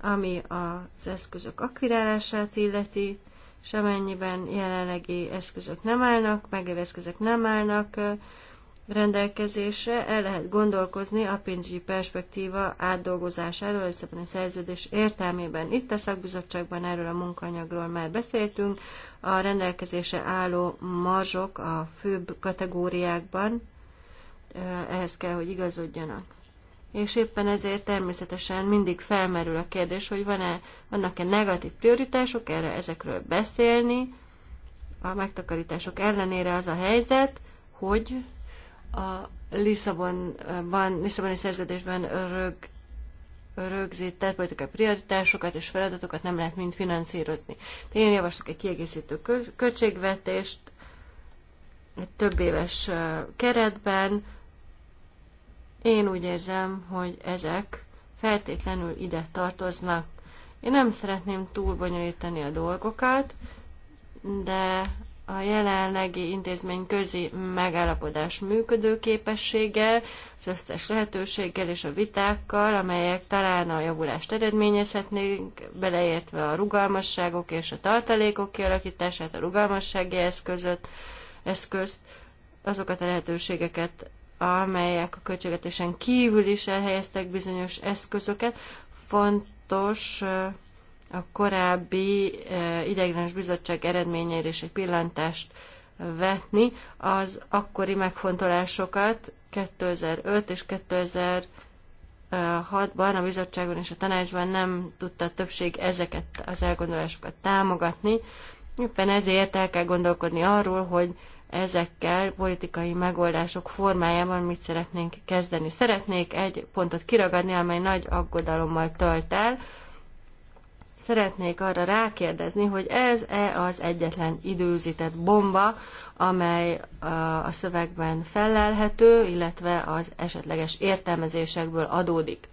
S2: ami az eszközök akvirálását illeti, semennyiben jelenlegi eszközök nem állnak, megjövő eszközök nem állnak rendelkezésre, el lehet gondolkozni a pénzügyi perspektíva átdolgozásáról a Lisszaboni szerződés értelmében. Itt a szakbizottságban erről a munkanyagról már beszéltünk, a rendelkezésre álló marzsok a főbb kategóriákban ehhez kell, hogy igazodjanak. És éppen ezért természetesen mindig felmerül a kérdés, hogy van-e, vannak-e negatív prioritások, erre ezekről beszélni. A megtakarítások ellenére az a helyzet, hogy a Lisszabonban, Lisszaboni szerződésben rög, rögzített politikai prioritásokat és feladatokat nem lehet mind finanszírozni. De én javaslok egy kiegészítő költségvetést egy több éves keretben. Én úgy érzem, hogy ezek feltétlenül ide tartoznak. Én nem szeretném túlbonyolítani a dolgokat, de a jelenlegi intézmény közi megállapodás működőképessége, az összes lehetőséggel és a vitákkal, amelyek talán a javulást eredményezhetnénk, beleértve a rugalmasságok és a tartalékok kialakítását, a rugalmassági eszközöt, eszközt, azokat a lehetőségeket, amelyek a költségetésen kívül is elhelyeztek bizonyos eszközöket, fontos a korábbi eh, ideiglenes bizottság eredményeire is egy pillantást eh, vetni, az akkori megfontolásokat 2005 és 2006-ban a bizottságon és a tanácsban nem tudta a többség ezeket az elgondolásokat támogatni. Éppen ezért el kell gondolkodni arról, hogy ezekkel politikai megoldások formájában mit szeretnénk kezdeni. Szeretnék egy pontot kiragadni, amely nagy aggodalommal tölt el, Szeretnék arra rákérdezni, hogy ez-e az egyetlen időzített bomba, amely a szövegben fellelhető, illetve az esetleges értelmezésekből adódik.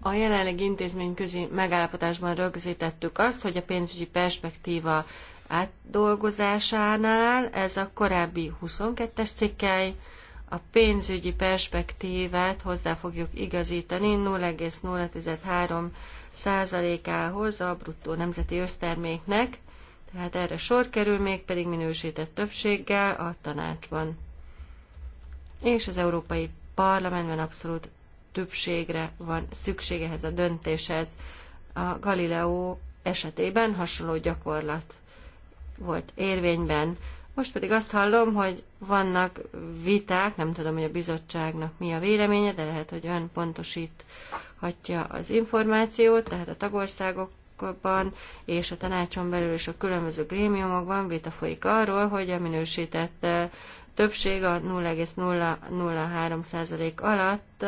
S2: A jelenleg intézményközi megállapotásban rögzítettük azt, hogy a pénzügyi perspektíva átdolgozásánál ez a korábbi 22-es cikkely, a pénzügyi perspektívát hozzá fogjuk igazítani 0,013 százalékához a bruttó nemzeti összterméknek, tehát erre sor kerül még pedig minősített többséggel a tanácsban. És az Európai Parlamentben abszolút többségre van szükség ehhez a döntéshez. A Galileo esetében hasonló gyakorlat volt érvényben. Most pedig azt hallom, hogy vannak viták, nem tudom, hogy a bizottságnak mi a véleménye, de lehet, hogy ön pontosíthatja az információt, tehát a tagországokban és a tanácson belül és a különböző grémiumokban vita folyik arról, hogy a minősített többség a 0,003% alatt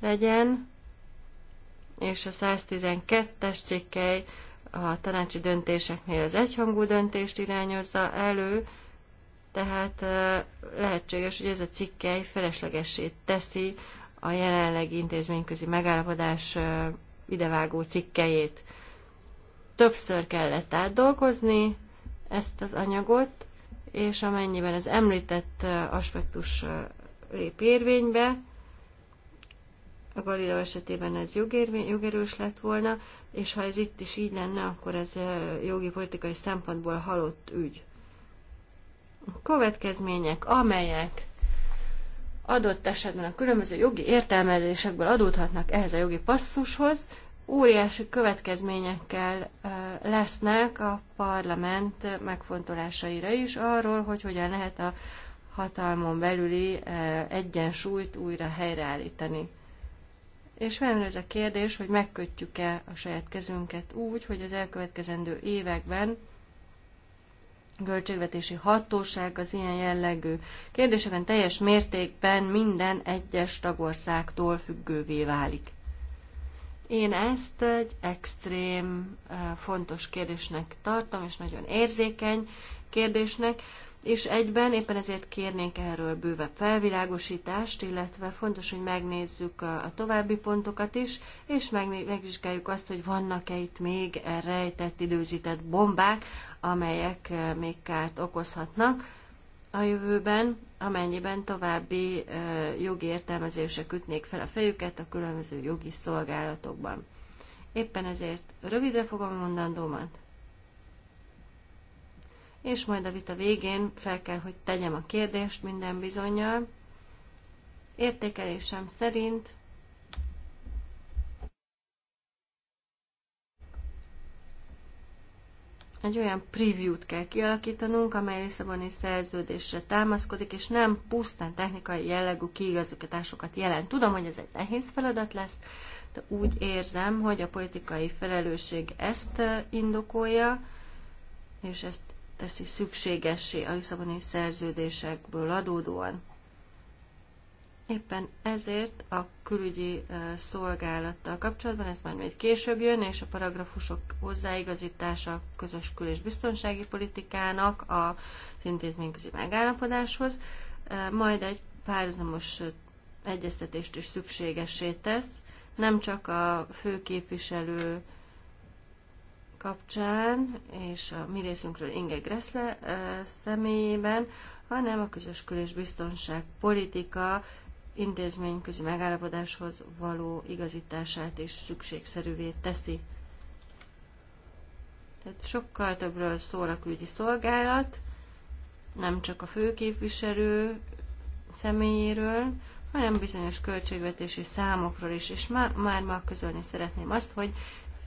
S2: legyen, és a 112-es cikkely a tanácsi döntéseknél az egyhangú döntést irányozza elő, tehát lehetséges, hogy ez a cikkely feleslegessé teszi a jelenlegi intézményközi megállapodás idevágó cikkejét. Többször kellett átdolgozni ezt az anyagot, és amennyiben az említett aspektus lép érvénybe, a Galileo esetében ez jogérvény, jogerős lett volna, és ha ez itt is így lenne, akkor ez jogi politikai szempontból halott ügy. A következmények, amelyek adott esetben a különböző jogi értelmezésekből adódhatnak ehhez a jogi passzushoz, óriási következményekkel lesznek a parlament megfontolásaira is arról, hogy hogyan lehet a hatalmon belüli egyensúlyt újra helyreállítani. És felmerül ez a kérdés, hogy megkötjük-e a saját kezünket úgy, hogy az elkövetkezendő években a költségvetési hatóság az ilyen jellegű kérdéseken teljes mértékben minden egyes tagországtól függővé válik. Én ezt egy extrém eh, fontos kérdésnek tartom, és nagyon érzékeny kérdésnek és egyben éppen ezért kérnénk erről bővebb felvilágosítást, illetve fontos, hogy megnézzük a további pontokat is, és meg, megvizsgáljuk azt, hogy vannak-e itt még rejtett, időzített bombák, amelyek eh, még kárt okozhatnak a jövőben, amennyiben további eh, jogi értelmezések ütnék fel a fejüket a különböző jogi szolgálatokban. Éppen ezért rövidre fogom mondandómat, és majd a vita végén fel kell, hogy tegyem a kérdést minden bizonyal. Értékelésem szerint egy olyan preview-t kell kialakítanunk, amely Lisszaboni szerződésre támaszkodik, és nem pusztán technikai jellegű kiigazgatásokat jelent. Tudom, hogy ez egy nehéz feladat lesz, de úgy érzem, hogy a politikai felelősség ezt eh, indokolja, és ezt teszi szükségessé a Lisszaboni szerződésekből adódóan. Éppen ezért a külügyi szolgálattal kapcsolatban, ez már még később jön, és a paragrafusok hozzáigazítása a közös kül- és biztonsági politikának az intézményközi megállapodáshoz, majd egy párhuzamos egyeztetést is szükségessé tesz, nem csak a főképviselő kapcsán, és a mi részünkről Inge Gressle személyében, hanem a közös kül- és biztonság politika intézményközi megállapodáshoz való igazítását is szükségszerűvé teszi. Tehát sokkal többről szól a külügyi szolgálat, nem csak a főképviselő személyéről, hanem bizonyos költségvetési számokról is, és már ma közölni szeretném azt, hogy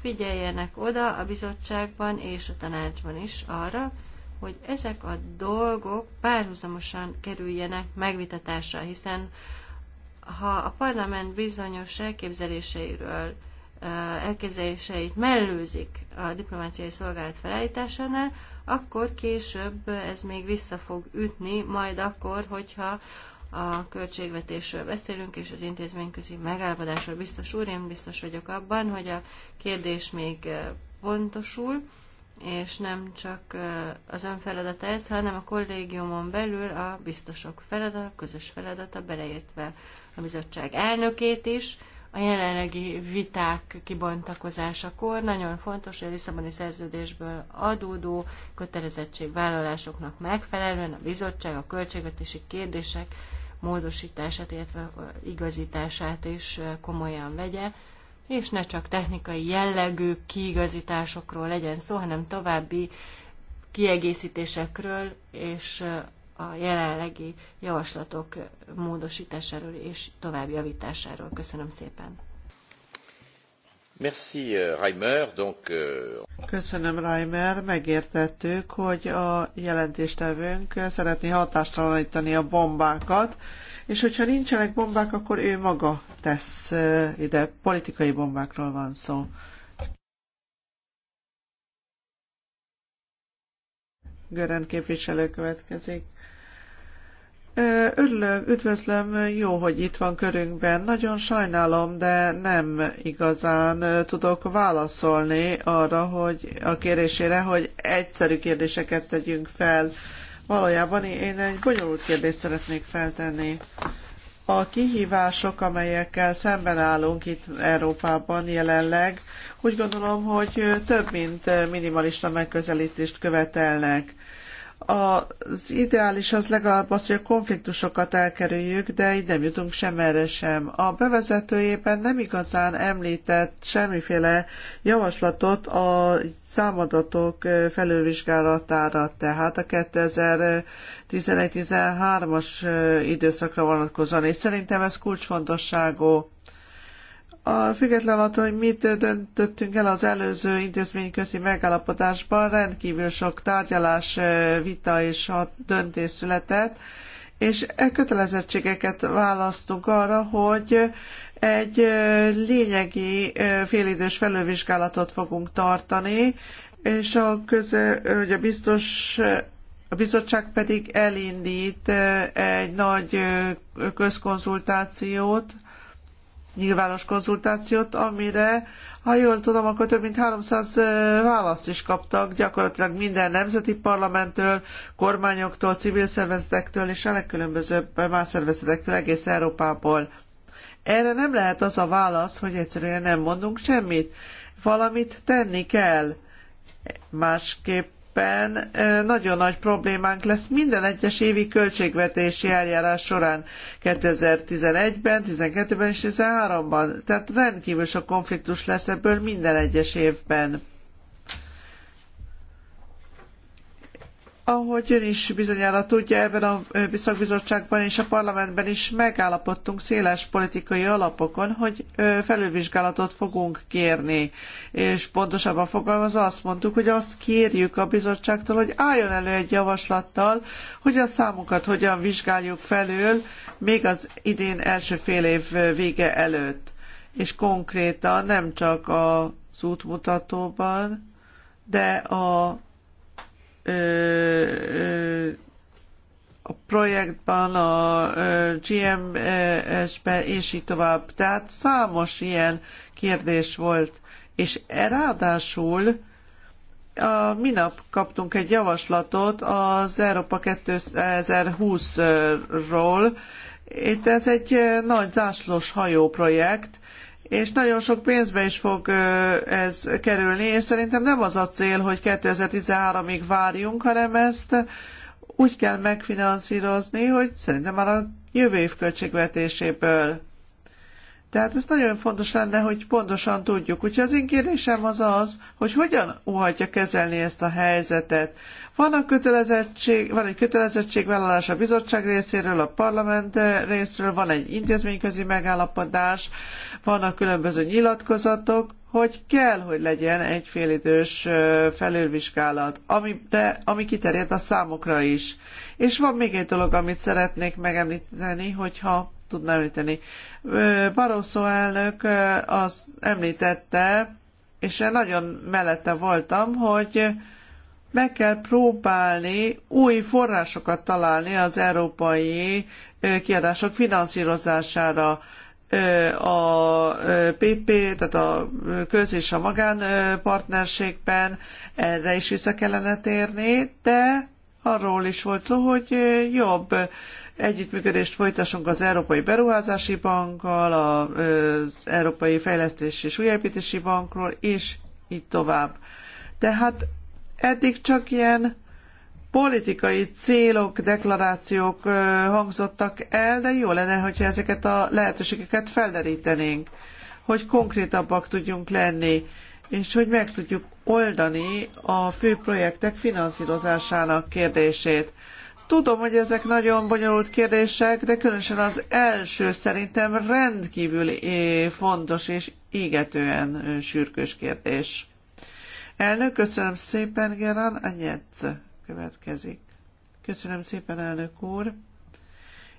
S2: figyeljenek oda a bizottságban és a tanácsban is arra, hogy ezek a dolgok párhuzamosan kerüljenek megvitatásra, hiszen ha a parlament bizonyos elképzeléseiről, elképzeléseit mellőzik a diplomáciai szolgálat felállításánál, akkor később ez még vissza fog ütni, majd akkor, hogyha a költségvetésről beszélünk, és az intézményközi megállapodásról biztos úr, én biztos vagyok abban, hogy a kérdés még pontosul, és nem csak az ön feladata ez, hanem a kollégiumon belül a biztosok feladata, közös feladata, beleértve a bizottság elnökét is, a jelenlegi viták kibontakozásakor nagyon fontos, hogy a Lisszaboni szerződésből adódó kötelezettségvállalásoknak megfelelően a bizottság a költségvetési kérdések módosítását, illetve igazítását is komolyan vegye, és ne csak technikai jellegű kiigazításokról legyen szó, hanem további kiegészítésekről és a jelenlegi javaslatok módosításáról és tovább javításáról. Köszönöm szépen!
S5: Merci, euh, Reimer. Donc, euh...
S1: Köszönöm, Reimer. Megértettük, hogy a jelentéstevőnk szeretné hatástalanítani a bombákat, és hogyha nincsenek bombák, akkor ő maga tesz ide. Politikai bombákról van szó. Görend képviselő következik. Örülök, üdvözlöm, jó, hogy itt van körünkben. Nagyon sajnálom, de nem igazán tudok válaszolni arra, hogy a kérésére, hogy egyszerű kérdéseket tegyünk fel. Valójában én egy bonyolult kérdést szeretnék feltenni. A kihívások, amelyekkel szemben állunk itt Európában jelenleg, úgy gondolom, hogy több mint minimalista megközelítést követelnek az ideális az legalább az, hogy a konfliktusokat elkerüljük, de így nem jutunk semmerre sem. A bevezetőjében nem igazán említett semmiféle javaslatot a számadatok felülvizsgálatára, tehát a 2011-13-as időszakra vonatkozóan, és szerintem ez kulcsfontosságú a független attól, hogy mit döntöttünk el az előző intézményközi megállapodásban, rendkívül sok tárgyalás, vita és döntés született, és e kötelezettségeket választunk arra, hogy egy lényegi félidős felülvizsgálatot fogunk tartani, és a, köze, hogy a biztos a bizottság pedig elindít egy nagy közkonzultációt, nyilvános konzultációt, amire, ha jól tudom, akkor több mint 300 választ is kaptak, gyakorlatilag minden nemzeti parlamenttől, kormányoktól, civil szervezetektől és a legkülönbözőbb más szervezetektől egész Európából. Erre nem lehet az a válasz, hogy egyszerűen nem mondunk semmit. Valamit tenni kell. Másképp mindenképpen nagyon nagy problémánk lesz minden egyes évi költségvetési eljárás során 2011-ben, 12-ben és 13-ban. Tehát rendkívül sok konfliktus lesz ebből minden egyes évben. Ahogy ön is bizonyára tudja, ebben a szakbizottságban és a parlamentben is megállapodtunk széles politikai alapokon, hogy felülvizsgálatot fogunk kérni. És pontosabban fogalmazva azt mondtuk, hogy azt kérjük a bizottságtól, hogy álljon elő egy javaslattal, hogy a számokat hogyan vizsgáljuk felül még az idén első fél év vége előtt. És konkrétan nem csak az útmutatóban, de a a projektban, a GMS-be, és így tovább. Tehát számos ilyen kérdés volt, és ráadásul a, minap kaptunk egy javaslatot az Európa 2020-ról. Itt ez egy nagy zászlós hajó projekt, és nagyon sok pénzbe is fog ez kerülni, és szerintem nem az a cél, hogy 2013-ig várjunk, hanem ezt úgy kell megfinanszírozni, hogy szerintem már a jövő év költségvetéséből tehát ez nagyon fontos lenne, hogy pontosan tudjuk. Úgyhogy az én kérdésem az az, hogy hogyan óhatja kezelni ezt a helyzetet. Van, a kötelezettség, van egy kötelezettségvállalás a bizottság részéről, a parlament részről, van egy intézményközi megállapodás, vannak különböző nyilatkozatok, hogy kell, hogy legyen egy félidős felülvizsgálat, amire, ami kiterjed a számokra is. És van még egy dolog, amit szeretnék megemlíteni, hogyha tudna említeni. Barroso elnök azt említette, és én nagyon mellette voltam, hogy meg kell próbálni új forrásokat találni az európai kiadások finanszírozására a PP, tehát a köz- és a magánpartnerségben erre is vissza kellene térni, de arról is volt szó, hogy jobb Együttműködést folytassunk az Európai Beruházási Bankkal, az Európai Fejlesztési és Újépítési Bankról, és így tovább. Tehát eddig csak ilyen politikai célok, deklarációk hangzottak el, de jó lenne, hogyha ezeket a lehetőségeket felderítenénk, hogy konkrétabbak tudjunk lenni, és hogy meg tudjuk oldani a fő projektek finanszírozásának kérdését. Tudom, hogy ezek nagyon bonyolult kérdések, de különösen az első szerintem rendkívül eh, fontos és égetően eh, sürgős kérdés. Elnök, köszönöm szépen, Geran Anyetz következik. Köszönöm szépen, elnök úr.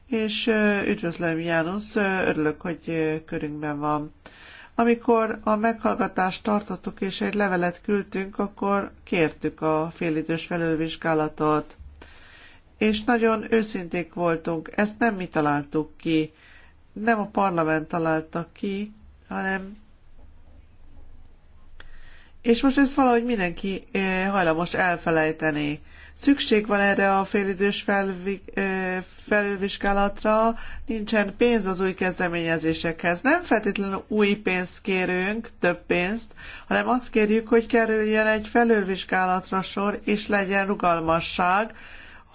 S1: És eh, üdvözlöm, János, örülök, hogy körünkben van. Amikor a meghallgatást tartottuk és egy levelet küldtünk, akkor kértük a félidős felülvizsgálatot és nagyon őszinték voltunk. Ezt nem mi találtuk ki, nem a parlament találta ki, hanem és most ezt valahogy mindenki eh, hajlamos elfelejteni. Szükség van erre a félidős felvi, eh, felvizsgálatra, nincsen pénz az új kezdeményezésekhez. Nem feltétlenül új pénzt kérünk, több pénzt, hanem azt kérjük, hogy kerüljön egy felülvizsgálatra sor, és legyen rugalmasság,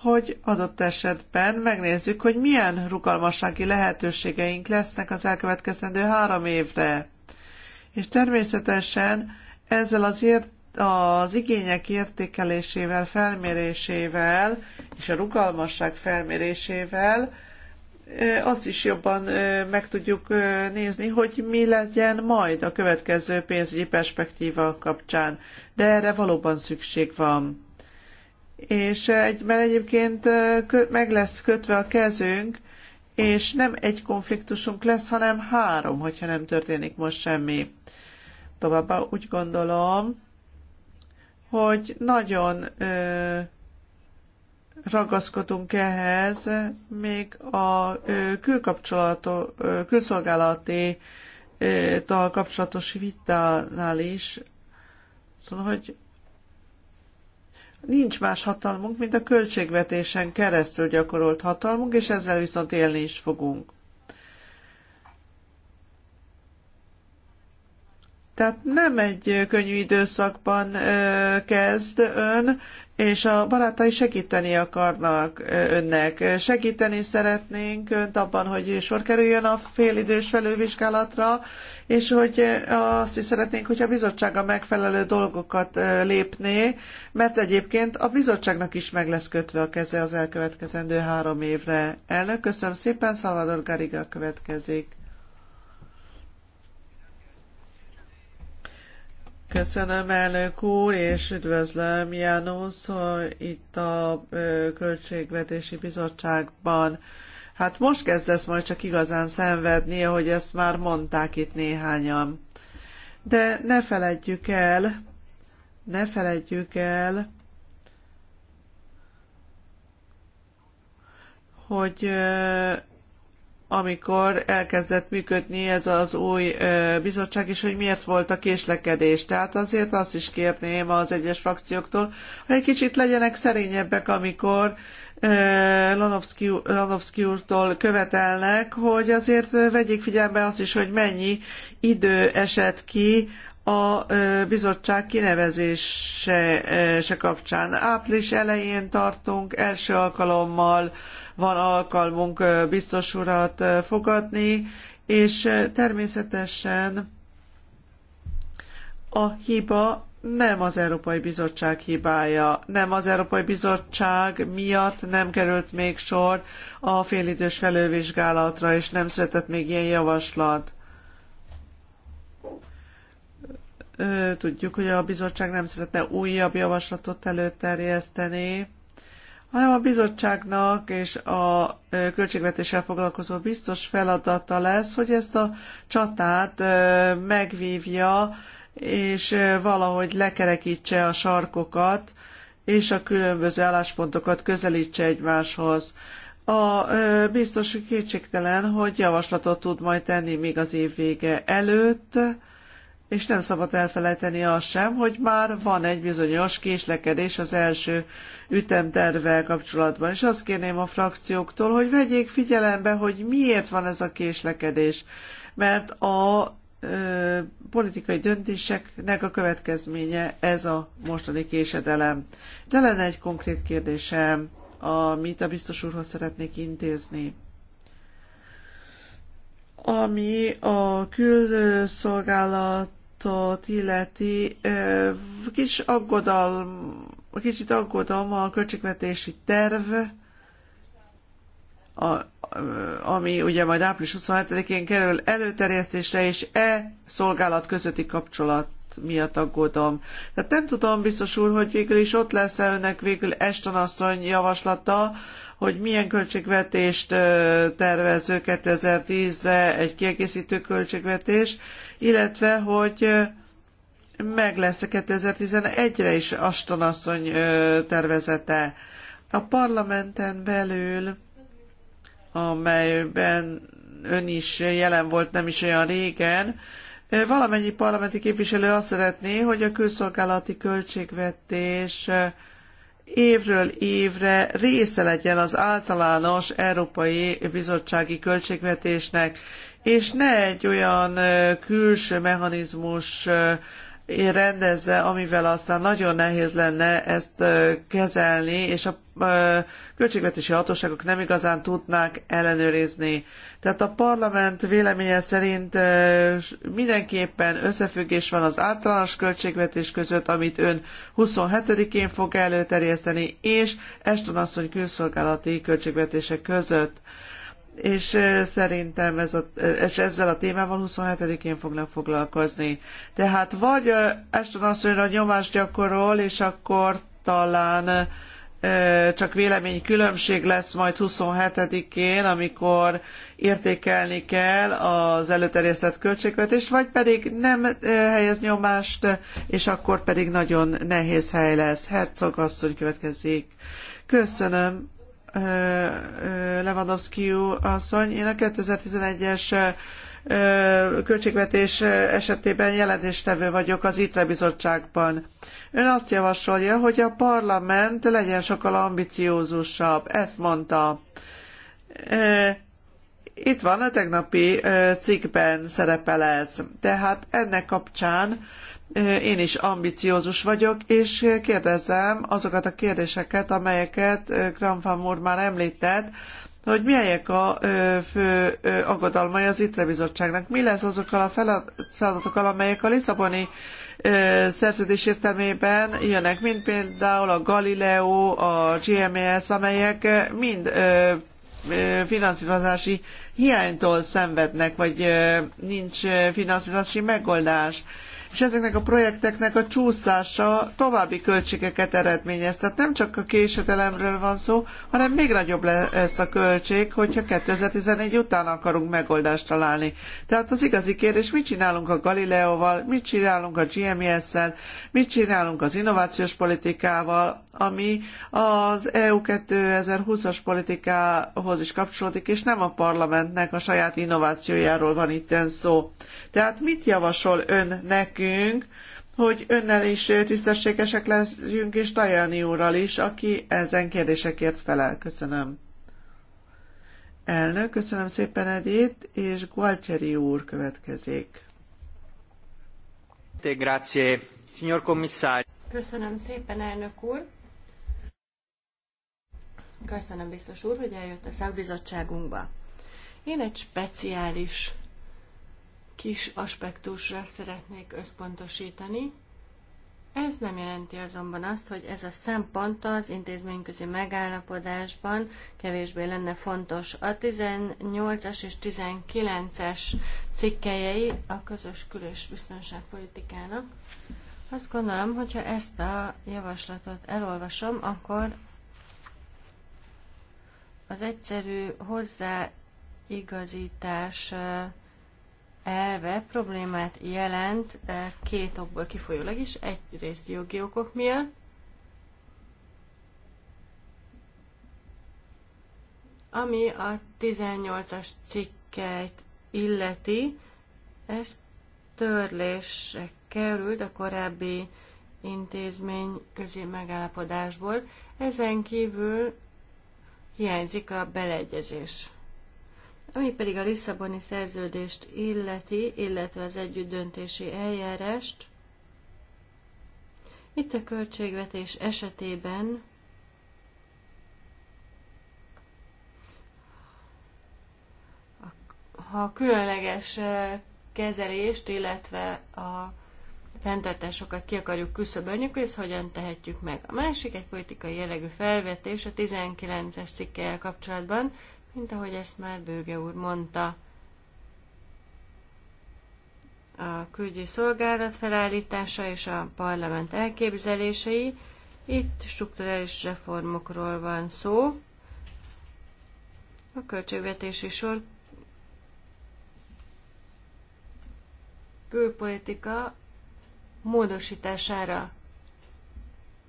S1: hogy adott esetben megnézzük, hogy milyen rugalmassági lehetőségeink lesznek az elkövetkezendő három évre. És természetesen ezzel az, ért, az igények értékelésével, felmérésével és a rugalmasság felmérésével azt is jobban meg tudjuk nézni, hogy mi legyen majd a következő pénzügyi perspektíva kapcsán. De erre valóban szükség van és mert egyébként meg lesz kötve a kezünk, és nem egy konfliktusunk lesz, hanem három, hogyha nem történik most semmi. Továbbá úgy gondolom, hogy nagyon ö, ragaszkodunk ehhez, még a külkapcsolató, külszolgálati tal kapcsolatos vitánál is, szóval, hogy Nincs más hatalmunk, mint a költségvetésen keresztül gyakorolt hatalmunk, és ezzel viszont élni is fogunk. Tehát nem egy könnyű időszakban kezd ön, és a barátai segíteni akarnak önnek. Segíteni szeretnénk önt abban, hogy sor kerüljön a félidős felülvizsgálatra, és hogy azt is szeretnénk, hogy a bizottság a megfelelő dolgokat lépné, mert egyébként a bizottságnak is meg lesz kötve a keze az elkövetkezendő három évre. Elnök, köszönöm szépen, Salvador Garriga következik. Köszönöm, elnök úr, és üdvözlöm János itt a Költségvetési Bizottságban. Hát most kezdesz majd csak igazán szenvedni, ahogy ezt már mondták itt néhányan. De ne feledjük el, ne feledjük el, hogy amikor elkezdett működni ez az új bizottság, és hogy miért volt a késlekedés. Tehát azért azt is kérném az egyes frakcióktól, hogy egy kicsit legyenek szerényebbek, amikor Lanovszki úrtól követelnek, hogy azért vegyék figyelembe azt is, hogy mennyi idő esett ki a bizottság kinevezése kapcsán. Április elején tartunk első alkalommal van alkalmunk biztos urat fogadni, és természetesen a hiba nem az Európai Bizottság hibája, nem az Európai Bizottság miatt nem került még sor a félidős felővizsgálatra, és nem született még ilyen javaslat. Tudjuk, hogy a bizottság nem szeretne újabb javaslatot előterjeszteni hanem a bizottságnak és a költségvetéssel foglalkozó biztos feladata lesz, hogy ezt a csatát megvívja, és valahogy lekerekítse a sarkokat, és a különböző álláspontokat közelítse egymáshoz. A biztos kétségtelen, hogy javaslatot tud majd tenni még az év vége előtt, és nem szabad elfelejteni azt sem, hogy már van egy bizonyos késlekedés az első ütemtervvel kapcsolatban, és azt kérném a frakcióktól, hogy vegyék figyelembe, hogy miért van ez a késlekedés, mert a ö, politikai döntéseknek a következménye ez a mostani késedelem. De lenne egy konkrét kérdésem, amit a biztos úrhoz szeretnék intézni ami a külszolgálatot illeti, kis aggodalom kicsit aggódom a költségvetési terv, a, ami ugye majd április 27-én kerül előterjesztésre, és e szolgálat közötti kapcsolat miatt aggódom. Tehát nem tudom biztos úr, hogy végül is ott lesz-e önnek végül Eston asszony javaslata, hogy milyen költségvetést tervező 2010-re egy kiegészítő költségvetés, illetve hogy meg lesz 2011-re is Aston asszony tervezete. A parlamenten belül, amelyben ön is jelen volt nem is olyan régen, valamennyi parlamenti képviselő azt szeretné, hogy a közszolgálati költségvetés évről évre része legyen az általános Európai Bizottsági Költségvetésnek, és ne egy olyan külső mechanizmus rendezze, amivel aztán nagyon nehéz lenne ezt kezelni, és a költségvetési hatóságok nem igazán tudnák ellenőrizni. Tehát a parlament véleménye szerint mindenképpen összefüggés van az általános költségvetés között, amit ön 27-én fog előterjeszteni, és Eston asszony külszolgálati költségvetése között és szerintem ez a, és ezzel a témával 27-én fognak foglalkozni. Tehát vagy Eston asszonyra nyomást gyakorol, és akkor talán csak vélemény különbség lesz majd 27-én, amikor értékelni kell az előterjesztett költségvetést, vagy pedig nem helyez nyomást, és akkor pedig nagyon nehéz hely lesz. Herzog asszony következik. Köszönöm. Lewandowski asszony. Én a 2011-es költségvetés esetében jelentéstevő vagyok az ITRE bizottságban. Ön azt javasolja, hogy a parlament legyen sokkal ambiciózusabb. Ezt mondta. Itt van a tegnapi cikkben szerepel ez. Tehát ennek kapcsán én is ambiciózus vagyok, és kérdezem azokat a kérdéseket, amelyeket Kramfam úr már említett, hogy milyenek a fő aggodalmai az ITRE bizottságnak. Mi lesz azokkal a feladatokkal, amelyek a Lisszaboni szerződés értelmében jönnek, mint például a Galileo, a GMES, amelyek mind finanszírozási hiánytól szenvednek, vagy nincs finanszírozási megoldás és ezeknek a projekteknek a csúszása további költségeket eredményez. Tehát nem csak a késedelemről van szó, hanem még nagyobb lesz a költség, hogyha 2011 után akarunk megoldást találni. Tehát az igazi kérdés, mit csinálunk a Galileóval, mit csinálunk a GMS-szel, mit csinálunk az innovációs politikával, ami az EU 2020-as politikához is kapcsolódik, és nem a parlamentnek a saját innovációjáról van itten szó. Tehát mit javasol ön nekünk, hogy önnel is tisztességesek legyünk, és Tajani úrral is, aki ezen kérdésekért felel. Köszönöm. Elnök, köszönöm szépen Edith, és Gualcseri úr következik.
S5: Grazie, signor commissario.
S2: Köszönöm szépen, elnök úr. Köszönöm biztos úr, hogy eljött a szakbizottságunkba. Én egy speciális kis aspektusra szeretnék összpontosítani. Ez nem jelenti azonban azt, hogy ez a szempont az intézményközi megállapodásban kevésbé lenne fontos. A 18-as és 19-es cikkelyei a közös külös biztonságpolitikának. Azt gondolom, hogyha ezt a javaslatot elolvasom, akkor az egyszerű hozzáigazítás elve problémát jelent két okból kifolyólag is, egyrészt jogi okok miatt, ami a 18-as cikket illeti, ez törlésre került a korábbi intézmény közé megállapodásból. Ezen kívül hiányzik a beleegyezés. Ami pedig a Lisszaboni szerződést illeti, illetve az együttdöntési eljárást, itt a költségvetés esetében ha a különleges eh, kezelést, illetve a fenntartásokat ki akarjuk küszöbölni, akkor ezt hogyan tehetjük meg. A másik egy politikai jellegű felvetés a 19-es cikkel kapcsolatban, mint ahogy ezt már Bőge úr mondta. A külügyi szolgálat felállítása és a parlament elképzelései, itt strukturális reformokról van szó. A költségvetési sor külpolitika módosítására.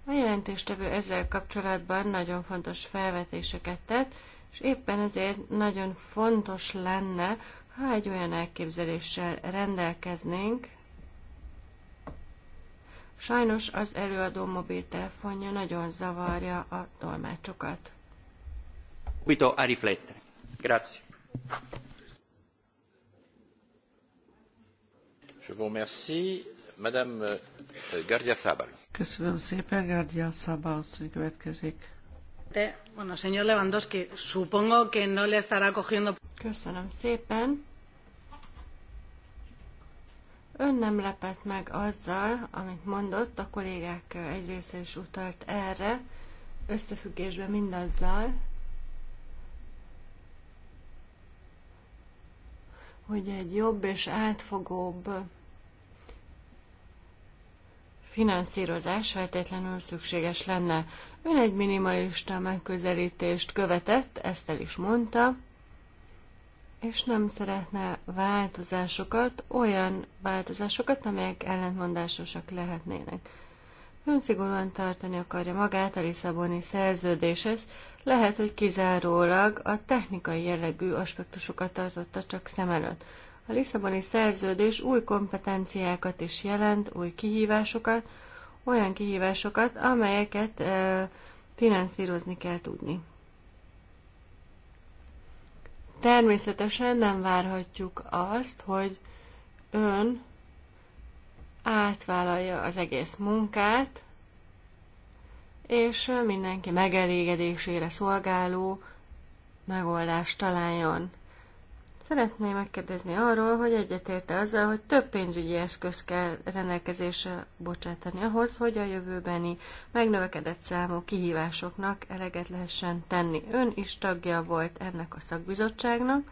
S2: A jelentéstevő ezzel kapcsolatban nagyon fontos felvetéseket tett, és éppen ezért nagyon fontos lenne, ha egy olyan elképzeléssel rendelkeznénk, Sajnos az előadó mobiltelefonja nagyon zavarja a tolmácsokat.
S5: Vito a riflettere. Grazie. Je vous remercie. Madame euh, Gardia Szabal.
S1: Köszönöm szépen, Gardia Szabal, asszony következik.
S2: De, bueno, señor Lewandowski, supongo que no le estará cogiendo... Köszönöm szépen. Ön nem lepett meg azzal, amit mondott, a kollégák egy része is utalt erre, összefüggésben mindazzal, hogy egy jobb és átfogóbb finanszírozás feltétlenül szükséges lenne. Ön egy minimalista megközelítést követett, ezt el is mondta, és nem szeretne változásokat, olyan változásokat, amelyek ellentmondásosak lehetnének. Ön szigorúan tartani akarja magát a Lisszaboni szerződéshez, lehet, hogy kizárólag a technikai jellegű aspektusokat tartotta csak szem előtt. A Lisszaboni szerződés új kompetenciákat is jelent, új kihívásokat, olyan kihívásokat, amelyeket finanszírozni kell tudni. Természetesen nem várhatjuk azt, hogy ön átvállalja az egész munkát, és mindenki megelégedésére szolgáló megoldást találjon. Szeretném megkérdezni arról, hogy egyetérte azzal, hogy több pénzügyi eszköz kell rendelkezésre bocsátani ahhoz, hogy a jövőbeni megnövekedett számú kihívásoknak eleget lehessen tenni. Ön is tagja volt ennek a szakbizottságnak.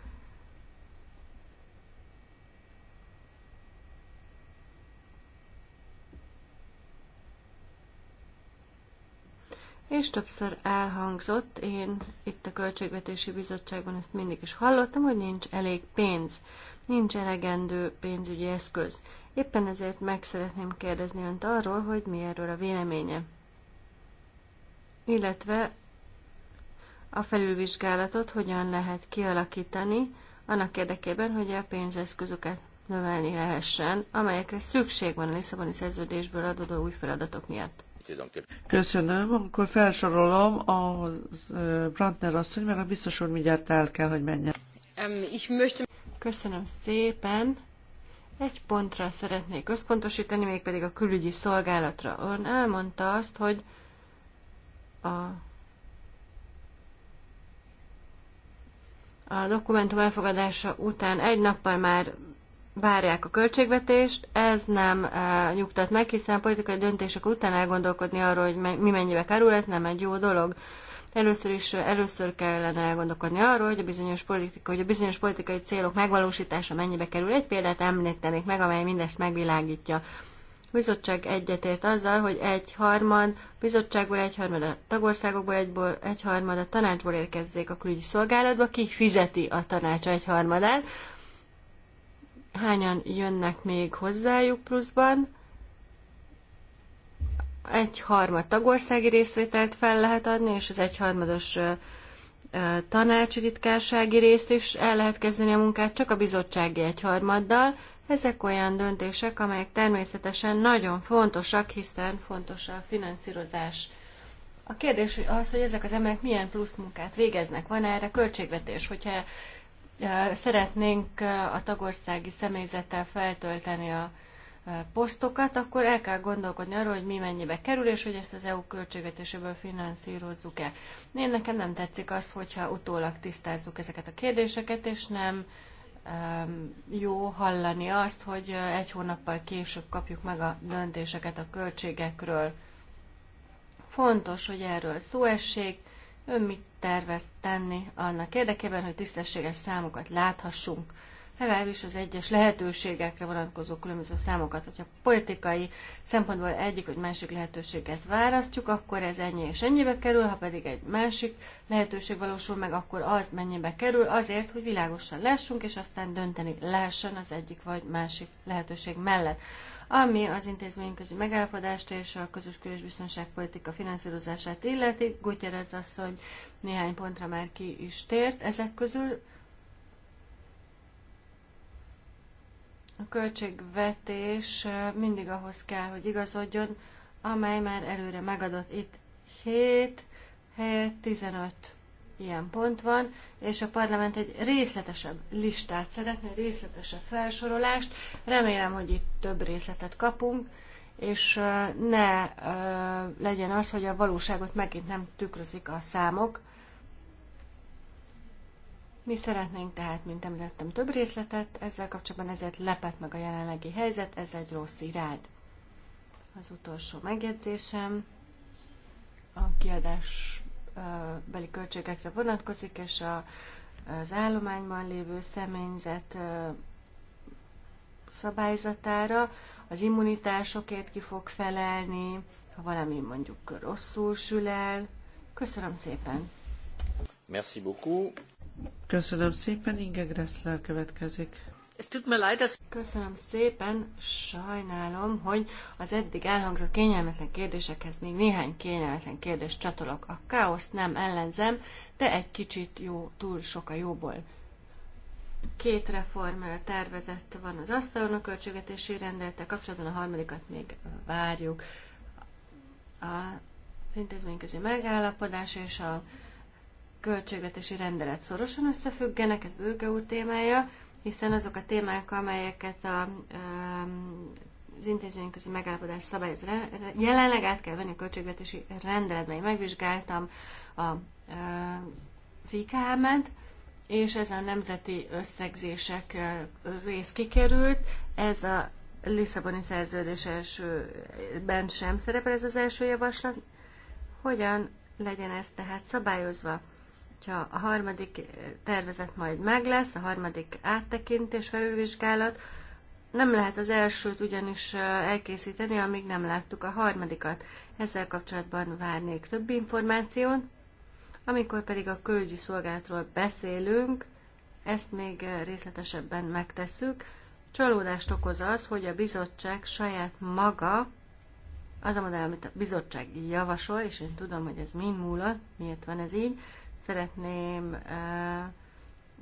S2: és többször elhangzott, én itt a Költségvetési Bizottságban ezt mindig is hallottam, hogy nincs elég pénz, nincs elegendő pénzügyi eszköz. Éppen ezért meg szeretném kérdezni önt arról, hogy mi erről a véleménye. Illetve a felülvizsgálatot hogyan lehet kialakítani annak érdekében, hogy a pénzeszközöket növelni lehessen, amelyekre szükség van a Lisszaboni szerződésből adódó új feladatok miatt.
S1: Köszönöm. Akkor felsorolom a Brandner asszony, mert a biztos úr mindjárt el kell, hogy menjen.
S2: Köszönöm szépen. Egy pontra szeretnék összpontosítani, mégpedig a külügyi szolgálatra. Ön elmondta azt, hogy a a dokumentum elfogadása után egy nappal már várják a költségvetést, ez nem nyugtat meg, hiszen a politikai döntések után elgondolkodni arról, hogy mi mennyibe kerül, ez nem egy jó dolog. Először is először kellene elgondolkodni arról, hogy a bizonyos, politika, hogy a bizonyos politikai célok megvalósítása mennyibe kerül. Egy példát említenék meg, amely mindezt megvilágítja. A bizottság egyetért azzal, hogy egy harmad bizottságból, egy harmad a tagországokból, egyból, egy harmad a tanácsból érkezzék a külügyi szolgálatba, ki fizeti a tanács egy harmadát hányan jönnek még hozzájuk pluszban. Egy harmad tagországi részvételt fel lehet adni, és az egyharmados tanácsi titkársági részt is el lehet kezdeni a munkát csak a bizottsági egyharmaddal. Ezek olyan döntések, amelyek természetesen nagyon fontosak, hiszen fontos a finanszírozás. A kérdés az, hogy ezek az emberek milyen plusz munkát végeznek. Van -e erre költségvetés? Hogyha szeretnénk a tagországi személyzettel feltölteni a posztokat, akkor el kell gondolkodni arról, hogy mi mennyibe kerül, és hogy ezt az EU költségvetéséből finanszírozzuk-e. Én nekem nem tetszik az, hogyha utólag tisztázzuk ezeket a kérdéseket, és nem jó hallani azt, hogy egy hónappal később kapjuk meg a döntéseket a költségekről. Fontos, hogy erről szó essék, Ön mit tervez tenni annak érdekében, hogy tisztességes számokat láthassunk? legalábbis az egyes lehetőségekre vonatkozó különböző számokat. Hogyha politikai szempontból egyik vagy másik lehetőséget választjuk, akkor ez ennyi és ennyibe kerül, ha pedig egy másik lehetőség valósul meg, akkor az mennyibe kerül, azért, hogy világosan lássunk, és aztán dönteni lehessen az egyik vagy másik lehetőség mellett. Ami az közi megállapodást és a közös kül- és biztonságpolitika finanszírozását illeti, Gutyerez asszony néhány pontra már ki is tért ezek közül, A költségvetés mindig ahhoz kell, hogy igazodjon, amely már előre megadott. Itt 7 helyett 15 ilyen pont van, és a parlament egy részletesebb listát szeretne, részletesebb felsorolást. Remélem, hogy itt több részletet kapunk, és ne legyen az, hogy a valóságot megint nem tükrözik a számok. Mi szeretnénk tehát, mint említettem, több részletet ezzel kapcsolatban, ezért lepett meg a jelenlegi helyzet, ez egy rossz irány. Az utolsó megjegyzésem a kiadás beli költségekre vonatkozik, és a, az állományban lévő személyzet szabályzatára, az immunitásokért ki fog felelni, ha valami mondjuk rosszul sül el. Köszönöm szépen!
S5: Merci beaucoup.
S1: Köszönöm szépen, Inge Gressler következik.
S2: Köszönöm szépen, sajnálom, hogy az eddig elhangzott kényelmetlen kérdésekhez még néhány kényelmetlen kérdést csatolok. A káoszt nem ellenzem, de egy kicsit jó, túl sok a jóból. Két reform tervezett van az asztalon a költségvetési rendelettel kapcsolatban, a harmadikat még várjuk. Az intézményközi megállapodás és a költségvetési rendelet szorosan összefüggenek, ez Bőke úr témája, hiszen azok a témák, amelyeket a, um, az intézményközi megállapodás szabályoz, jelenleg át kell venni a költségvetési rendeletben. Én megvizsgáltam a, um, az IKM-et, és ez a nemzeti összegzések uh, rész kikerült. Ez a Lisszaboni szerződés elsőben sem szerepel ez az első javaslat. Hogyan legyen ez tehát szabályozva? hogyha a harmadik tervezet majd meg lesz, a harmadik áttekintés felülvizsgálat, nem lehet az elsőt ugyanis elkészíteni, amíg nem láttuk a harmadikat. Ezzel kapcsolatban várnék több információt. Amikor pedig a külügyi szolgálatról beszélünk, ezt még részletesebben megtesszük. Csalódást okoz az, hogy a bizottság saját maga, az a modell, amit a bizottság javasol, és én tudom, hogy ez mind múlott, miért van ez így, Szeretném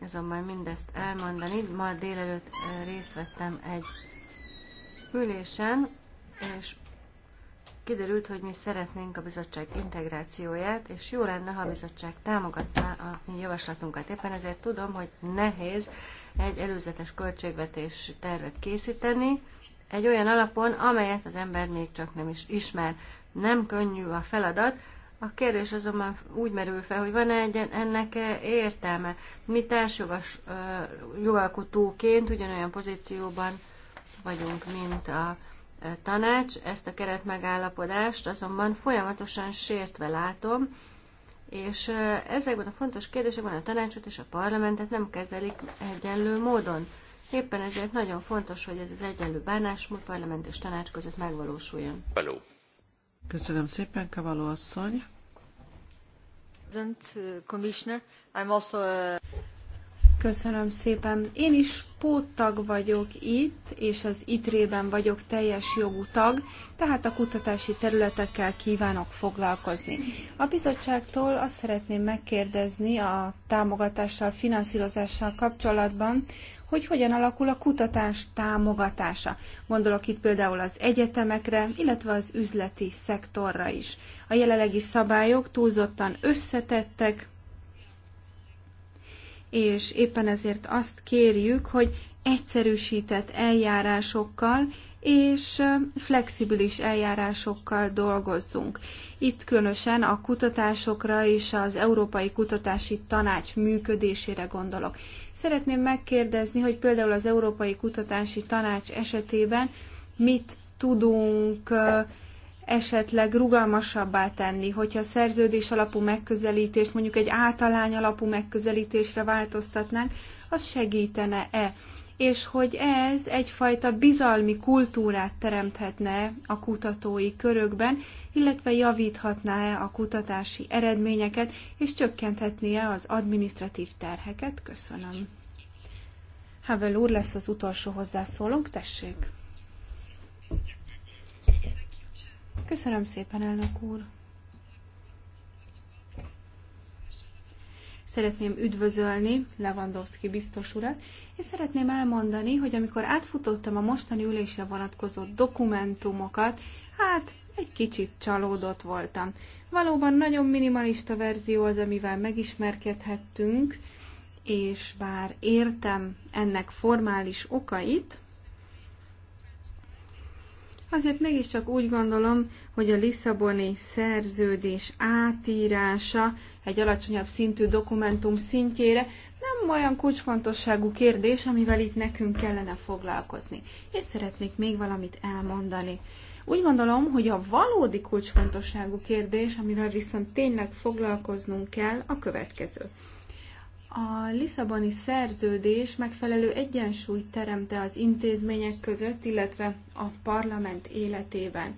S2: azonban mindezt elmondani. Ma délelőtt részt vettem egy ülésen, és kiderült, hogy mi szeretnénk a bizottság integrációját, és jó lenne, ha a bizottság támogatná a mi javaslatunkat. Éppen ezért tudom, hogy nehéz egy előzetes költségvetés tervet készíteni, egy olyan alapon, amelyet az ember még csak nem is ismer. Nem könnyű a feladat, a kérdés azonban úgy merül fel, hogy van-e ennek értelme? Mi társjogas jogalkotóként ugyanolyan pozícióban vagyunk, mint a tanács. Ezt a keretmegállapodást azonban folyamatosan sértve látom, és ezekben a fontos kérdésekben a tanácsot és a parlamentet nem kezelik egyenlő módon. Éppen ezért nagyon fontos, hogy ez az egyenlő bánásmód parlament és tanács között megvalósuljon.
S1: Hello. Köszönöm szépen, Kavaló asszony.
S2: Uh,
S4: Köszönöm szépen. Én is póttag vagyok itt, és az ITRE-ben vagyok teljes jogú tag, tehát a kutatási területekkel kívánok foglalkozni. A bizottságtól azt szeretném megkérdezni a támogatással, finanszírozással kapcsolatban, hogy hogyan alakul a kutatás támogatása. Gondolok itt például az egyetemekre, illetve az üzleti szektorra is. A jelenlegi szabályok túlzottan összetettek, és éppen ezért azt kérjük, hogy egyszerűsített eljárásokkal és flexibilis eljárásokkal dolgozzunk. Itt különösen a kutatásokra és az Európai Kutatási Tanács működésére gondolok. Szeretném megkérdezni, hogy például az Európai Kutatási Tanács esetében mit tudunk esetleg rugalmasabbá tenni, hogyha a szerződés alapú megközelítést mondjuk egy általány alapú megközelítésre változtatnánk, az segítene-e? és hogy ez egyfajta bizalmi kultúrát teremthetne a kutatói körökben, illetve javíthatná-e a kutatási eredményeket, és csökkenthetné-e az administratív terheket. Köszönöm. Havel úr lesz az utolsó hozzászólónk, tessék. Köszönöm szépen, elnök úr. Szeretném üdvözölni Lewandowski biztos urat, és szeretném elmondani, hogy amikor átfutottam a mostani ülésre vonatkozó dokumentumokat, hát egy kicsit csalódott voltam. Valóban nagyon minimalista verzió az, amivel megismerkedhettünk, és bár értem ennek formális okait, azért mégiscsak úgy gondolom, hogy a Lisszaboni szerződés átírása egy alacsonyabb szintű dokumentum szintjére nem olyan kulcsfontosságú kérdés, amivel itt nekünk kellene foglalkozni. És szeretnék még valamit elmondani. Úgy gondolom, hogy a valódi kulcsfontosságú kérdés, amivel viszont tényleg foglalkoznunk kell, a következő. A Lisszaboni szerződés megfelelő egyensúlyt teremte az intézmények között, illetve a parlament életében.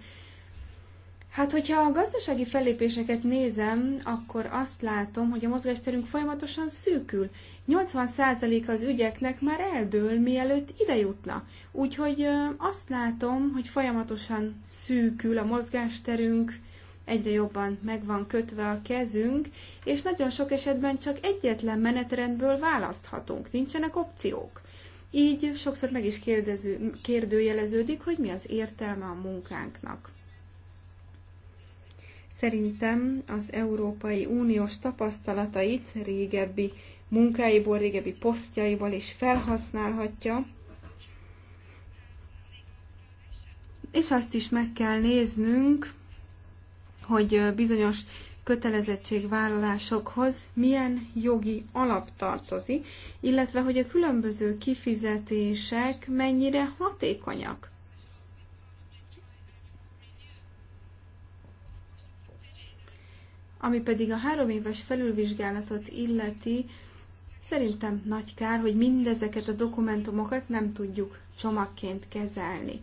S4: Hát, hogyha a gazdasági fellépéseket nézem, akkor azt látom, hogy a mozgásterünk folyamatosan szűkül. 80% az ügyeknek már eldől, mielőtt ide jutna. Úgyhogy azt látom, hogy folyamatosan szűkül a mozgásterünk, egyre jobban meg van kötve a kezünk, és nagyon sok esetben csak egyetlen menetrendből választhatunk, nincsenek opciók. Így sokszor meg is kérdező, kérdőjeleződik, hogy mi az értelme a munkánknak. Szerintem az Európai Uniós tapasztalatait régebbi munkáiból, régebbi posztjaiból is felhasználhatja, és azt is meg kell néznünk, hogy bizonyos kötelezettségvállalásokhoz milyen jogi alap tartozik, illetve hogy a különböző kifizetések mennyire hatékonyak. Ami pedig a három éves felülvizsgálatot illeti, szerintem nagy kár, hogy mindezeket a dokumentumokat nem tudjuk csomagként kezelni.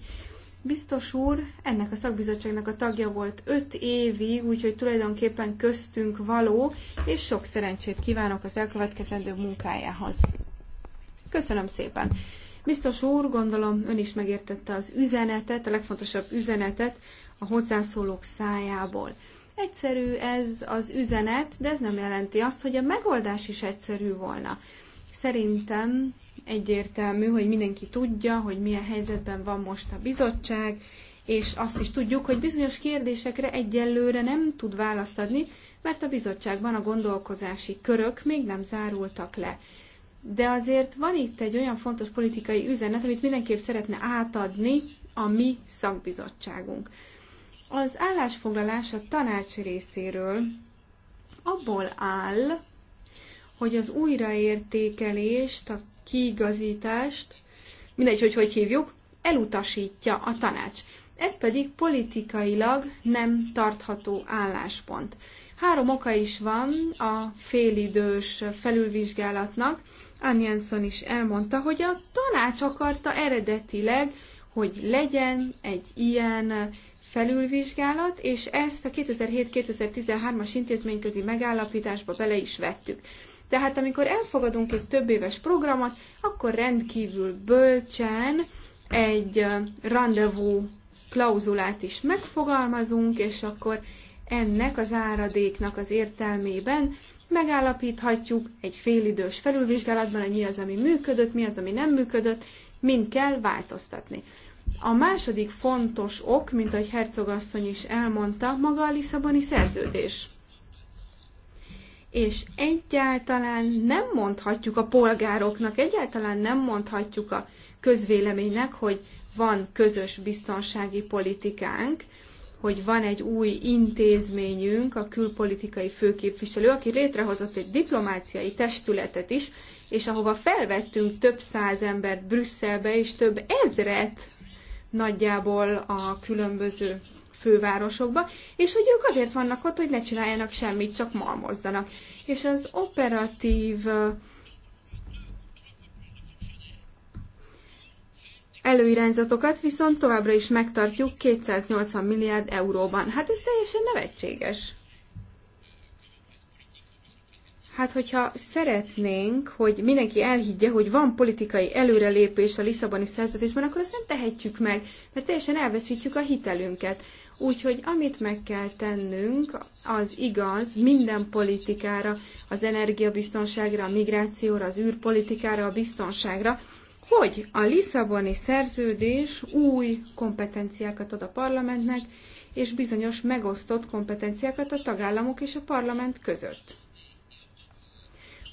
S4: Biztos úr ennek a szakbizottságnak a tagja volt öt évig, úgyhogy tulajdonképpen köztünk való, és sok szerencsét kívánok az elkövetkezendő munkájához. Köszönöm szépen! Biztos úr, gondolom ön is megértette az üzenetet, a legfontosabb üzenetet a hozzászólók szájából. Egyszerű ez az üzenet, de ez nem jelenti azt, hogy a megoldás is egyszerű volna. Szerintem egyértelmű, hogy mindenki tudja, hogy milyen helyzetben van most a bizottság, és azt is tudjuk, hogy bizonyos kérdésekre egyelőre nem tud választ adni, mert a bizottságban a gondolkozási körök még nem zárultak le. De azért van itt egy olyan fontos politikai üzenet, amit mindenképp szeretne átadni a mi szakbizottságunk. Az állásfoglalás a tanács részéről abból áll, hogy az újraértékelést, a kiigazítást, mindegy, hogy hogy hívjuk, elutasítja a tanács. Ez pedig politikailag nem tartható álláspont. Három oka is van a félidős felülvizsgálatnak. Anjenson is elmondta, hogy a tanács akarta eredetileg, hogy legyen egy ilyen felülvizsgálat, és ezt a 2007-2013-as intézményközi megállapításba bele is vettük. Tehát amikor elfogadunk egy több éves programot, akkor rendkívül bölcsen egy rendezvú klauzulát is megfogalmazunk, és akkor ennek az áradéknak az értelmében megállapíthatjuk egy félidős felülvizsgálatban, hogy mi az, ami működött, mi az, ami nem működött, mind kell változtatni. A második fontos ok, mint ahogy Hercogasszony is elmondta, maga a Lisszaboni szerződés. És egyáltalán nem mondhatjuk a polgároknak, egyáltalán nem mondhatjuk a közvéleménynek, hogy van közös biztonsági politikánk, hogy van egy új intézményünk, a külpolitikai főképviselő, aki létrehozott egy diplomáciai testületet is, és ahova felvettünk több száz embert Brüsszelbe, és több ezret nagyjából a különböző fővárosokba, és hogy ők azért vannak ott, hogy ne csináljanak semmit, csak malmozzanak. És az operatív előirányzatokat viszont továbbra is megtartjuk 280 milliárd euróban. Hát ez teljesen nevetséges. Hát, hogyha szeretnénk, hogy mindenki elhiggye, hogy van politikai előrelépés a Lisszaboni szerződésben, akkor azt nem tehetjük meg, mert teljesen elveszítjük a hitelünket. Úgyhogy amit meg kell tennünk, az igaz minden politikára, az energiabiztonságra, a migrációra, az űrpolitikára, a biztonságra, hogy a Lisszaboni szerződés új kompetenciákat ad a parlamentnek, és bizonyos megosztott kompetenciákat a tagállamok és a parlament között.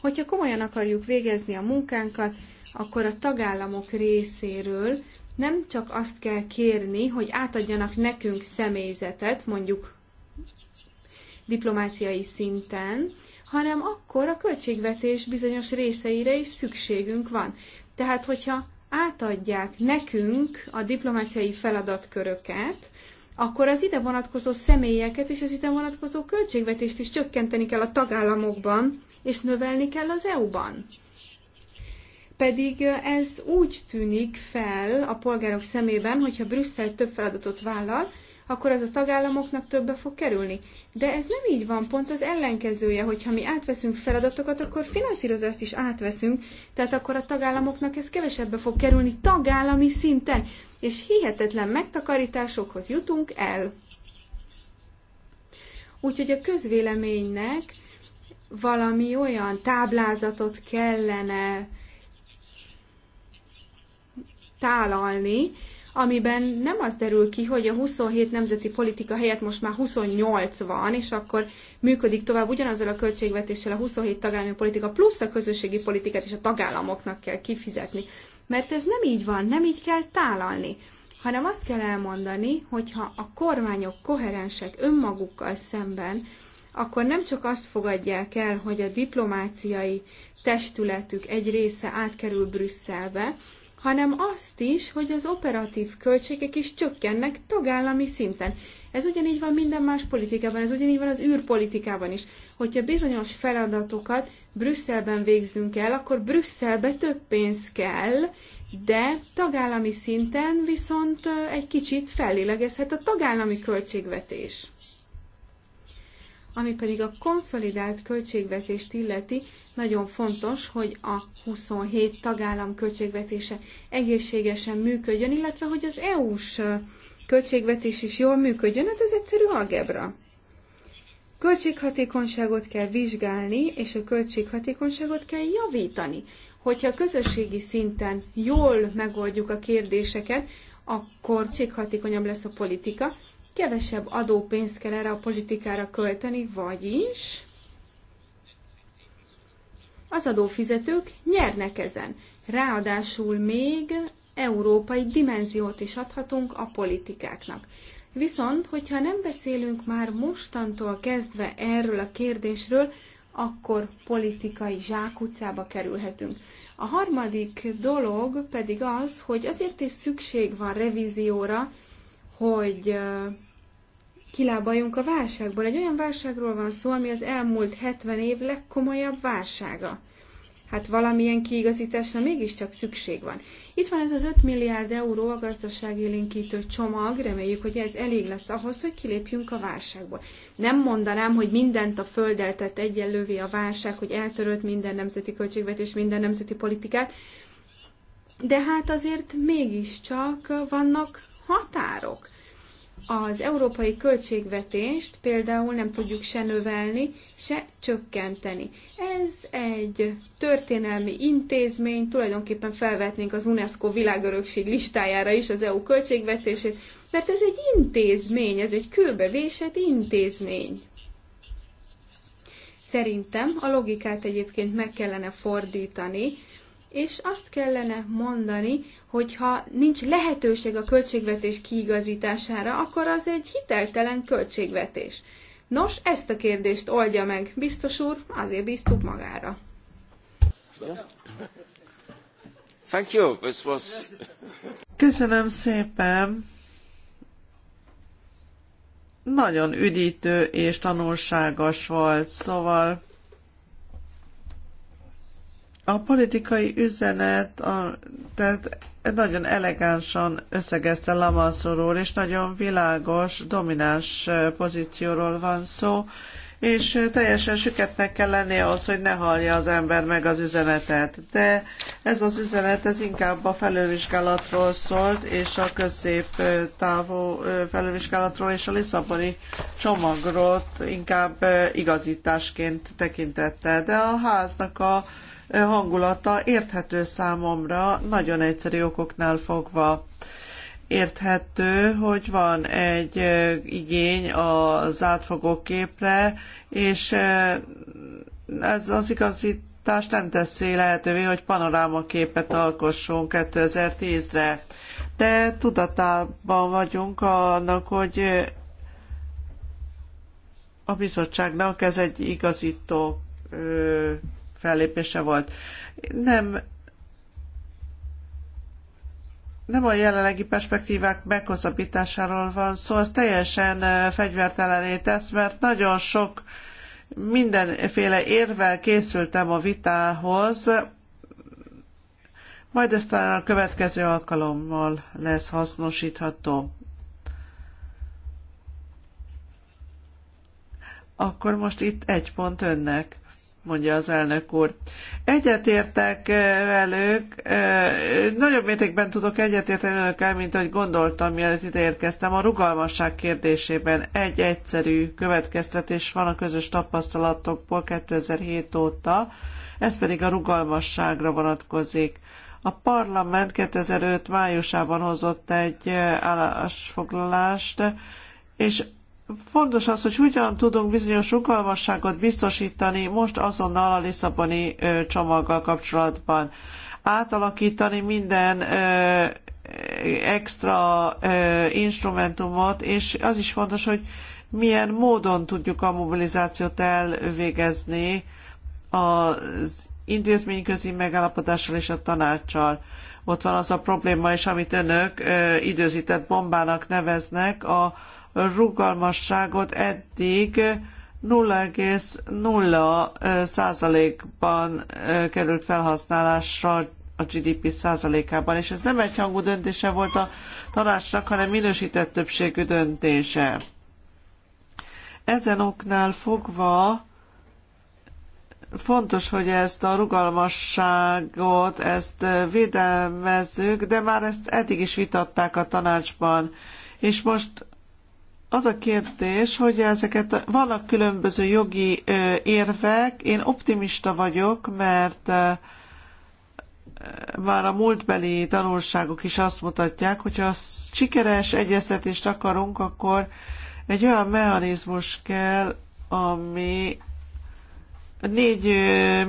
S4: Hogyha komolyan akarjuk végezni a munkánkat, akkor a tagállamok részéről nem csak azt kell kérni, hogy átadjanak nekünk személyzetet, mondjuk diplomáciai szinten, hanem akkor a költségvetés bizonyos részeire is szükségünk van. Tehát, hogyha átadják nekünk a diplomáciai feladatköröket, akkor az ide vonatkozó személyeket és az ide vonatkozó költségvetést is csökkenteni kell a tagállamokban, és növelni kell az EU-ban. Pedig ez úgy tűnik fel a polgárok szemében, hogyha Brüsszel több feladatot vállal, akkor az a tagállamoknak többe fog kerülni. De ez nem így van, pont az ellenkezője, hogyha mi átveszünk feladatokat, akkor finanszírozást is átveszünk, tehát akkor a tagállamoknak ez kevesebbe fog kerülni tagállami szinten, és hihetetlen megtakarításokhoz jutunk el. Úgyhogy a közvéleménynek valami olyan táblázatot kellene tálalni, amiben nem az derül ki, hogy a 27 nemzeti politika helyett most már 28 van, és akkor működik tovább ugyanazzal a költségvetéssel a 27 tagállami politika, plusz a közösségi politikát is a tagállamoknak kell kifizetni. Mert ez nem így van, nem így kell tálalni, hanem azt kell elmondani, hogyha a kormányok koherensek önmagukkal szemben, akkor nem csak azt fogadják el, hogy a diplomáciai testületük egy része átkerül Brüsszelbe, hanem azt is, hogy az operatív költségek is csökkennek tagállami szinten. Ez ugyanígy van minden más politikában, ez ugyanígy van az űrpolitikában is. Hogyha bizonyos feladatokat Brüsszelben végzünk el, akkor Brüsszelbe több pénz kell, de tagállami szinten viszont egy kicsit fellélegezhet a tagállami költségvetés. Ami pedig a konszolidált költségvetést illeti, nagyon fontos, hogy a 27 tagállam költségvetése egészségesen működjön, illetve hogy az EU-s költségvetés is jól működjön, hát ez egyszerű algebra. Költséghatékonyságot kell vizsgálni, és a költséghatékonyságot kell javítani. Hogyha közösségi szinten jól megoldjuk a kérdéseket, akkor költséghatékonyabb lesz a politika, kevesebb adópénzt kell erre a politikára költeni, vagyis az adófizetők nyernek ezen. Ráadásul még európai dimenziót is adhatunk a politikáknak. Viszont, hogyha nem beszélünk már mostantól kezdve erről a kérdésről, akkor politikai zsákutcába kerülhetünk. A harmadik dolog pedig az, hogy azért is szükség van revízióra, hogy kilábaljunk a válságból. Egy olyan válságról van szó, ami az elmúlt 70 év legkomolyabb válsága. Hát valamilyen kiigazításra mégiscsak szükség van. Itt van ez az 5 milliárd euró a gazdaságélénkítő csomag, reméljük, hogy ez elég lesz ahhoz, hogy kilépjünk a válságból. Nem mondanám, hogy mindent a földdel tett egyenlővé a válság, hogy eltörölt minden nemzeti költségvetés, minden nemzeti politikát, de hát azért mégiscsak vannak határok. Az európai költségvetést például nem tudjuk se növelni, se csökkenteni. Ez egy történelmi intézmény, tulajdonképpen felvetnénk az UNESCO világörökség listájára is az EU költségvetését, mert ez egy intézmény, ez egy kőbevésett intézmény. Szerintem a logikát egyébként meg kellene fordítani, és azt kellene mondani, hogy ha nincs lehetőség a költségvetés kiigazítására, akkor az egy hiteltelen költségvetés. Nos, ezt a kérdést oldja meg, biztos úr, azért bíztuk magára.
S3: Thank you. This was...
S1: Köszönöm szépen. Nagyon üdítő és tanulságos volt, szóval a politikai üzenet, a, tehát nagyon elegánsan összegezte Lamassorról, és nagyon világos, domináns pozícióról van szó, és teljesen süketnek kell lennie ahhoz, hogy ne hallja az ember meg az üzenetet. De ez az üzenet, ez inkább a felülvizsgálatról szólt, és a távú felülvizsgálatról, és a Lisszaboni csomagról inkább igazításként tekintette. De a háznak a hangulata érthető számomra, nagyon egyszerű okoknál fogva érthető, hogy van egy igény az átfogó képre, és ez az igazítás nem teszi lehetővé, hogy panorámaképet alkossunk 2010-re. De tudatában vagyunk annak, hogy a bizottságnak ez egy igazító fellépése volt. Nem nem a jelenlegi perspektívák meghosszabbításáról van szó, az teljesen fegyvertelené tesz, mert nagyon sok mindenféle érvel készültem a vitához, majd ezt talán a következő alkalommal lesz hasznosítható. Akkor most itt egy pont önnek mondja az elnök úr. Egyetértek eh, velük, eh, nagyobb mértékben tudok egyetérteni önökkel, mint ahogy gondoltam, mielőtt ide érkeztem. A rugalmasság kérdésében egy egyszerű következtetés van a közös tapasztalatokból 2007 óta, ez pedig a rugalmasságra vonatkozik. A parlament 2005 májusában hozott egy eh, állásfoglalást, és Fontos az, hogy hogyan tudunk bizonyos rugalmasságot biztosítani most azonnal a Lisszaboni csomaggal kapcsolatban. Átalakítani minden extra instrumentumot, és az is fontos, hogy milyen módon tudjuk a mobilizációt elvégezni az intézményközi megállapodással és a tanácssal. Ott van az a probléma is, amit önök ö, időzített bombának neveznek, a rugalmasságot eddig 0,0 százalékban került felhasználásra a GDP százalékában, és ez nem egyhangú döntése volt a tanácsnak, hanem minősített többségű döntése. Ezen oknál fogva fontos, hogy ezt a rugalmasságot, ezt védelmezzük, de már ezt eddig is vitatták a tanácsban, és most az a kérdés, hogy ezeket vannak különböző jogi érvek. Én optimista vagyok, mert már a múltbeli tanulságok is azt mutatják, hogy ha sikeres egyeztetést akarunk, akkor egy olyan mechanizmus kell, ami 4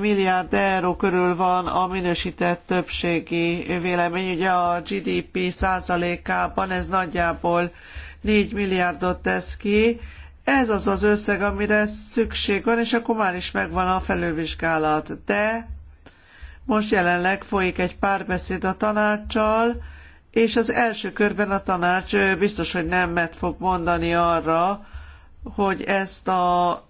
S1: milliárd euró körül van a minősített többségi vélemény. Ugye a GDP százalékában ez nagyjából 4 milliárdot tesz ki. Ez az az összeg, amire szükség van, és akkor már is megvan a felülvizsgálat. De most jelenleg folyik egy párbeszéd a tanácssal, és az első körben a tanács biztos, hogy nemet fog mondani arra, hogy ezt a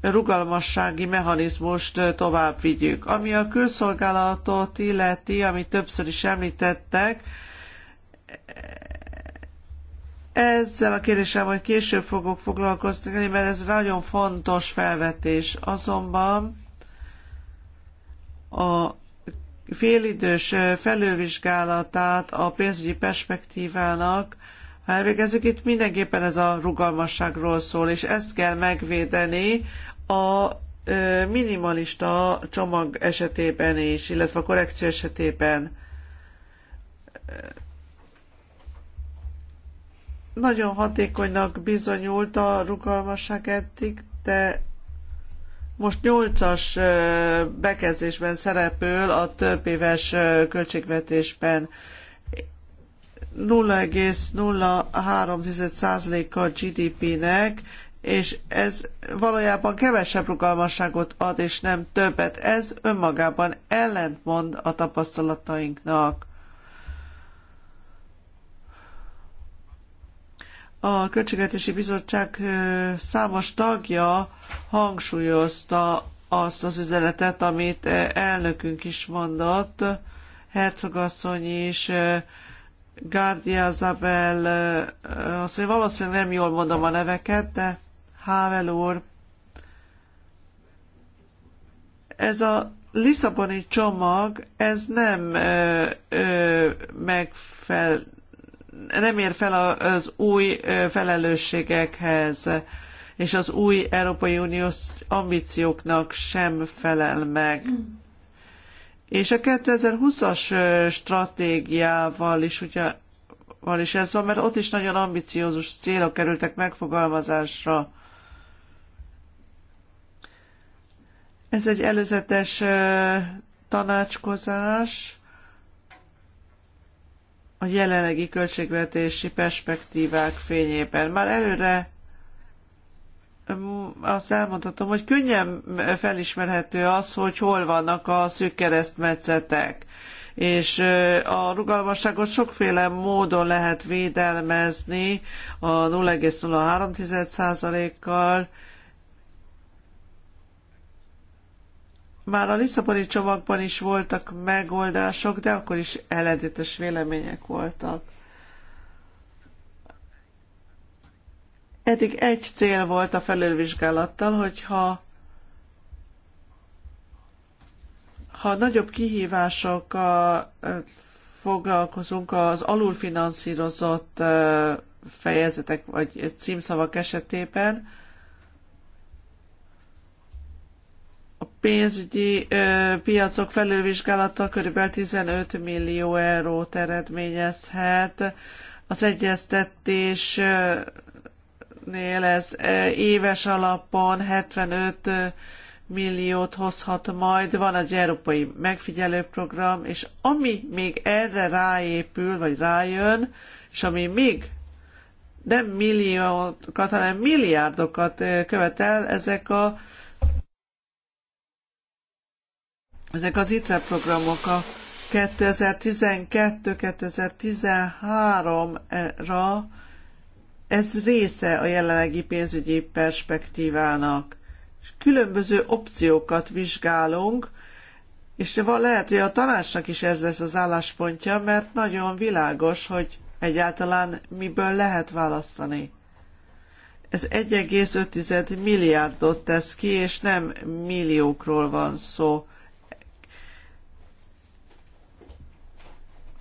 S1: rugalmassági mechanizmust tovább vigyük. Ami a külszolgálatot illeti, amit többször is említettek, ezzel a kérdéssel majd később fogok foglalkozni, mert ez nagyon fontos felvetés. Azonban a félidős felülvizsgálatát a pénzügyi perspektívának, ha elvégezzük, itt mindenképpen ez a rugalmasságról szól, és ezt kell megvédeni a minimalista csomag esetében is, illetve a korrekció esetében nagyon hatékonynak bizonyult a rugalmasság eddig, de most nyolcas bekezdésben szerepül a több éves költségvetésben 0,03%-a GDP-nek, és ez valójában kevesebb rugalmasságot ad, és nem többet. Ez önmagában ellentmond a tapasztalatainknak. a Költségvetési Bizottság számos tagja hangsúlyozta azt az üzenetet, amit elnökünk is mondott, hercogasszony is, Gárdia Zabel, azt mondja, valószínűleg nem jól mondom a neveket, de Havel úr. Ez a Lisszaboni csomag, ez nem ö, megfelelő nem ér fel az új felelősségekhez, és az új Európai Uniós ambícióknak sem felel meg. Hmm. És a 2020-as stratégiával is, ugye, van is ez van, mert ott is nagyon ambiciózus célok kerültek megfogalmazásra. Ez egy előzetes tanácskozás a jelenlegi költségvetési perspektívák fényében. Már előre mm, azt elmondhatom, hogy könnyen felismerhető az, hogy hol vannak a szűk keresztmetszetek. És a rugalmasságot sokféle módon lehet védelmezni a 0,03%-kal, Már a Lisszaboni csomagban is voltak megoldások, de akkor is eledetes vélemények voltak. Eddig egy cél volt a felülvizsgálattal, hogyha ha nagyobb kihívásokkal foglalkozunk az alulfinanszírozott fejezetek vagy címszavak esetében, pénzügyi piacok felülvizsgálata kb. 15 millió eurót eredményezhet. Az egyeztetésnél ez éves alapon 75 milliót hozhat majd, van egy európai megfigyelőprogram, és ami még erre ráépül, vagy rájön, és ami még nem milliókat, hanem milliárdokat követel, ezek a Ezek az ITRE programok a 2012-2013-ra ez része a jelenlegi pénzügyi perspektívának. És különböző opciókat vizsgálunk, és van lehet, hogy a tanácsnak is ez lesz az álláspontja, mert nagyon világos, hogy egyáltalán miből lehet választani. Ez 1,5 milliárdot tesz ki, és nem milliókról van szó.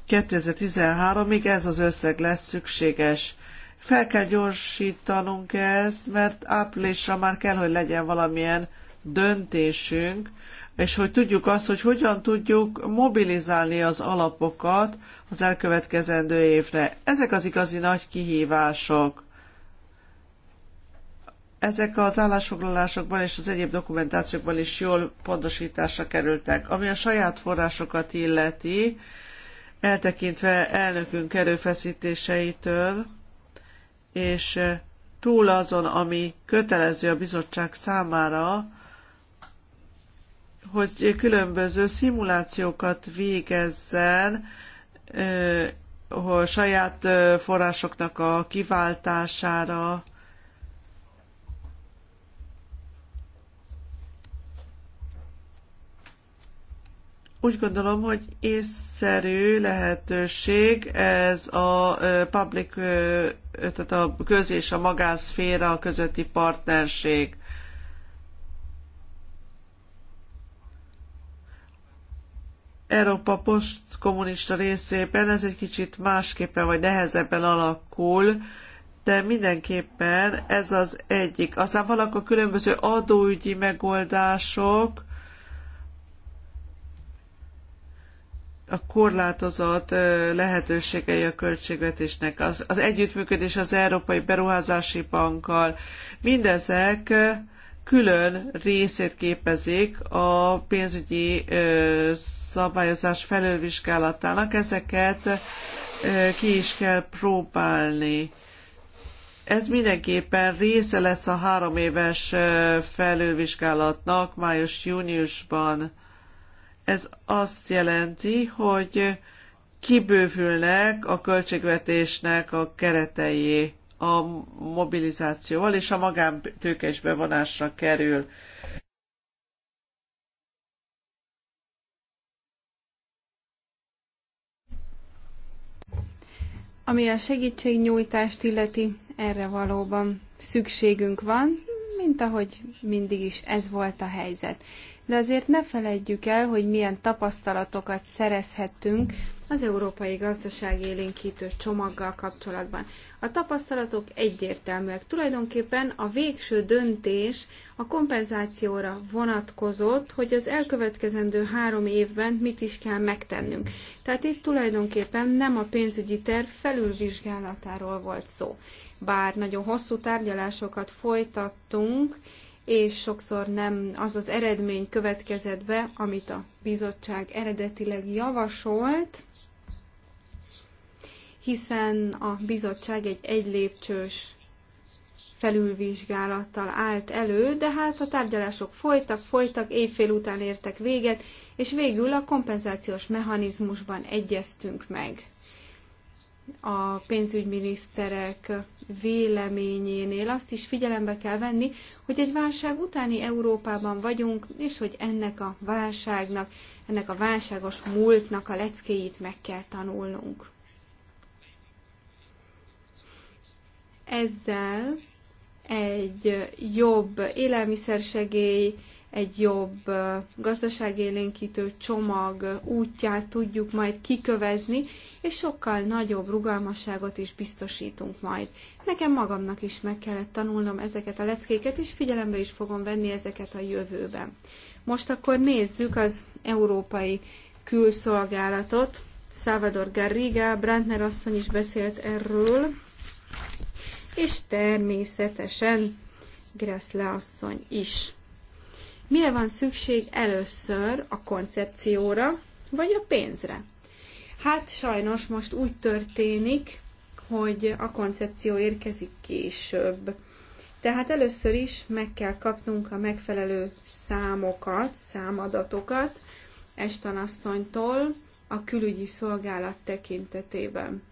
S1: 2013-ig ez az összeg lesz szükséges. Fel kell gyorsítanunk ezt, mert áprilisra már kell, hogy legyen valamilyen döntésünk, és hogy tudjuk azt, hogy hogyan tudjuk mobilizálni az alapokat az elkövetkezendő évre. Ezek az igazi nagy kihívások. Ezek az állásfoglalásokban és az egyéb dokumentációkban is jól pontosításra kerültek. Ami a saját forrásokat illeti, eltekintve elnökünk erőfeszítéseitől, és túl azon, ami kötelező a bizottság számára, hogy különböző szimulációkat végezzen hogy saját forrásoknak a kiváltására, Úgy gondolom, hogy észszerű lehetőség ez a public, tehát a köz és a magánszféra közötti partnerség. Európa postkommunista részében ez egy kicsit másképpen vagy nehezebben alakul, de mindenképpen ez az egyik. Aztán vannak a különböző adóügyi megoldások, a korlátozott lehetőségei a költségvetésnek, az, az együttműködés az Európai Beruházási Bankkal, mindezek külön részét képezik a pénzügyi szabályozás felülvizsgálatának, ezeket ki is kell próbálni. Ez mindenképpen része lesz a három éves felülvizsgálatnak május-júniusban. Ez azt jelenti, hogy kibővülnek a költségvetésnek a keretei a mobilizációval, és a magántőkes bevonásra kerül.
S4: Ami a segítségnyújtást illeti, erre valóban szükségünk van, mint ahogy mindig is ez volt a helyzet de azért ne feledjük el, hogy milyen tapasztalatokat szerezhettünk az európai gazdaság élénkítő csomaggal kapcsolatban. A tapasztalatok egyértelműek. Tulajdonképpen a végső döntés a kompenzációra vonatkozott, hogy az elkövetkezendő három évben mit is kell megtennünk. Tehát itt tulajdonképpen nem a pénzügyi terv felülvizsgálatáról volt szó. Bár nagyon hosszú tárgyalásokat folytattunk, és sokszor nem az az eredmény következett be, amit a bizottság eredetileg javasolt, hiszen a bizottság egy egylépcsős felülvizsgálattal állt elő, de hát a tárgyalások folytak, folytak, éjfél után értek véget, és végül a kompenzációs mechanizmusban egyeztünk meg. A pénzügyminiszterek véleményénél azt is figyelembe kell venni, hogy egy válság utáni Európában vagyunk, és hogy ennek a válságnak, ennek a válságos múltnak a leckéit meg kell tanulnunk. Ezzel egy jobb élelmiszersegély, egy jobb gazdaságélénkítő csomag útját tudjuk majd kikövezni, és sokkal nagyobb rugalmasságot is biztosítunk majd. Nekem magamnak is meg kellett tanulnom ezeket a leckéket, és figyelembe is fogom venni ezeket a jövőben. Most akkor nézzük az európai külszolgálatot. Salvador Garriga, Brandner asszony is beszélt erről, és természetesen Gressle asszony is. Mire van szükség először a koncepcióra, vagy a pénzre? Hát sajnos most úgy történik, hogy a koncepció érkezik később. Tehát először is meg kell kapnunk a megfelelő számokat, számadatokat Estanasszonytól a külügyi szolgálat tekintetében.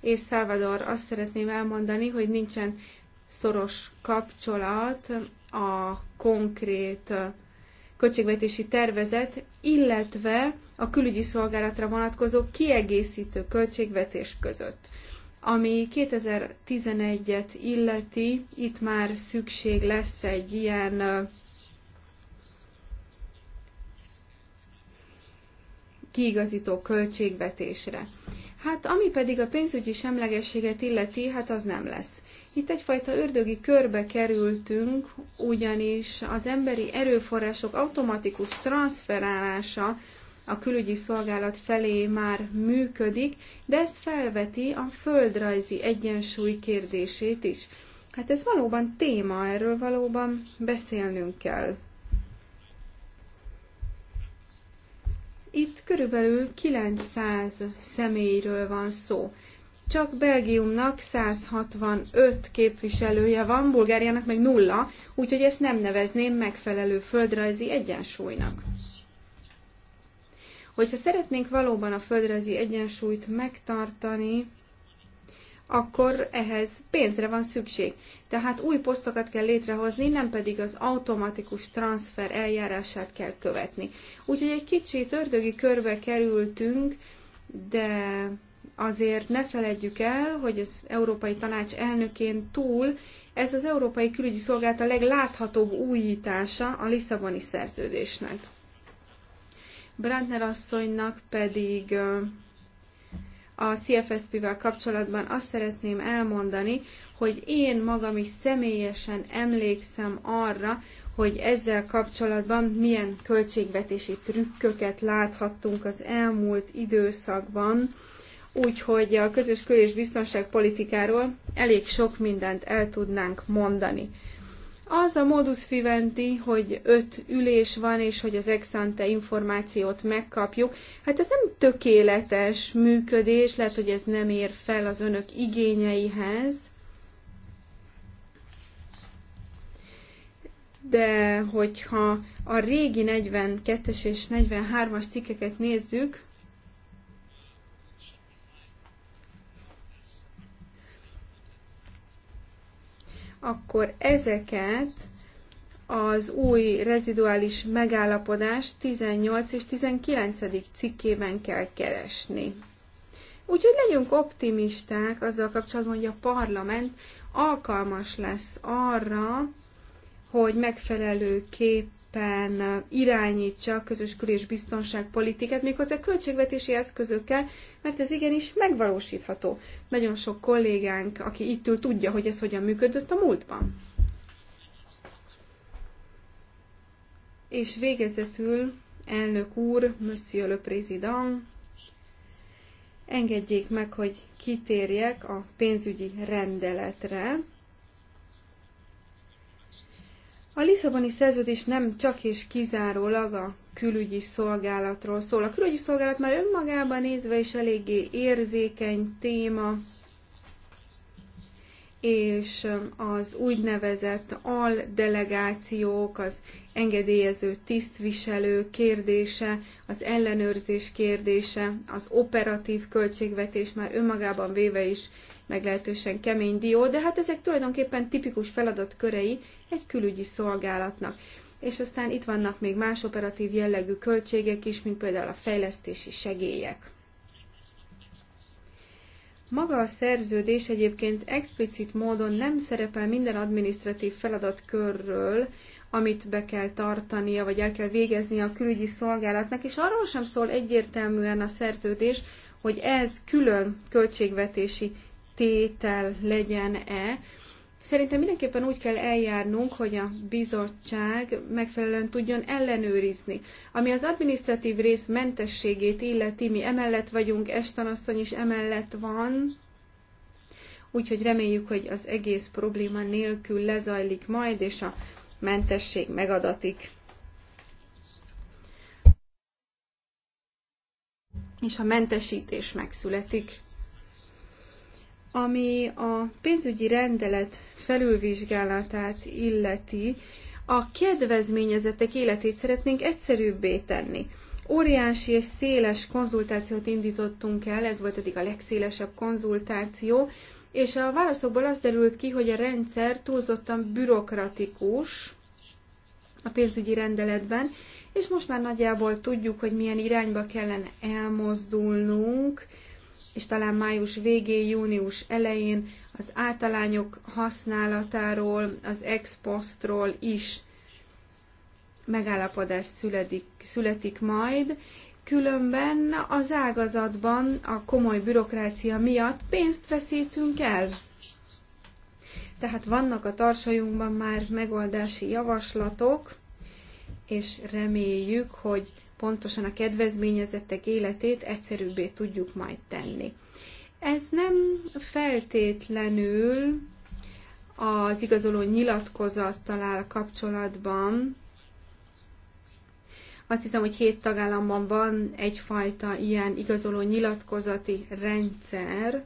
S4: És Salvador, azt szeretném elmondani, hogy nincsen szoros kapcsolat a konkrét költségvetési tervezet, illetve a külügyi szolgálatra vonatkozó kiegészítő költségvetés között. Ami 2011-et illeti, itt már szükség lesz egy ilyen kiigazító költségvetésre. Hát ami pedig a pénzügyi semlegességet illeti, hát az nem lesz. Itt egyfajta ördögi körbe kerültünk, ugyanis az emberi erőforrások automatikus transferálása a külügyi szolgálat felé már működik, de ez felveti a földrajzi egyensúly kérdését is. Hát ez valóban téma, erről valóban beszélnünk kell. Itt körülbelül 900 személyről van szó csak Belgiumnak 165 képviselője van, Bulgáriának meg nulla, úgyhogy ezt nem nevezném megfelelő földrajzi egyensúlynak. Hogyha szeretnénk valóban a földrajzi egyensúlyt megtartani, akkor ehhez pénzre van szükség. Tehát új posztokat kell létrehozni, nem pedig az automatikus transfer eljárását kell követni. Úgyhogy egy kicsit ördögi körbe kerültünk, de azért ne feledjük el, hogy az Európai Tanács elnökén túl ez az Európai Külügyi Szolgálat a legláthatóbb újítása a Lisszaboni szerződésnek. Brandner asszonynak pedig a CFSP-vel kapcsolatban azt szeretném elmondani, hogy én magam is személyesen emlékszem arra, hogy ezzel kapcsolatban milyen költségvetési trükköket láthattunk az elmúlt időszakban, úgyhogy a közös kül- és biztonságpolitikáról elég sok mindent el tudnánk mondani. Az a modus vivendi, hogy öt ülés van, és hogy az exante információt megkapjuk, hát ez nem tökéletes működés, lehet, hogy ez nem ér fel az önök igényeihez, de hogyha a régi 42-es és 43-as cikkeket nézzük, akkor ezeket az új reziduális megállapodás 18 és 19. cikkében kell keresni. Úgyhogy legyünk optimisták azzal kapcsolatban, hogy a parlament alkalmas lesz arra, hogy megfelelőképpen irányítsa a közös kül- és biztonságpolitikát, méghozzá költségvetési eszközökkel, mert ez igenis megvalósítható. Nagyon sok kollégánk, aki itt ül, tudja, hogy ez hogyan működött a múltban. És végezetül, elnök úr, monsieur le président, engedjék meg, hogy kitérjek a pénzügyi rendeletre, a Lisszaboni szerződés nem csak és kizárólag a külügyi szolgálatról szól. A külügyi szolgálat már önmagában nézve is eléggé érzékeny téma, és um, az úgynevezett aldelegációk, az engedélyező tisztviselő kérdése, az ellenőrzés kérdése, az operatív költségvetés már önmagában véve is meglehetősen kemény dió, de hát ezek tulajdonképpen tipikus feladatkörei egy külügyi szolgálatnak. És aztán itt vannak még más operatív jellegű költségek is, mint például a fejlesztési segélyek. Maga a szerződés egyébként explicit módon nem szerepel minden adminisztratív feladatkörről, amit be kell tartania, vagy el kell végeznie a külügyi szolgálatnak, és arról sem szól egyértelműen a szerződés, hogy ez külön költségvetési tétel legyen-e. Szerintem mindenképpen úgy kell eljárnunk, hogy a bizottság megfelelően tudjon ellenőrizni. Ami az administratív rész mentességét illeti, mi emellett vagyunk, Estanasszony is emellett van, úgyhogy reméljük, hogy az egész probléma nélkül lezajlik majd, és a mentesség megadatik. És a mentesítés megszületik. Ami a pénzügyi rendelet felülvizsgálatát illeti, a kedvezményezettek életét szeretnénk egyszerűbbé tenni. Óriási és széles konzultációt indítottunk el, ez volt eddig a legszélesebb konzultáció, és a válaszokból az derült ki, hogy a rendszer túlzottan bürokratikus a pénzügyi rendeletben, és most már nagyjából tudjuk, hogy milyen irányba kellene elmozdulnunk, és talán május végén, június elején az általányok használatáról, az exposztról is megállapodás születik, születik majd, különben az ágazatban a komoly bürokrácia miatt pénzt veszítünk el. Tehát vannak a tarsajunkban már megoldási javaslatok, és reméljük, hogy pontosan a kedvezményezettek életét egyszerűbbé tudjuk majd tenni. Ez nem feltétlenül az igazoló nyilatkozattal áll kapcsolatban. Azt hiszem, hogy hét tagállamban van egyfajta ilyen igazoló nyilatkozati rendszer.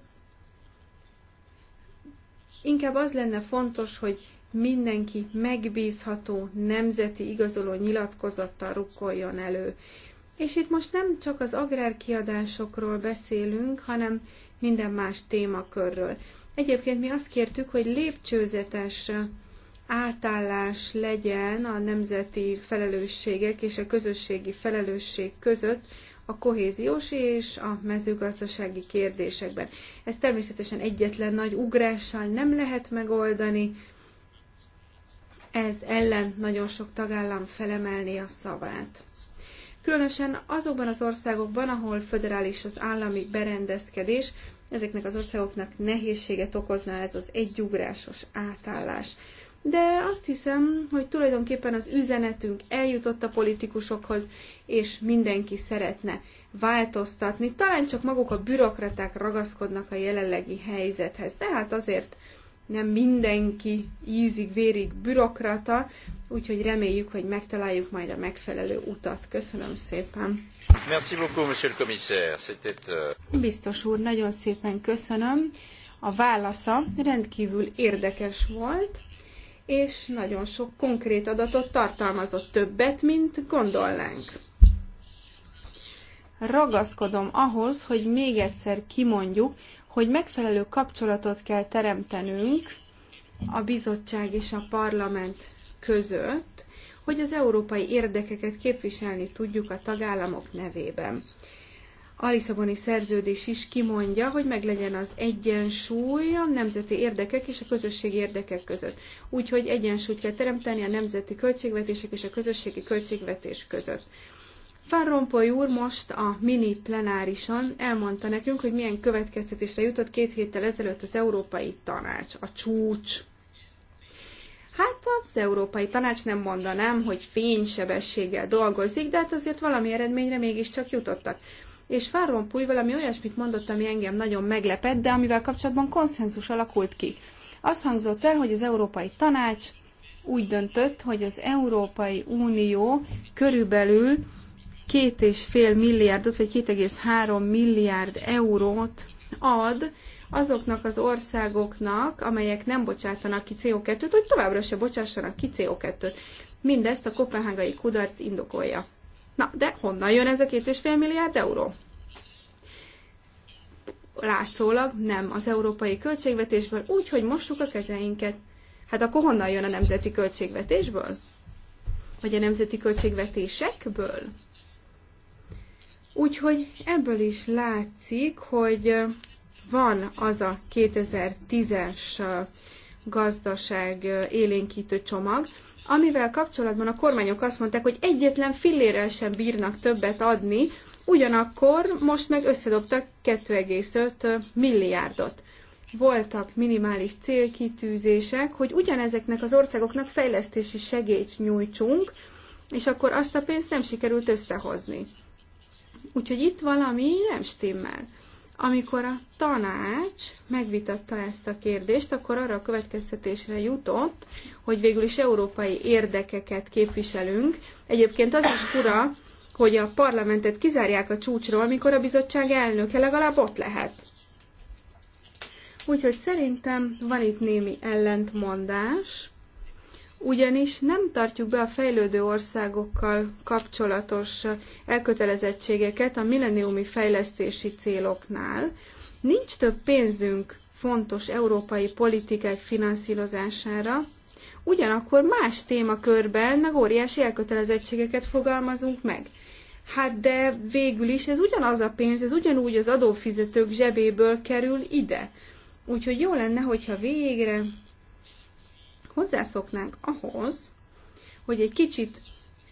S4: Inkább az lenne fontos, hogy mindenki megbízható nemzeti igazoló nyilatkozattal rukkoljon elő. És itt most nem csak az agrárkiadásokról beszélünk, hanem minden más témakörről. Egyébként mi azt kértük, hogy lépcsőzetes átállás legyen a nemzeti felelősségek és a közösségi felelősség között a kohéziós és a mezőgazdasági kérdésekben. Ez természetesen egyetlen nagy ugrással nem lehet megoldani, ez ellen nagyon sok tagállam felemelné a szavát. Különösen azokban az országokban, ahol föderális az állami berendezkedés, ezeknek az országoknak nehézséget okozná ez az egyugrásos átállás. De azt hiszem, hogy tulajdonképpen az üzenetünk eljutott a politikusokhoz, és mindenki szeretne változtatni. Talán csak maguk a bürokraták ragaszkodnak a jelenlegi helyzethez. Tehát azért nem mindenki ízig, vérig bürokrata, úgyhogy reméljük, hogy megtaláljuk majd a megfelelő utat. Köszönöm szépen!
S5: Merci beaucoup, monsieur le commissaire.
S4: Uh... Biztos úr, nagyon szépen köszönöm. A válasza rendkívül érdekes volt, és nagyon sok konkrét adatot tartalmazott többet, mint gondolnánk ragaszkodom ahhoz, hogy még egyszer kimondjuk, hogy megfelelő kapcsolatot kell teremtenünk a bizottság és a parlament között, hogy az európai érdekeket képviselni tudjuk a tagállamok nevében. A Lisszaboni szerződés is kimondja, hogy meglegyen az egyensúly a nemzeti érdekek és a közösségi érdekek között. Úgyhogy egyensúlyt kell teremteni a nemzeti költségvetések és a közösségi költségvetés között. Van úr most a mini plenárison elmondta nekünk, hogy milyen következtetésre jutott két héttel ezelőtt az Európai Tanács, a csúcs. Hát az Európai Tanács nem mondanám, hogy fénysebességgel dolgozik, de hát azért valami eredményre mégiscsak jutottak. És Van valami olyasmit mondott, ami engem nagyon meglepett, de amivel kapcsolatban konszenzus alakult ki. Azt hangzott el, hogy az Európai Tanács úgy döntött, hogy az Európai Unió körülbelül két és fél milliárdot, vagy 2,3 milliárd eurót ad azoknak az országoknak, amelyek nem bocsátanak ki CO2-t, hogy továbbra se bocsássanak ki CO2-t. Mindezt a kopenhágai kudarc indokolja. Na, de honnan jön ez a két és fél milliárd euró? Látszólag nem az európai költségvetésből, úgyhogy mossuk a kezeinket. Hát akkor honnan jön a nemzeti költségvetésből? Vagy a nemzeti költségvetésekből? Úgyhogy ebből is látszik, hogy van az a 2010-es gazdaság élénkítő csomag, amivel kapcsolatban a kormányok azt mondták, hogy egyetlen fillérrel sem bírnak többet adni, ugyanakkor most meg összedobtak 2,5 milliárdot. Voltak minimális célkitűzések, hogy ugyanezeknek az országoknak fejlesztési segélyt nyújtsunk, és akkor azt a pénzt nem sikerült összehozni. Úgyhogy itt valami nem stimmel. Amikor a tanács megvitatta ezt a kérdést, akkor arra a következtetésre jutott, hogy végül is európai érdekeket képviselünk. Egyébként az is fura, hogy a parlamentet kizárják a csúcsról, amikor a bizottság elnöke legalább ott lehet. Úgyhogy szerintem van itt némi ellentmondás, ugyanis nem tartjuk be a fejlődő országokkal kapcsolatos elkötelezettségeket a milleniumi fejlesztési céloknál. Nincs több pénzünk fontos európai politikák finanszírozására, ugyanakkor más témakörben meg óriási elkötelezettségeket fogalmazunk meg. Hát de végül is ez ugyanaz a pénz, ez ugyanúgy az adófizetők zsebéből kerül ide. Úgyhogy jó lenne, hogyha végre hozzászoknánk ahhoz, hogy egy kicsit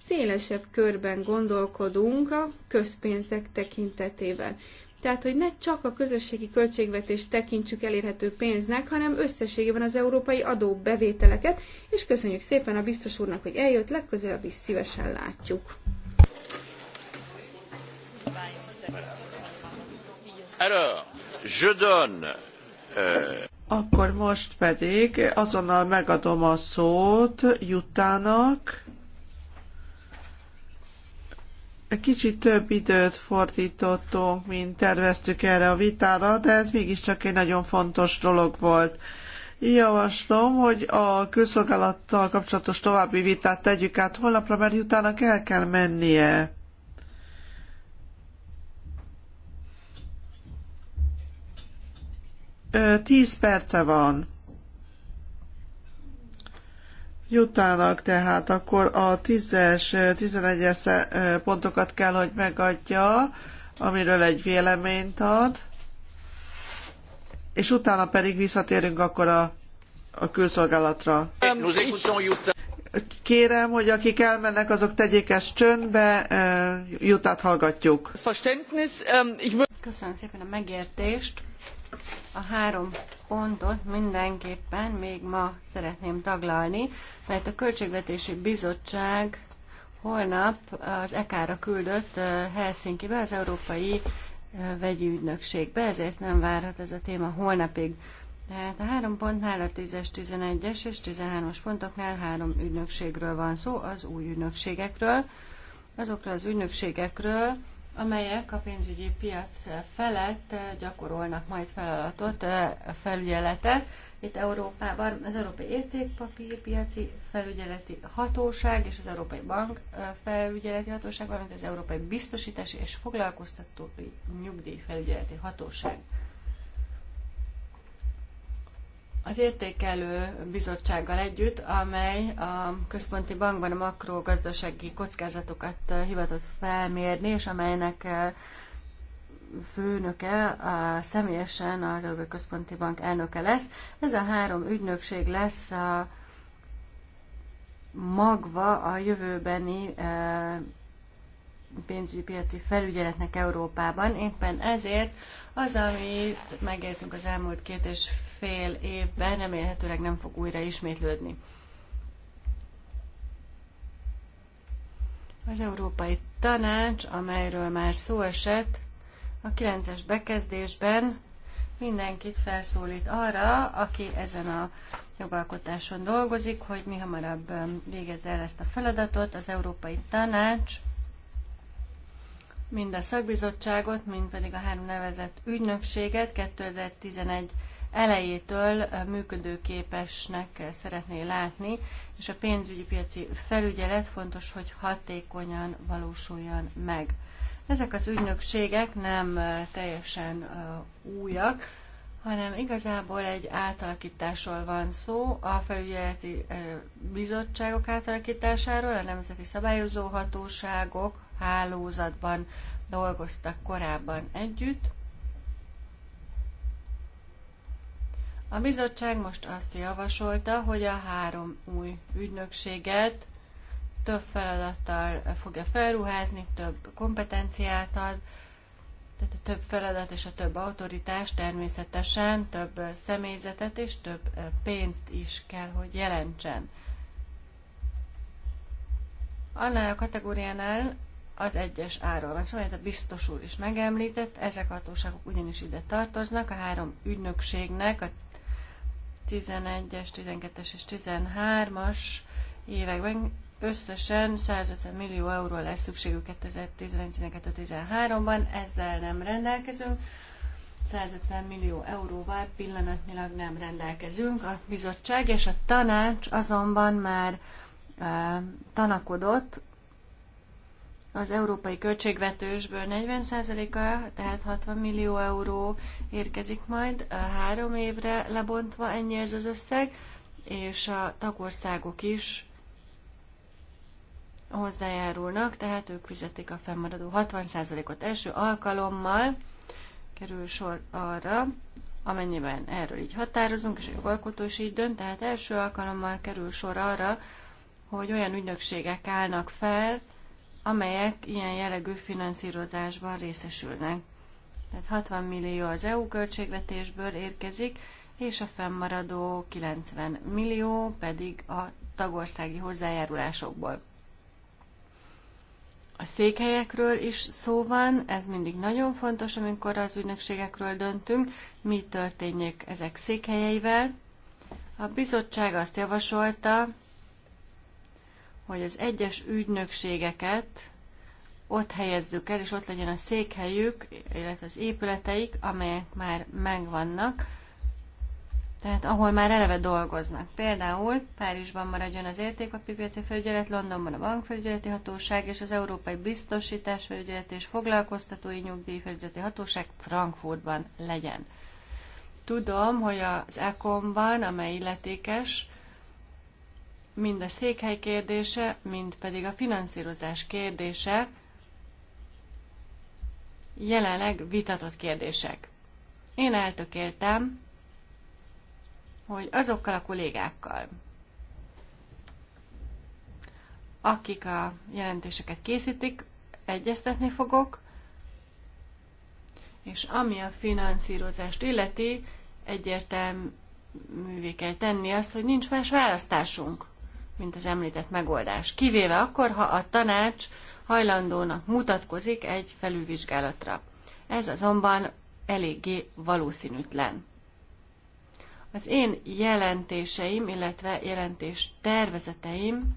S4: szélesebb körben gondolkodunk a közpénzek tekintetében. Tehát, hogy ne csak a közösségi költségvetést tekintsük elérhető pénznek, hanem összességében az európai adóbevételeket, és köszönjük szépen a biztos úrnak, hogy eljött, legközelebb is szívesen látjuk.
S5: Alors, je donne... Euh...
S1: Akkor most pedig azonnal megadom a szót Juttának. Kicsit több időt fordítottunk, mint terveztük erre a vitára, de ez mégiscsak egy nagyon fontos dolog volt. Javaslom, hogy a külszolgálattal kapcsolatos további vitát tegyük át holnapra, mert utána el kell mennie. Tíz perce van. Jutának tehát akkor a 10-es, 11-es pontokat kell, hogy megadja, amiről egy véleményt ad, és utána pedig visszatérünk akkor a, a külszolgálatra. Kérem, hogy akik elmennek, azok tegyék ezt csöndbe, Jutát hallgatjuk. Ähm,
S2: Köszönöm szépen a megértést a három pontot mindenképpen még ma szeretném taglalni, mert a Költségvetési Bizottság holnap az EK-ra küldött Helsinkibe, az Európai Vegyi Ügynökségbe, ezért nem várhat ez a téma holnapig. Tehát a három pontnál, a 10-es, 11-es és 13-as pontoknál három ügynökségről van szó, az új ügynökségekről, azokról az ügynökségekről, amelyek a pénzügyi piac felett gyakorolnak majd feladatot, felügyeletet. Itt Európában az Európai Értékpapírpiaci Felügyeleti Hatóság és az Európai Bank Felügyeleti Hatóság, valamint az Európai Biztosítási és Foglalkoztatói Nyugdíjfelügyeleti Hatóság az értékelő bizottsággal együtt, amely a központi bankban a makrogazdasági kockázatokat eh, hivatott felmérni, és amelynek eh, főnöke a személyesen az Európai Központi Bank elnöke lesz. Ez a három ügynökség lesz a magva a jövőbeni eh, pénzügyi piaci felügyeletnek Európában. Éppen ezért az, amit megéltünk az elmúlt két és fél évben, remélhetőleg nem fog újra ismétlődni. Az Európai Tanács, amelyről már szó esett, a 9-es bekezdésben mindenkit felszólít arra, aki ezen a jogalkotáson dolgozik, hogy mi hamarabb um, végezze el ezt a feladatot. Az Európai Tanács mind a szakbizottságot, mind pedig a három nevezett ügynökséget 2011 elejétől működőképesnek szeretné látni, és a pénzügyi piaci felügyelet fontos, hogy hatékonyan valósuljon meg. Ezek az ügynökségek nem teljesen újak, hanem igazából egy átalakításról van szó, a felügyeleti bizottságok átalakításáról, a nemzeti szabályozó hatóságok hálózatban dolgoztak korábban együtt. A bizottság most azt javasolta, hogy a három új ügynökséget több feladattal fogja felruházni, több kompetenciát ad, tehát a több feladat és a több autoritás természetesen több személyzetet és több pénzt is kell, hogy jelentsen. Annál a kategóriánál, az egyes áról van szó, szóval, a biztos úr is megemlített, ezek hatóságok ugyanis ide tartoznak, a három ügynökségnek a 11-es, 12-es és 13-as években összesen 150 millió euró lesz szükségük 2011-2013-ban, ezzel nem rendelkezünk. 150 millió euróval pillanatnyilag nem rendelkezünk. A bizottság és a tanács azonban már e, tanakodott az európai költségvetősből 40%-a, tehát 60 millió euró érkezik majd, három évre lebontva ennyi ez az összeg, és a tagországok is hozzájárulnak, tehát ők fizetik a fennmaradó 60%-ot első alkalommal, kerül sor arra, amennyiben erről így határozunk, és a jogalkotó is így dönt, tehát első alkalommal kerül sor arra, hogy olyan ügynökségek állnak fel, amelyek ilyen jellegű finanszírozásban részesülnek. Tehát 60 millió az EU költségvetésből érkezik, és a fennmaradó 90 millió pedig a tagországi hozzájárulásokból. A székhelyekről is szó van, ez mindig nagyon fontos, amikor az ügynökségekről döntünk, mi történjék ezek székhelyeivel. A bizottság azt javasolta, hogy az egyes ügynökségeket ott helyezzük el, és ott legyen a székhelyük, illetve az épületeik, amelyek már megvannak, tehát ahol már eleve dolgoznak. Például Párizsban maradjon az értékpapírpiaci felügyelet, Londonban a bankfelügyeleti hatóság és az Európai Biztosítás felügyelet és foglalkoztatói nyugdíjfelügyeleti hatóság Frankfurtban legyen. Tudom, hogy az ECOM-ban, amely illetékes, mind a székhely kérdése, mind pedig a finanszírozás kérdése jelenleg vitatott kérdések. Én eltökéltem, hogy azokkal a kollégákkal, akik a jelentéseket készítik, egyeztetni fogok, és ami a finanszírozást illeti, egyértelművé kell tenni azt, hogy nincs más választásunk mint az említett megoldás. Kivéve akkor, ha a tanács hajlandónak mutatkozik egy felülvizsgálatra. Ez azonban eléggé valószínűtlen. Az én jelentéseim, illetve jelentés tervezeteim,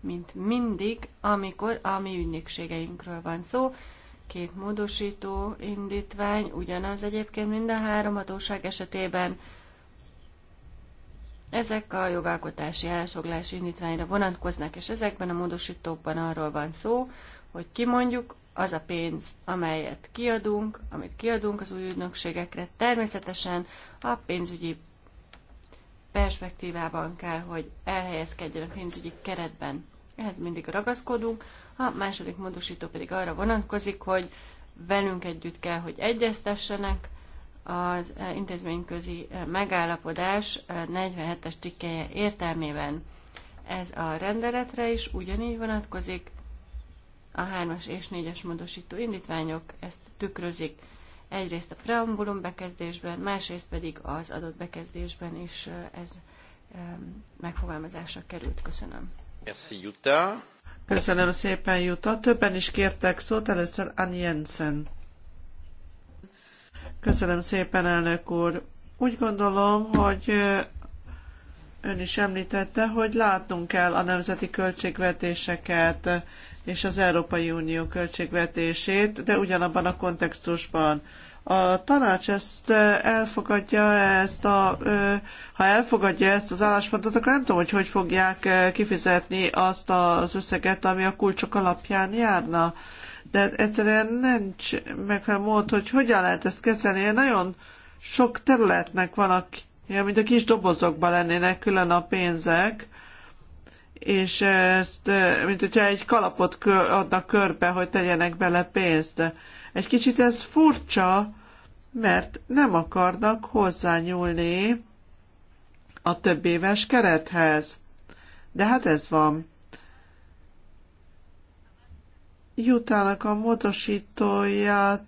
S2: mint mindig, amikor a mi ügynökségeinkről van szó, két módosító indítvány, ugyanaz egyébként mind a három hatóság esetében, ezek a jogalkotási állásfoglalási indítványra vonatkoznak, és ezekben a módosítókban arról van szó, hogy kimondjuk, az a pénz, amelyet kiadunk, amit kiadunk az új ügynökségekre, természetesen a pénzügyi perspektívában kell, hogy elhelyezkedjen a pénzügyi keretben. Ehhez mindig ragaszkodunk. A második módosító pedig arra vonatkozik, hogy velünk együtt kell, hogy egyeztessenek, az eh, intézményközi eh, megállapodás 47-es eh, cikkeje értelmében. Ez a rendeletre is ugyanígy vonatkozik, a 3-as és 4-es módosító indítványok ezt tükrözik egyrészt a preambulum bekezdésben, másrészt pedig az adott bekezdésben
S1: is ez megfogalmazásra került. Köszönöm.
S5: Merci, Jutta.
S1: Köszönöm szépen, Jutta. Többen is kértek szót, először Annie Jensen. Köszönöm szépen, elnök úr. Úgy gondolom, hogy ön is említette, hogy látnunk kell a nemzeti költségvetéseket és az Európai Unió költségvetését, de ugyanabban a kontextusban. A tanács ezt elfogadja, ezt a, ha elfogadja ezt az álláspontot, akkor nem tudom, hogy hogy fogják kifizetni azt az összeget, ami a kulcsok alapján járna de egyszerűen nincs megfelelő mód, hogy hogyan lehet ezt kezelni. Nagyon sok területnek vannak, mint a kis dobozokban lennének külön a pénzek, és ezt, eh, mint hogyha egy kalapot adnak körbe, hogy tegyenek bele pénzt. Egy kicsit ez furcsa, mert nem akarnak hozzányúlni a több éves kerethez. De hát ez van. Jutának a módosítójával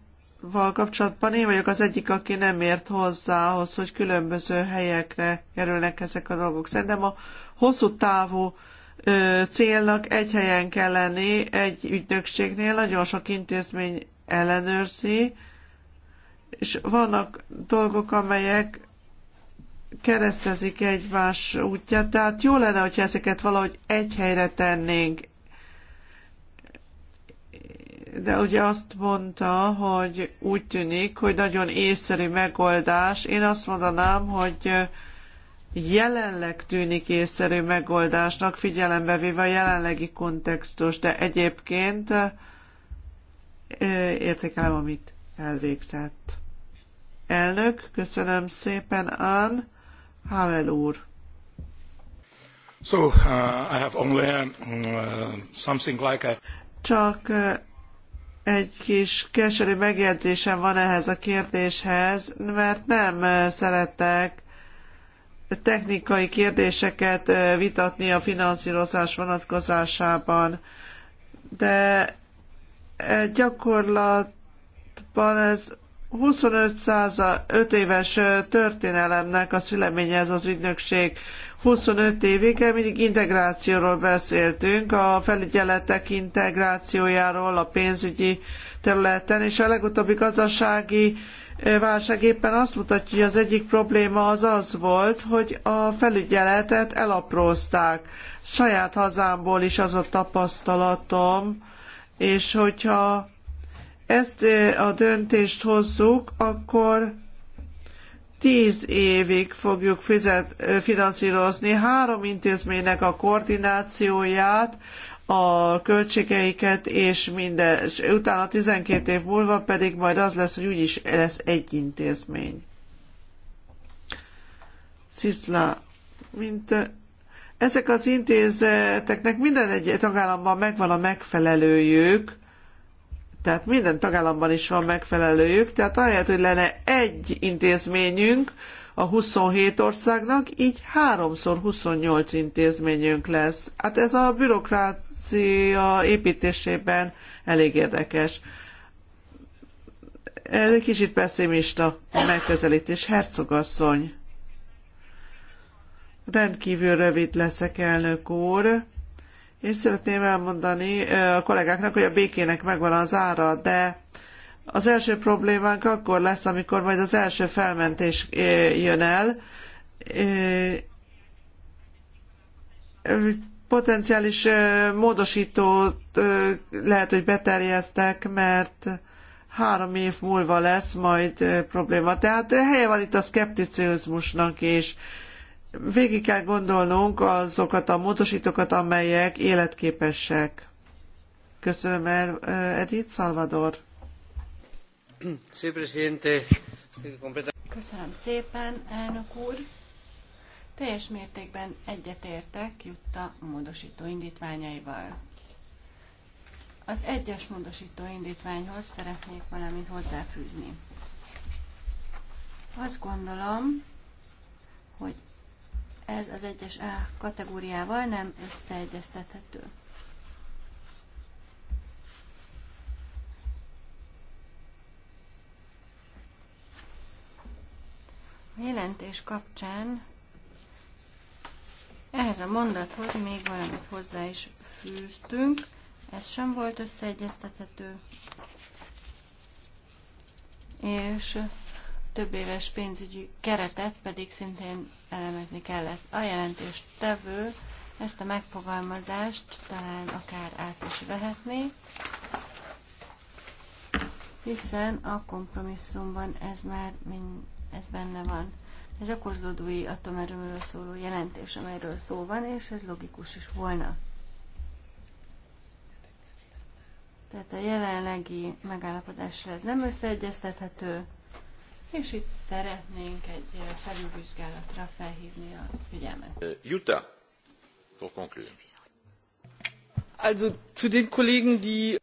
S1: kapcsolatban én vagyok az egyik, aki nem ért hozzá ahhoz, hogy különböző helyekre kerülnek ezek a dolgok. Szerintem a hosszú távú célnak egy helyen kell lenni, egy ügynökségnél, nagyon sok intézmény ellenőrzi, és vannak dolgok, amelyek keresztezik egymás útját, tehát jó lenne, hogyha ezeket valahogy egy helyre tennénk, de ugye azt mondta, hogy úgy tűnik, hogy nagyon észszerű megoldás. Én azt mondanám, hogy jelenleg tűnik észszerű megoldásnak, figyelembe véve a jelenlegi kontextus, de egyébként értékelem, amit elvégzett. Elnök, köszönöm szépen, Ann. Havel úr. So, uh, I have only uh, something like a... Csak egy kis keserű megjegyzésem van ehhez a kérdéshez, mert nem szeretek technikai kérdéseket vitatni a finanszírozás vonatkozásában, de gyakorlatban ez 25 száza, 5 éves történelemnek a szüleménye ez az ügynökség. 25 évig mindig integrációról beszéltünk, a felügyeletek integrációjáról a pénzügyi területen, és a legutóbbi gazdasági válság éppen azt mutatja, hogy az egyik probléma az az volt, hogy a felügyeletet elaprózták. Saját hazámból is az a tapasztalatom, és hogyha ezt a döntést hozzuk, akkor tíz évig fogjuk fizet, finanszírozni három intézménynek a koordinációját, a költségeiket, és minden. És utána 12 év múlva pedig majd az lesz, hogy úgyis lesz egy intézmény. Sziszla, mint ezek az intézeteknek minden egy tagállamban megvan a megfelelőjük, tehát minden tagállamban is van megfelelőjük, tehát ahelyett, hogy lenne egy intézményünk a 27 országnak, így háromszor 28 intézményünk lesz. Hát ez a bürokrácia építésében elég érdekes. Ez egy kicsit pessimista a megközelítés. Hercogasszony. Rendkívül rövid leszek, elnök úr és szeretném elmondani a kollégáknak, hogy a békének megvan az ára, de az első problémánk akkor lesz, amikor majd az első felmentés jön el, potenciális módosítót lehet, hogy beterjesztek, mert három év múlva lesz majd probléma. Tehát helye van itt a szkepticizmusnak is végig kell gondolnunk azokat a módosítókat, amelyek életképesek. Köszönöm el, er- eh, Edith Salvador.
S2: Köszönöm szépen, elnök úr. Teljes mértékben egyetértek Jutta módosító indítványaival. Az egyes módosító indítványhoz szeretnék valamit hozzáfűzni. Azt gondolom, hogy ez az 1-es A kategóriával nem összeegyeztethető. A jelentés kapcsán ehhez a mondathoz még valamit hozzá is fűztünk, ez sem volt összeegyeztethető, és több éves pénzügyi keretet pedig szintén elemezni kellett. A jelentést tevő ezt a megfogalmazást talán akár át is vehetné, hiszen a kompromisszumban ez már ez benne van. Ez a kozlódói atomerőről szóló jelentés, amelyről szó van, és ez logikus is volna. Tehát a jelenlegi megállapodásra ez nem összeegyeztethető, és itt szeretnénk egy felülvizsgálatra felhívni a figyelmet.
S5: Jutta, pour conclure. Also
S1: zu den Kollegen, die...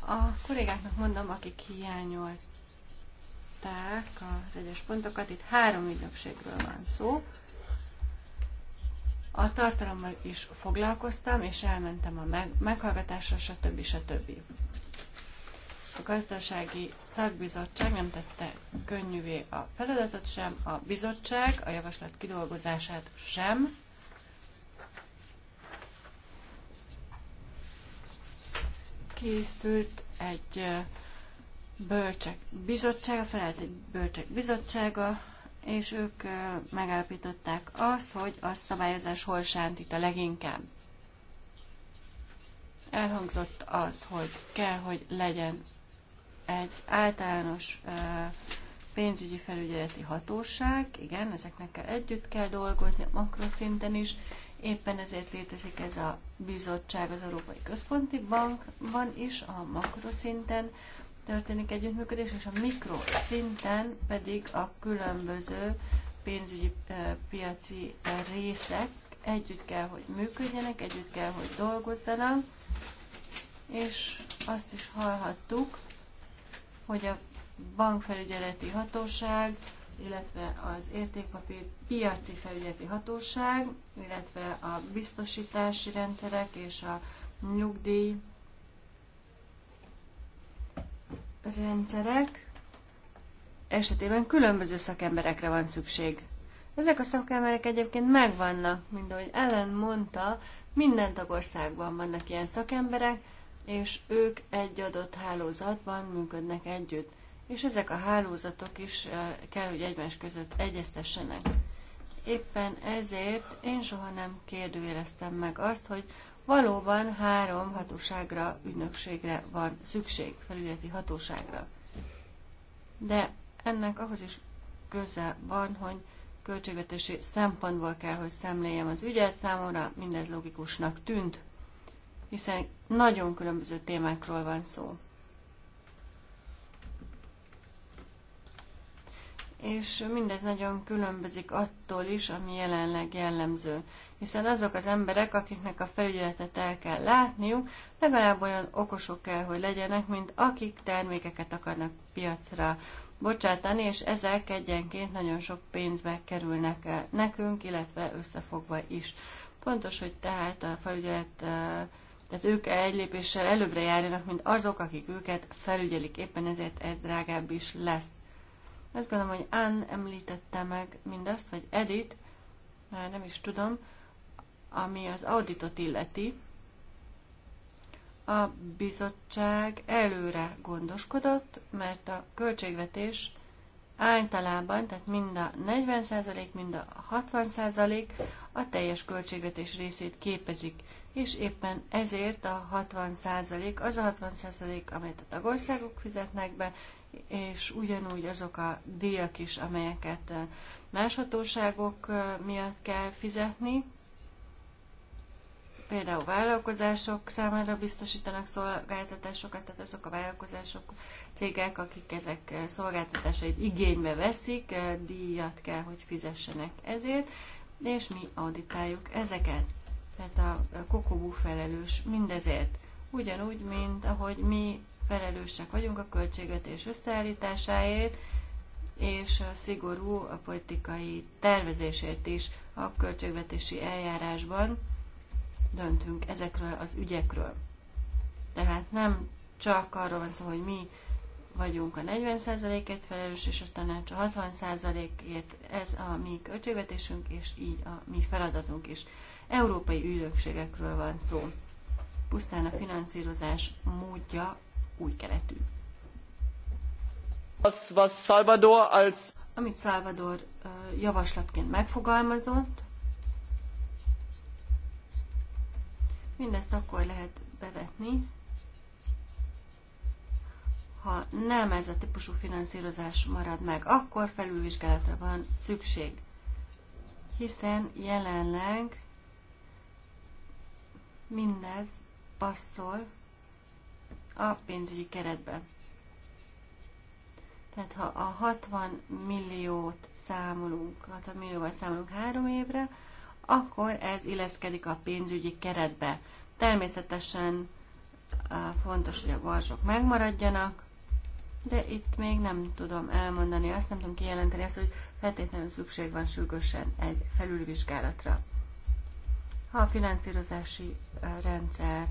S2: A kollégáknak mondom, akik hiányolták az egyes pontokat, itt három ügynökségről van szó. A tartalommal is foglalkoztam, és elmentem a meg, meghallgatásra, stb. stb a gazdasági szakbizottság nem tette könnyűvé a feladatot sem, a bizottság a javaslat kidolgozását sem. Készült egy bölcsek bizottsága, felelt egy bölcsek bizottsága, és ők megállapították azt, hogy a szabályozás hol sántít a leginkább. Elhangzott az, hogy kell, hogy legyen egy általános pénzügyi felügyeleti hatóság, igen, ezeknek kell együtt kell dolgozni, makroszinten is, éppen ezért létezik ez a bizottság az Európai Központi Bankban is, a makroszinten történik együttműködés, és a mikroszinten pedig a különböző pénzügyi piaci részek együtt kell, hogy működjenek, együtt kell, hogy dolgozzanak, és azt is hallhattuk, hogy a bankfelügyeleti hatóság, illetve az értékpapír piaci felügyeleti hatóság, illetve a biztosítási rendszerek és a nyugdíj rendszerek esetében különböző szakemberekre van szükség. Ezek a szakemberek egyébként megvannak, mint ahogy Ellen mondta, minden tagországban vannak ilyen szakemberek, és ők egy adott hálózatban működnek együtt. És ezek a hálózatok is kell, hogy egymás között egyeztessenek. Éppen ezért én soha nem kérdőjeleztem meg azt, hogy valóban három hatóságra, ügynökségre van szükség, felületi hatóságra. De ennek ahhoz is köze van, hogy költségvetési szempontból kell, hogy szemléljem az ügyet, számomra mindez logikusnak tűnt hiszen nagyon különböző témákról van szó. És mindez nagyon különbözik attól is, ami jelenleg jellemző. Hiszen azok az emberek, akiknek a felügyeletet el kell látniuk, legalább olyan okosok kell, hogy legyenek, mint akik termékeket akarnak piacra bocsátani, és ezek egyenként nagyon sok pénzbe kerülnek eh, nekünk, illetve összefogva is. Pontos, hogy tehát a felügyelet eh, tehát ők egy lépéssel előbbre járjanak, mint azok, akik őket felügyelik. Éppen ezért ez drágább is lesz. Azt gondolom, hogy Ann említette meg mindazt, vagy Edit, már nem is tudom, ami az auditot illeti. A bizottság előre gondoskodott, mert a költségvetés általában, tehát mind a 40%, mind a 60% a teljes költségvetés részét képezik, és éppen ezért a 60% az a 60% amelyet a tagországok fizetnek be, és ugyanúgy azok a díjak is, amelyeket eh, más hatóságok eh, miatt kell fizetni, például vállalkozások számára biztosítanak szolgáltatásokat, tehát azok a vállalkozások, cégek, akik ezek eh, szolgáltatásait igénybe veszik, díjat kell, hogy fizessenek ezért, és mi auditáljuk ezeket. Tehát a kokobú felelős mindezért. Ugyanúgy, mint ahogy mi felelősek vagyunk a költségvetés összeállításáért, és a szigorú a politikai tervezésért is a költségvetési eljárásban döntünk ezekről az ügyekről. Tehát nem csak arról van szó, hogy mi vagyunk a 40 et felelős, és a tanács a 60%-ért. Ez a mi költségvetésünk, és így a mi feladatunk is. Európai ügynökségekről van szó. Pusztán a finanszírozás módja új keletű.
S1: Az, was Salvador als...
S2: Amit Salvador javaslatként megfogalmazott, mindezt akkor lehet bevetni, ha nem ez a típusú finanszírozás marad meg, akkor felülvizsgálatra van szükség. Hiszen jelenleg mindez passzol a pénzügyi keretbe. Tehát ha a 60 milliót számolunk, 60 millióval számolunk három évre, akkor ez illeszkedik a pénzügyi keretbe. Természetesen fontos, hogy a varzsok megmaradjanak, de itt még nem tudom elmondani azt, nem tudom kijelenteni azt, hogy feltétlenül szükség van sürgősen egy felülvizsgálatra. Ha a finanszírozási rendszer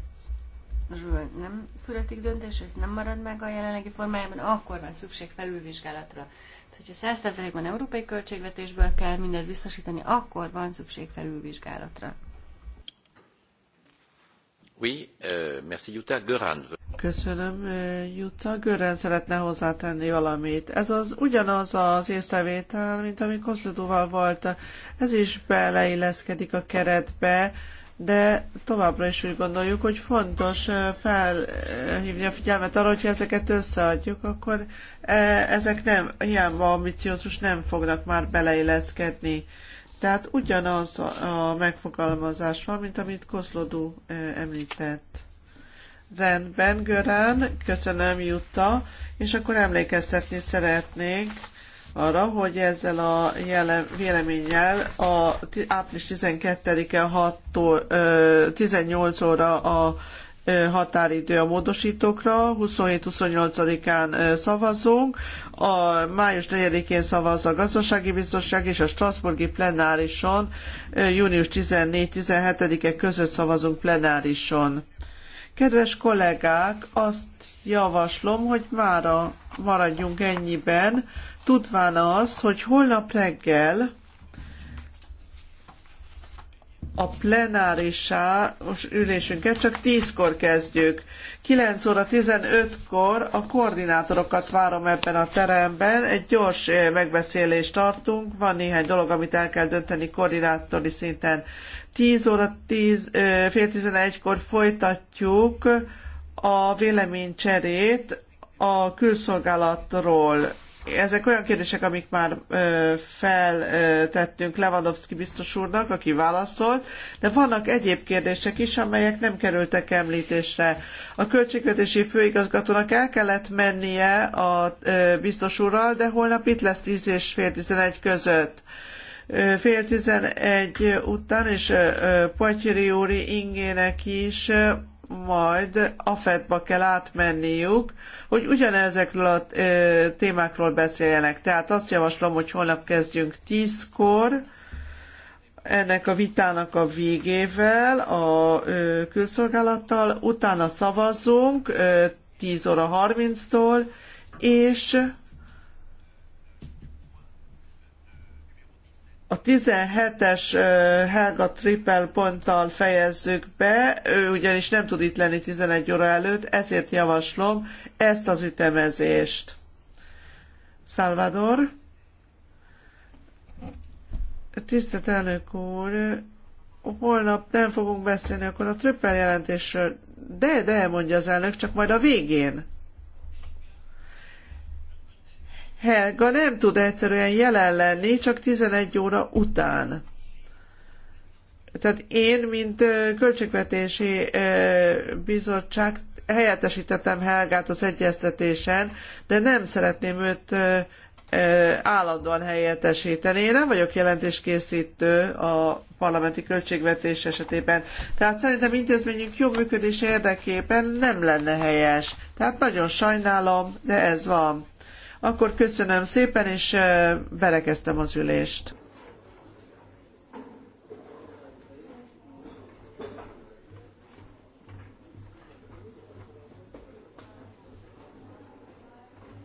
S2: nem születik döntés, ez nem marad meg a jelenlegi formájában, akkor van szükség felülvizsgálatra. Tehát, hogyha 100%-ban európai költségvetésből kell mindezt biztosítani,
S1: akkor van szükség felülvizsgálatra.
S5: Oui, euh, merci Jutta. Göran.
S1: Köszönöm, eh, Jutta. Göran szeretne hozzátenni valamit. Ez az ugyanaz az észrevétel, mint ami Koszlodóval volt. Ez is beleilleszkedik a keretbe, de továbbra is úgy gondoljuk, hogy fontos eh, felhívni a figyelmet arra, hogyha ezeket összeadjuk, akkor eh, ezek nem, hiába ambiciózus, nem fognak már beleilleszkedni tehát ugyanaz a megfogalmazás van, mint amit Kozlodó eh, említett. Rendben, Görán, köszönöm Jutta, és akkor emlékeztetni szeretnék arra, hogy ezzel a jelen, véleménnyel a április 12-e 18 óra a határidő a módosítókra, 27-28-án szavazunk, a május 4-én szavaz a gazdasági biztonság és a Strasburgi plenárison június 14-17-e között szavazunk plenárison. Kedves kollégák, azt javaslom, hogy mára maradjunk ennyiben, tudván azt, hogy holnap reggel a plenáris ülésünket csak 10-kor kezdjük. 9 óra 15-kor a koordinátorokat várom ebben a teremben. Egy gyors eh, megbeszélést tartunk. Van néhány dolog, amit el kell dönteni koordinátori szinten. 10 óra 10, eh, fél 11-kor folytatjuk a véleménycserét a külszolgálatról ezek olyan kérdések, amik már ö, feltettünk Lewandowski biztos úrnak, aki válaszolt, de vannak egyéb kérdések is, amelyek nem kerültek említésre. A költségvetési főigazgatónak el kellett mennie a ö, biztos úrral, de holnap itt lesz 10 és fél 11 között fél tizenegy után, és Patyri úri ingének is majd fed ba e kell átmenniük, hogy ugyanezekről a témákról beszéljenek. Tehát azt javaslom, hogy holnap kezdjünk 10-kor, ennek a vitának a végével, a külszolgálattal, utána szavazzunk 10 óra 30-tól, és A 17-es Helga Triple ponttal fejezzük be, ő ugyanis nem tud itt lenni 11 óra előtt, ezért javaslom ezt az ütemezést. Salvador. Tisztelt elnök úr, holnap nem fogunk beszélni akkor a Triple jelentésről. De, de, mondja az elnök, csak majd a végén. Helga nem tud egyszerűen jelen lenni, csak 11 óra után. Tehát én, mint költségvetési bizottság helyettesítettem Helgát az egyeztetésen, de nem szeretném őt állandóan helyettesíteni. Én nem vagyok jelentéskészítő a parlamenti költségvetés esetében. Tehát szerintem intézményünk jó működés érdekében nem lenne helyes. Tehát nagyon sajnálom, de ez van. Akkor köszönöm szépen, és eh, berekeztem az ülést.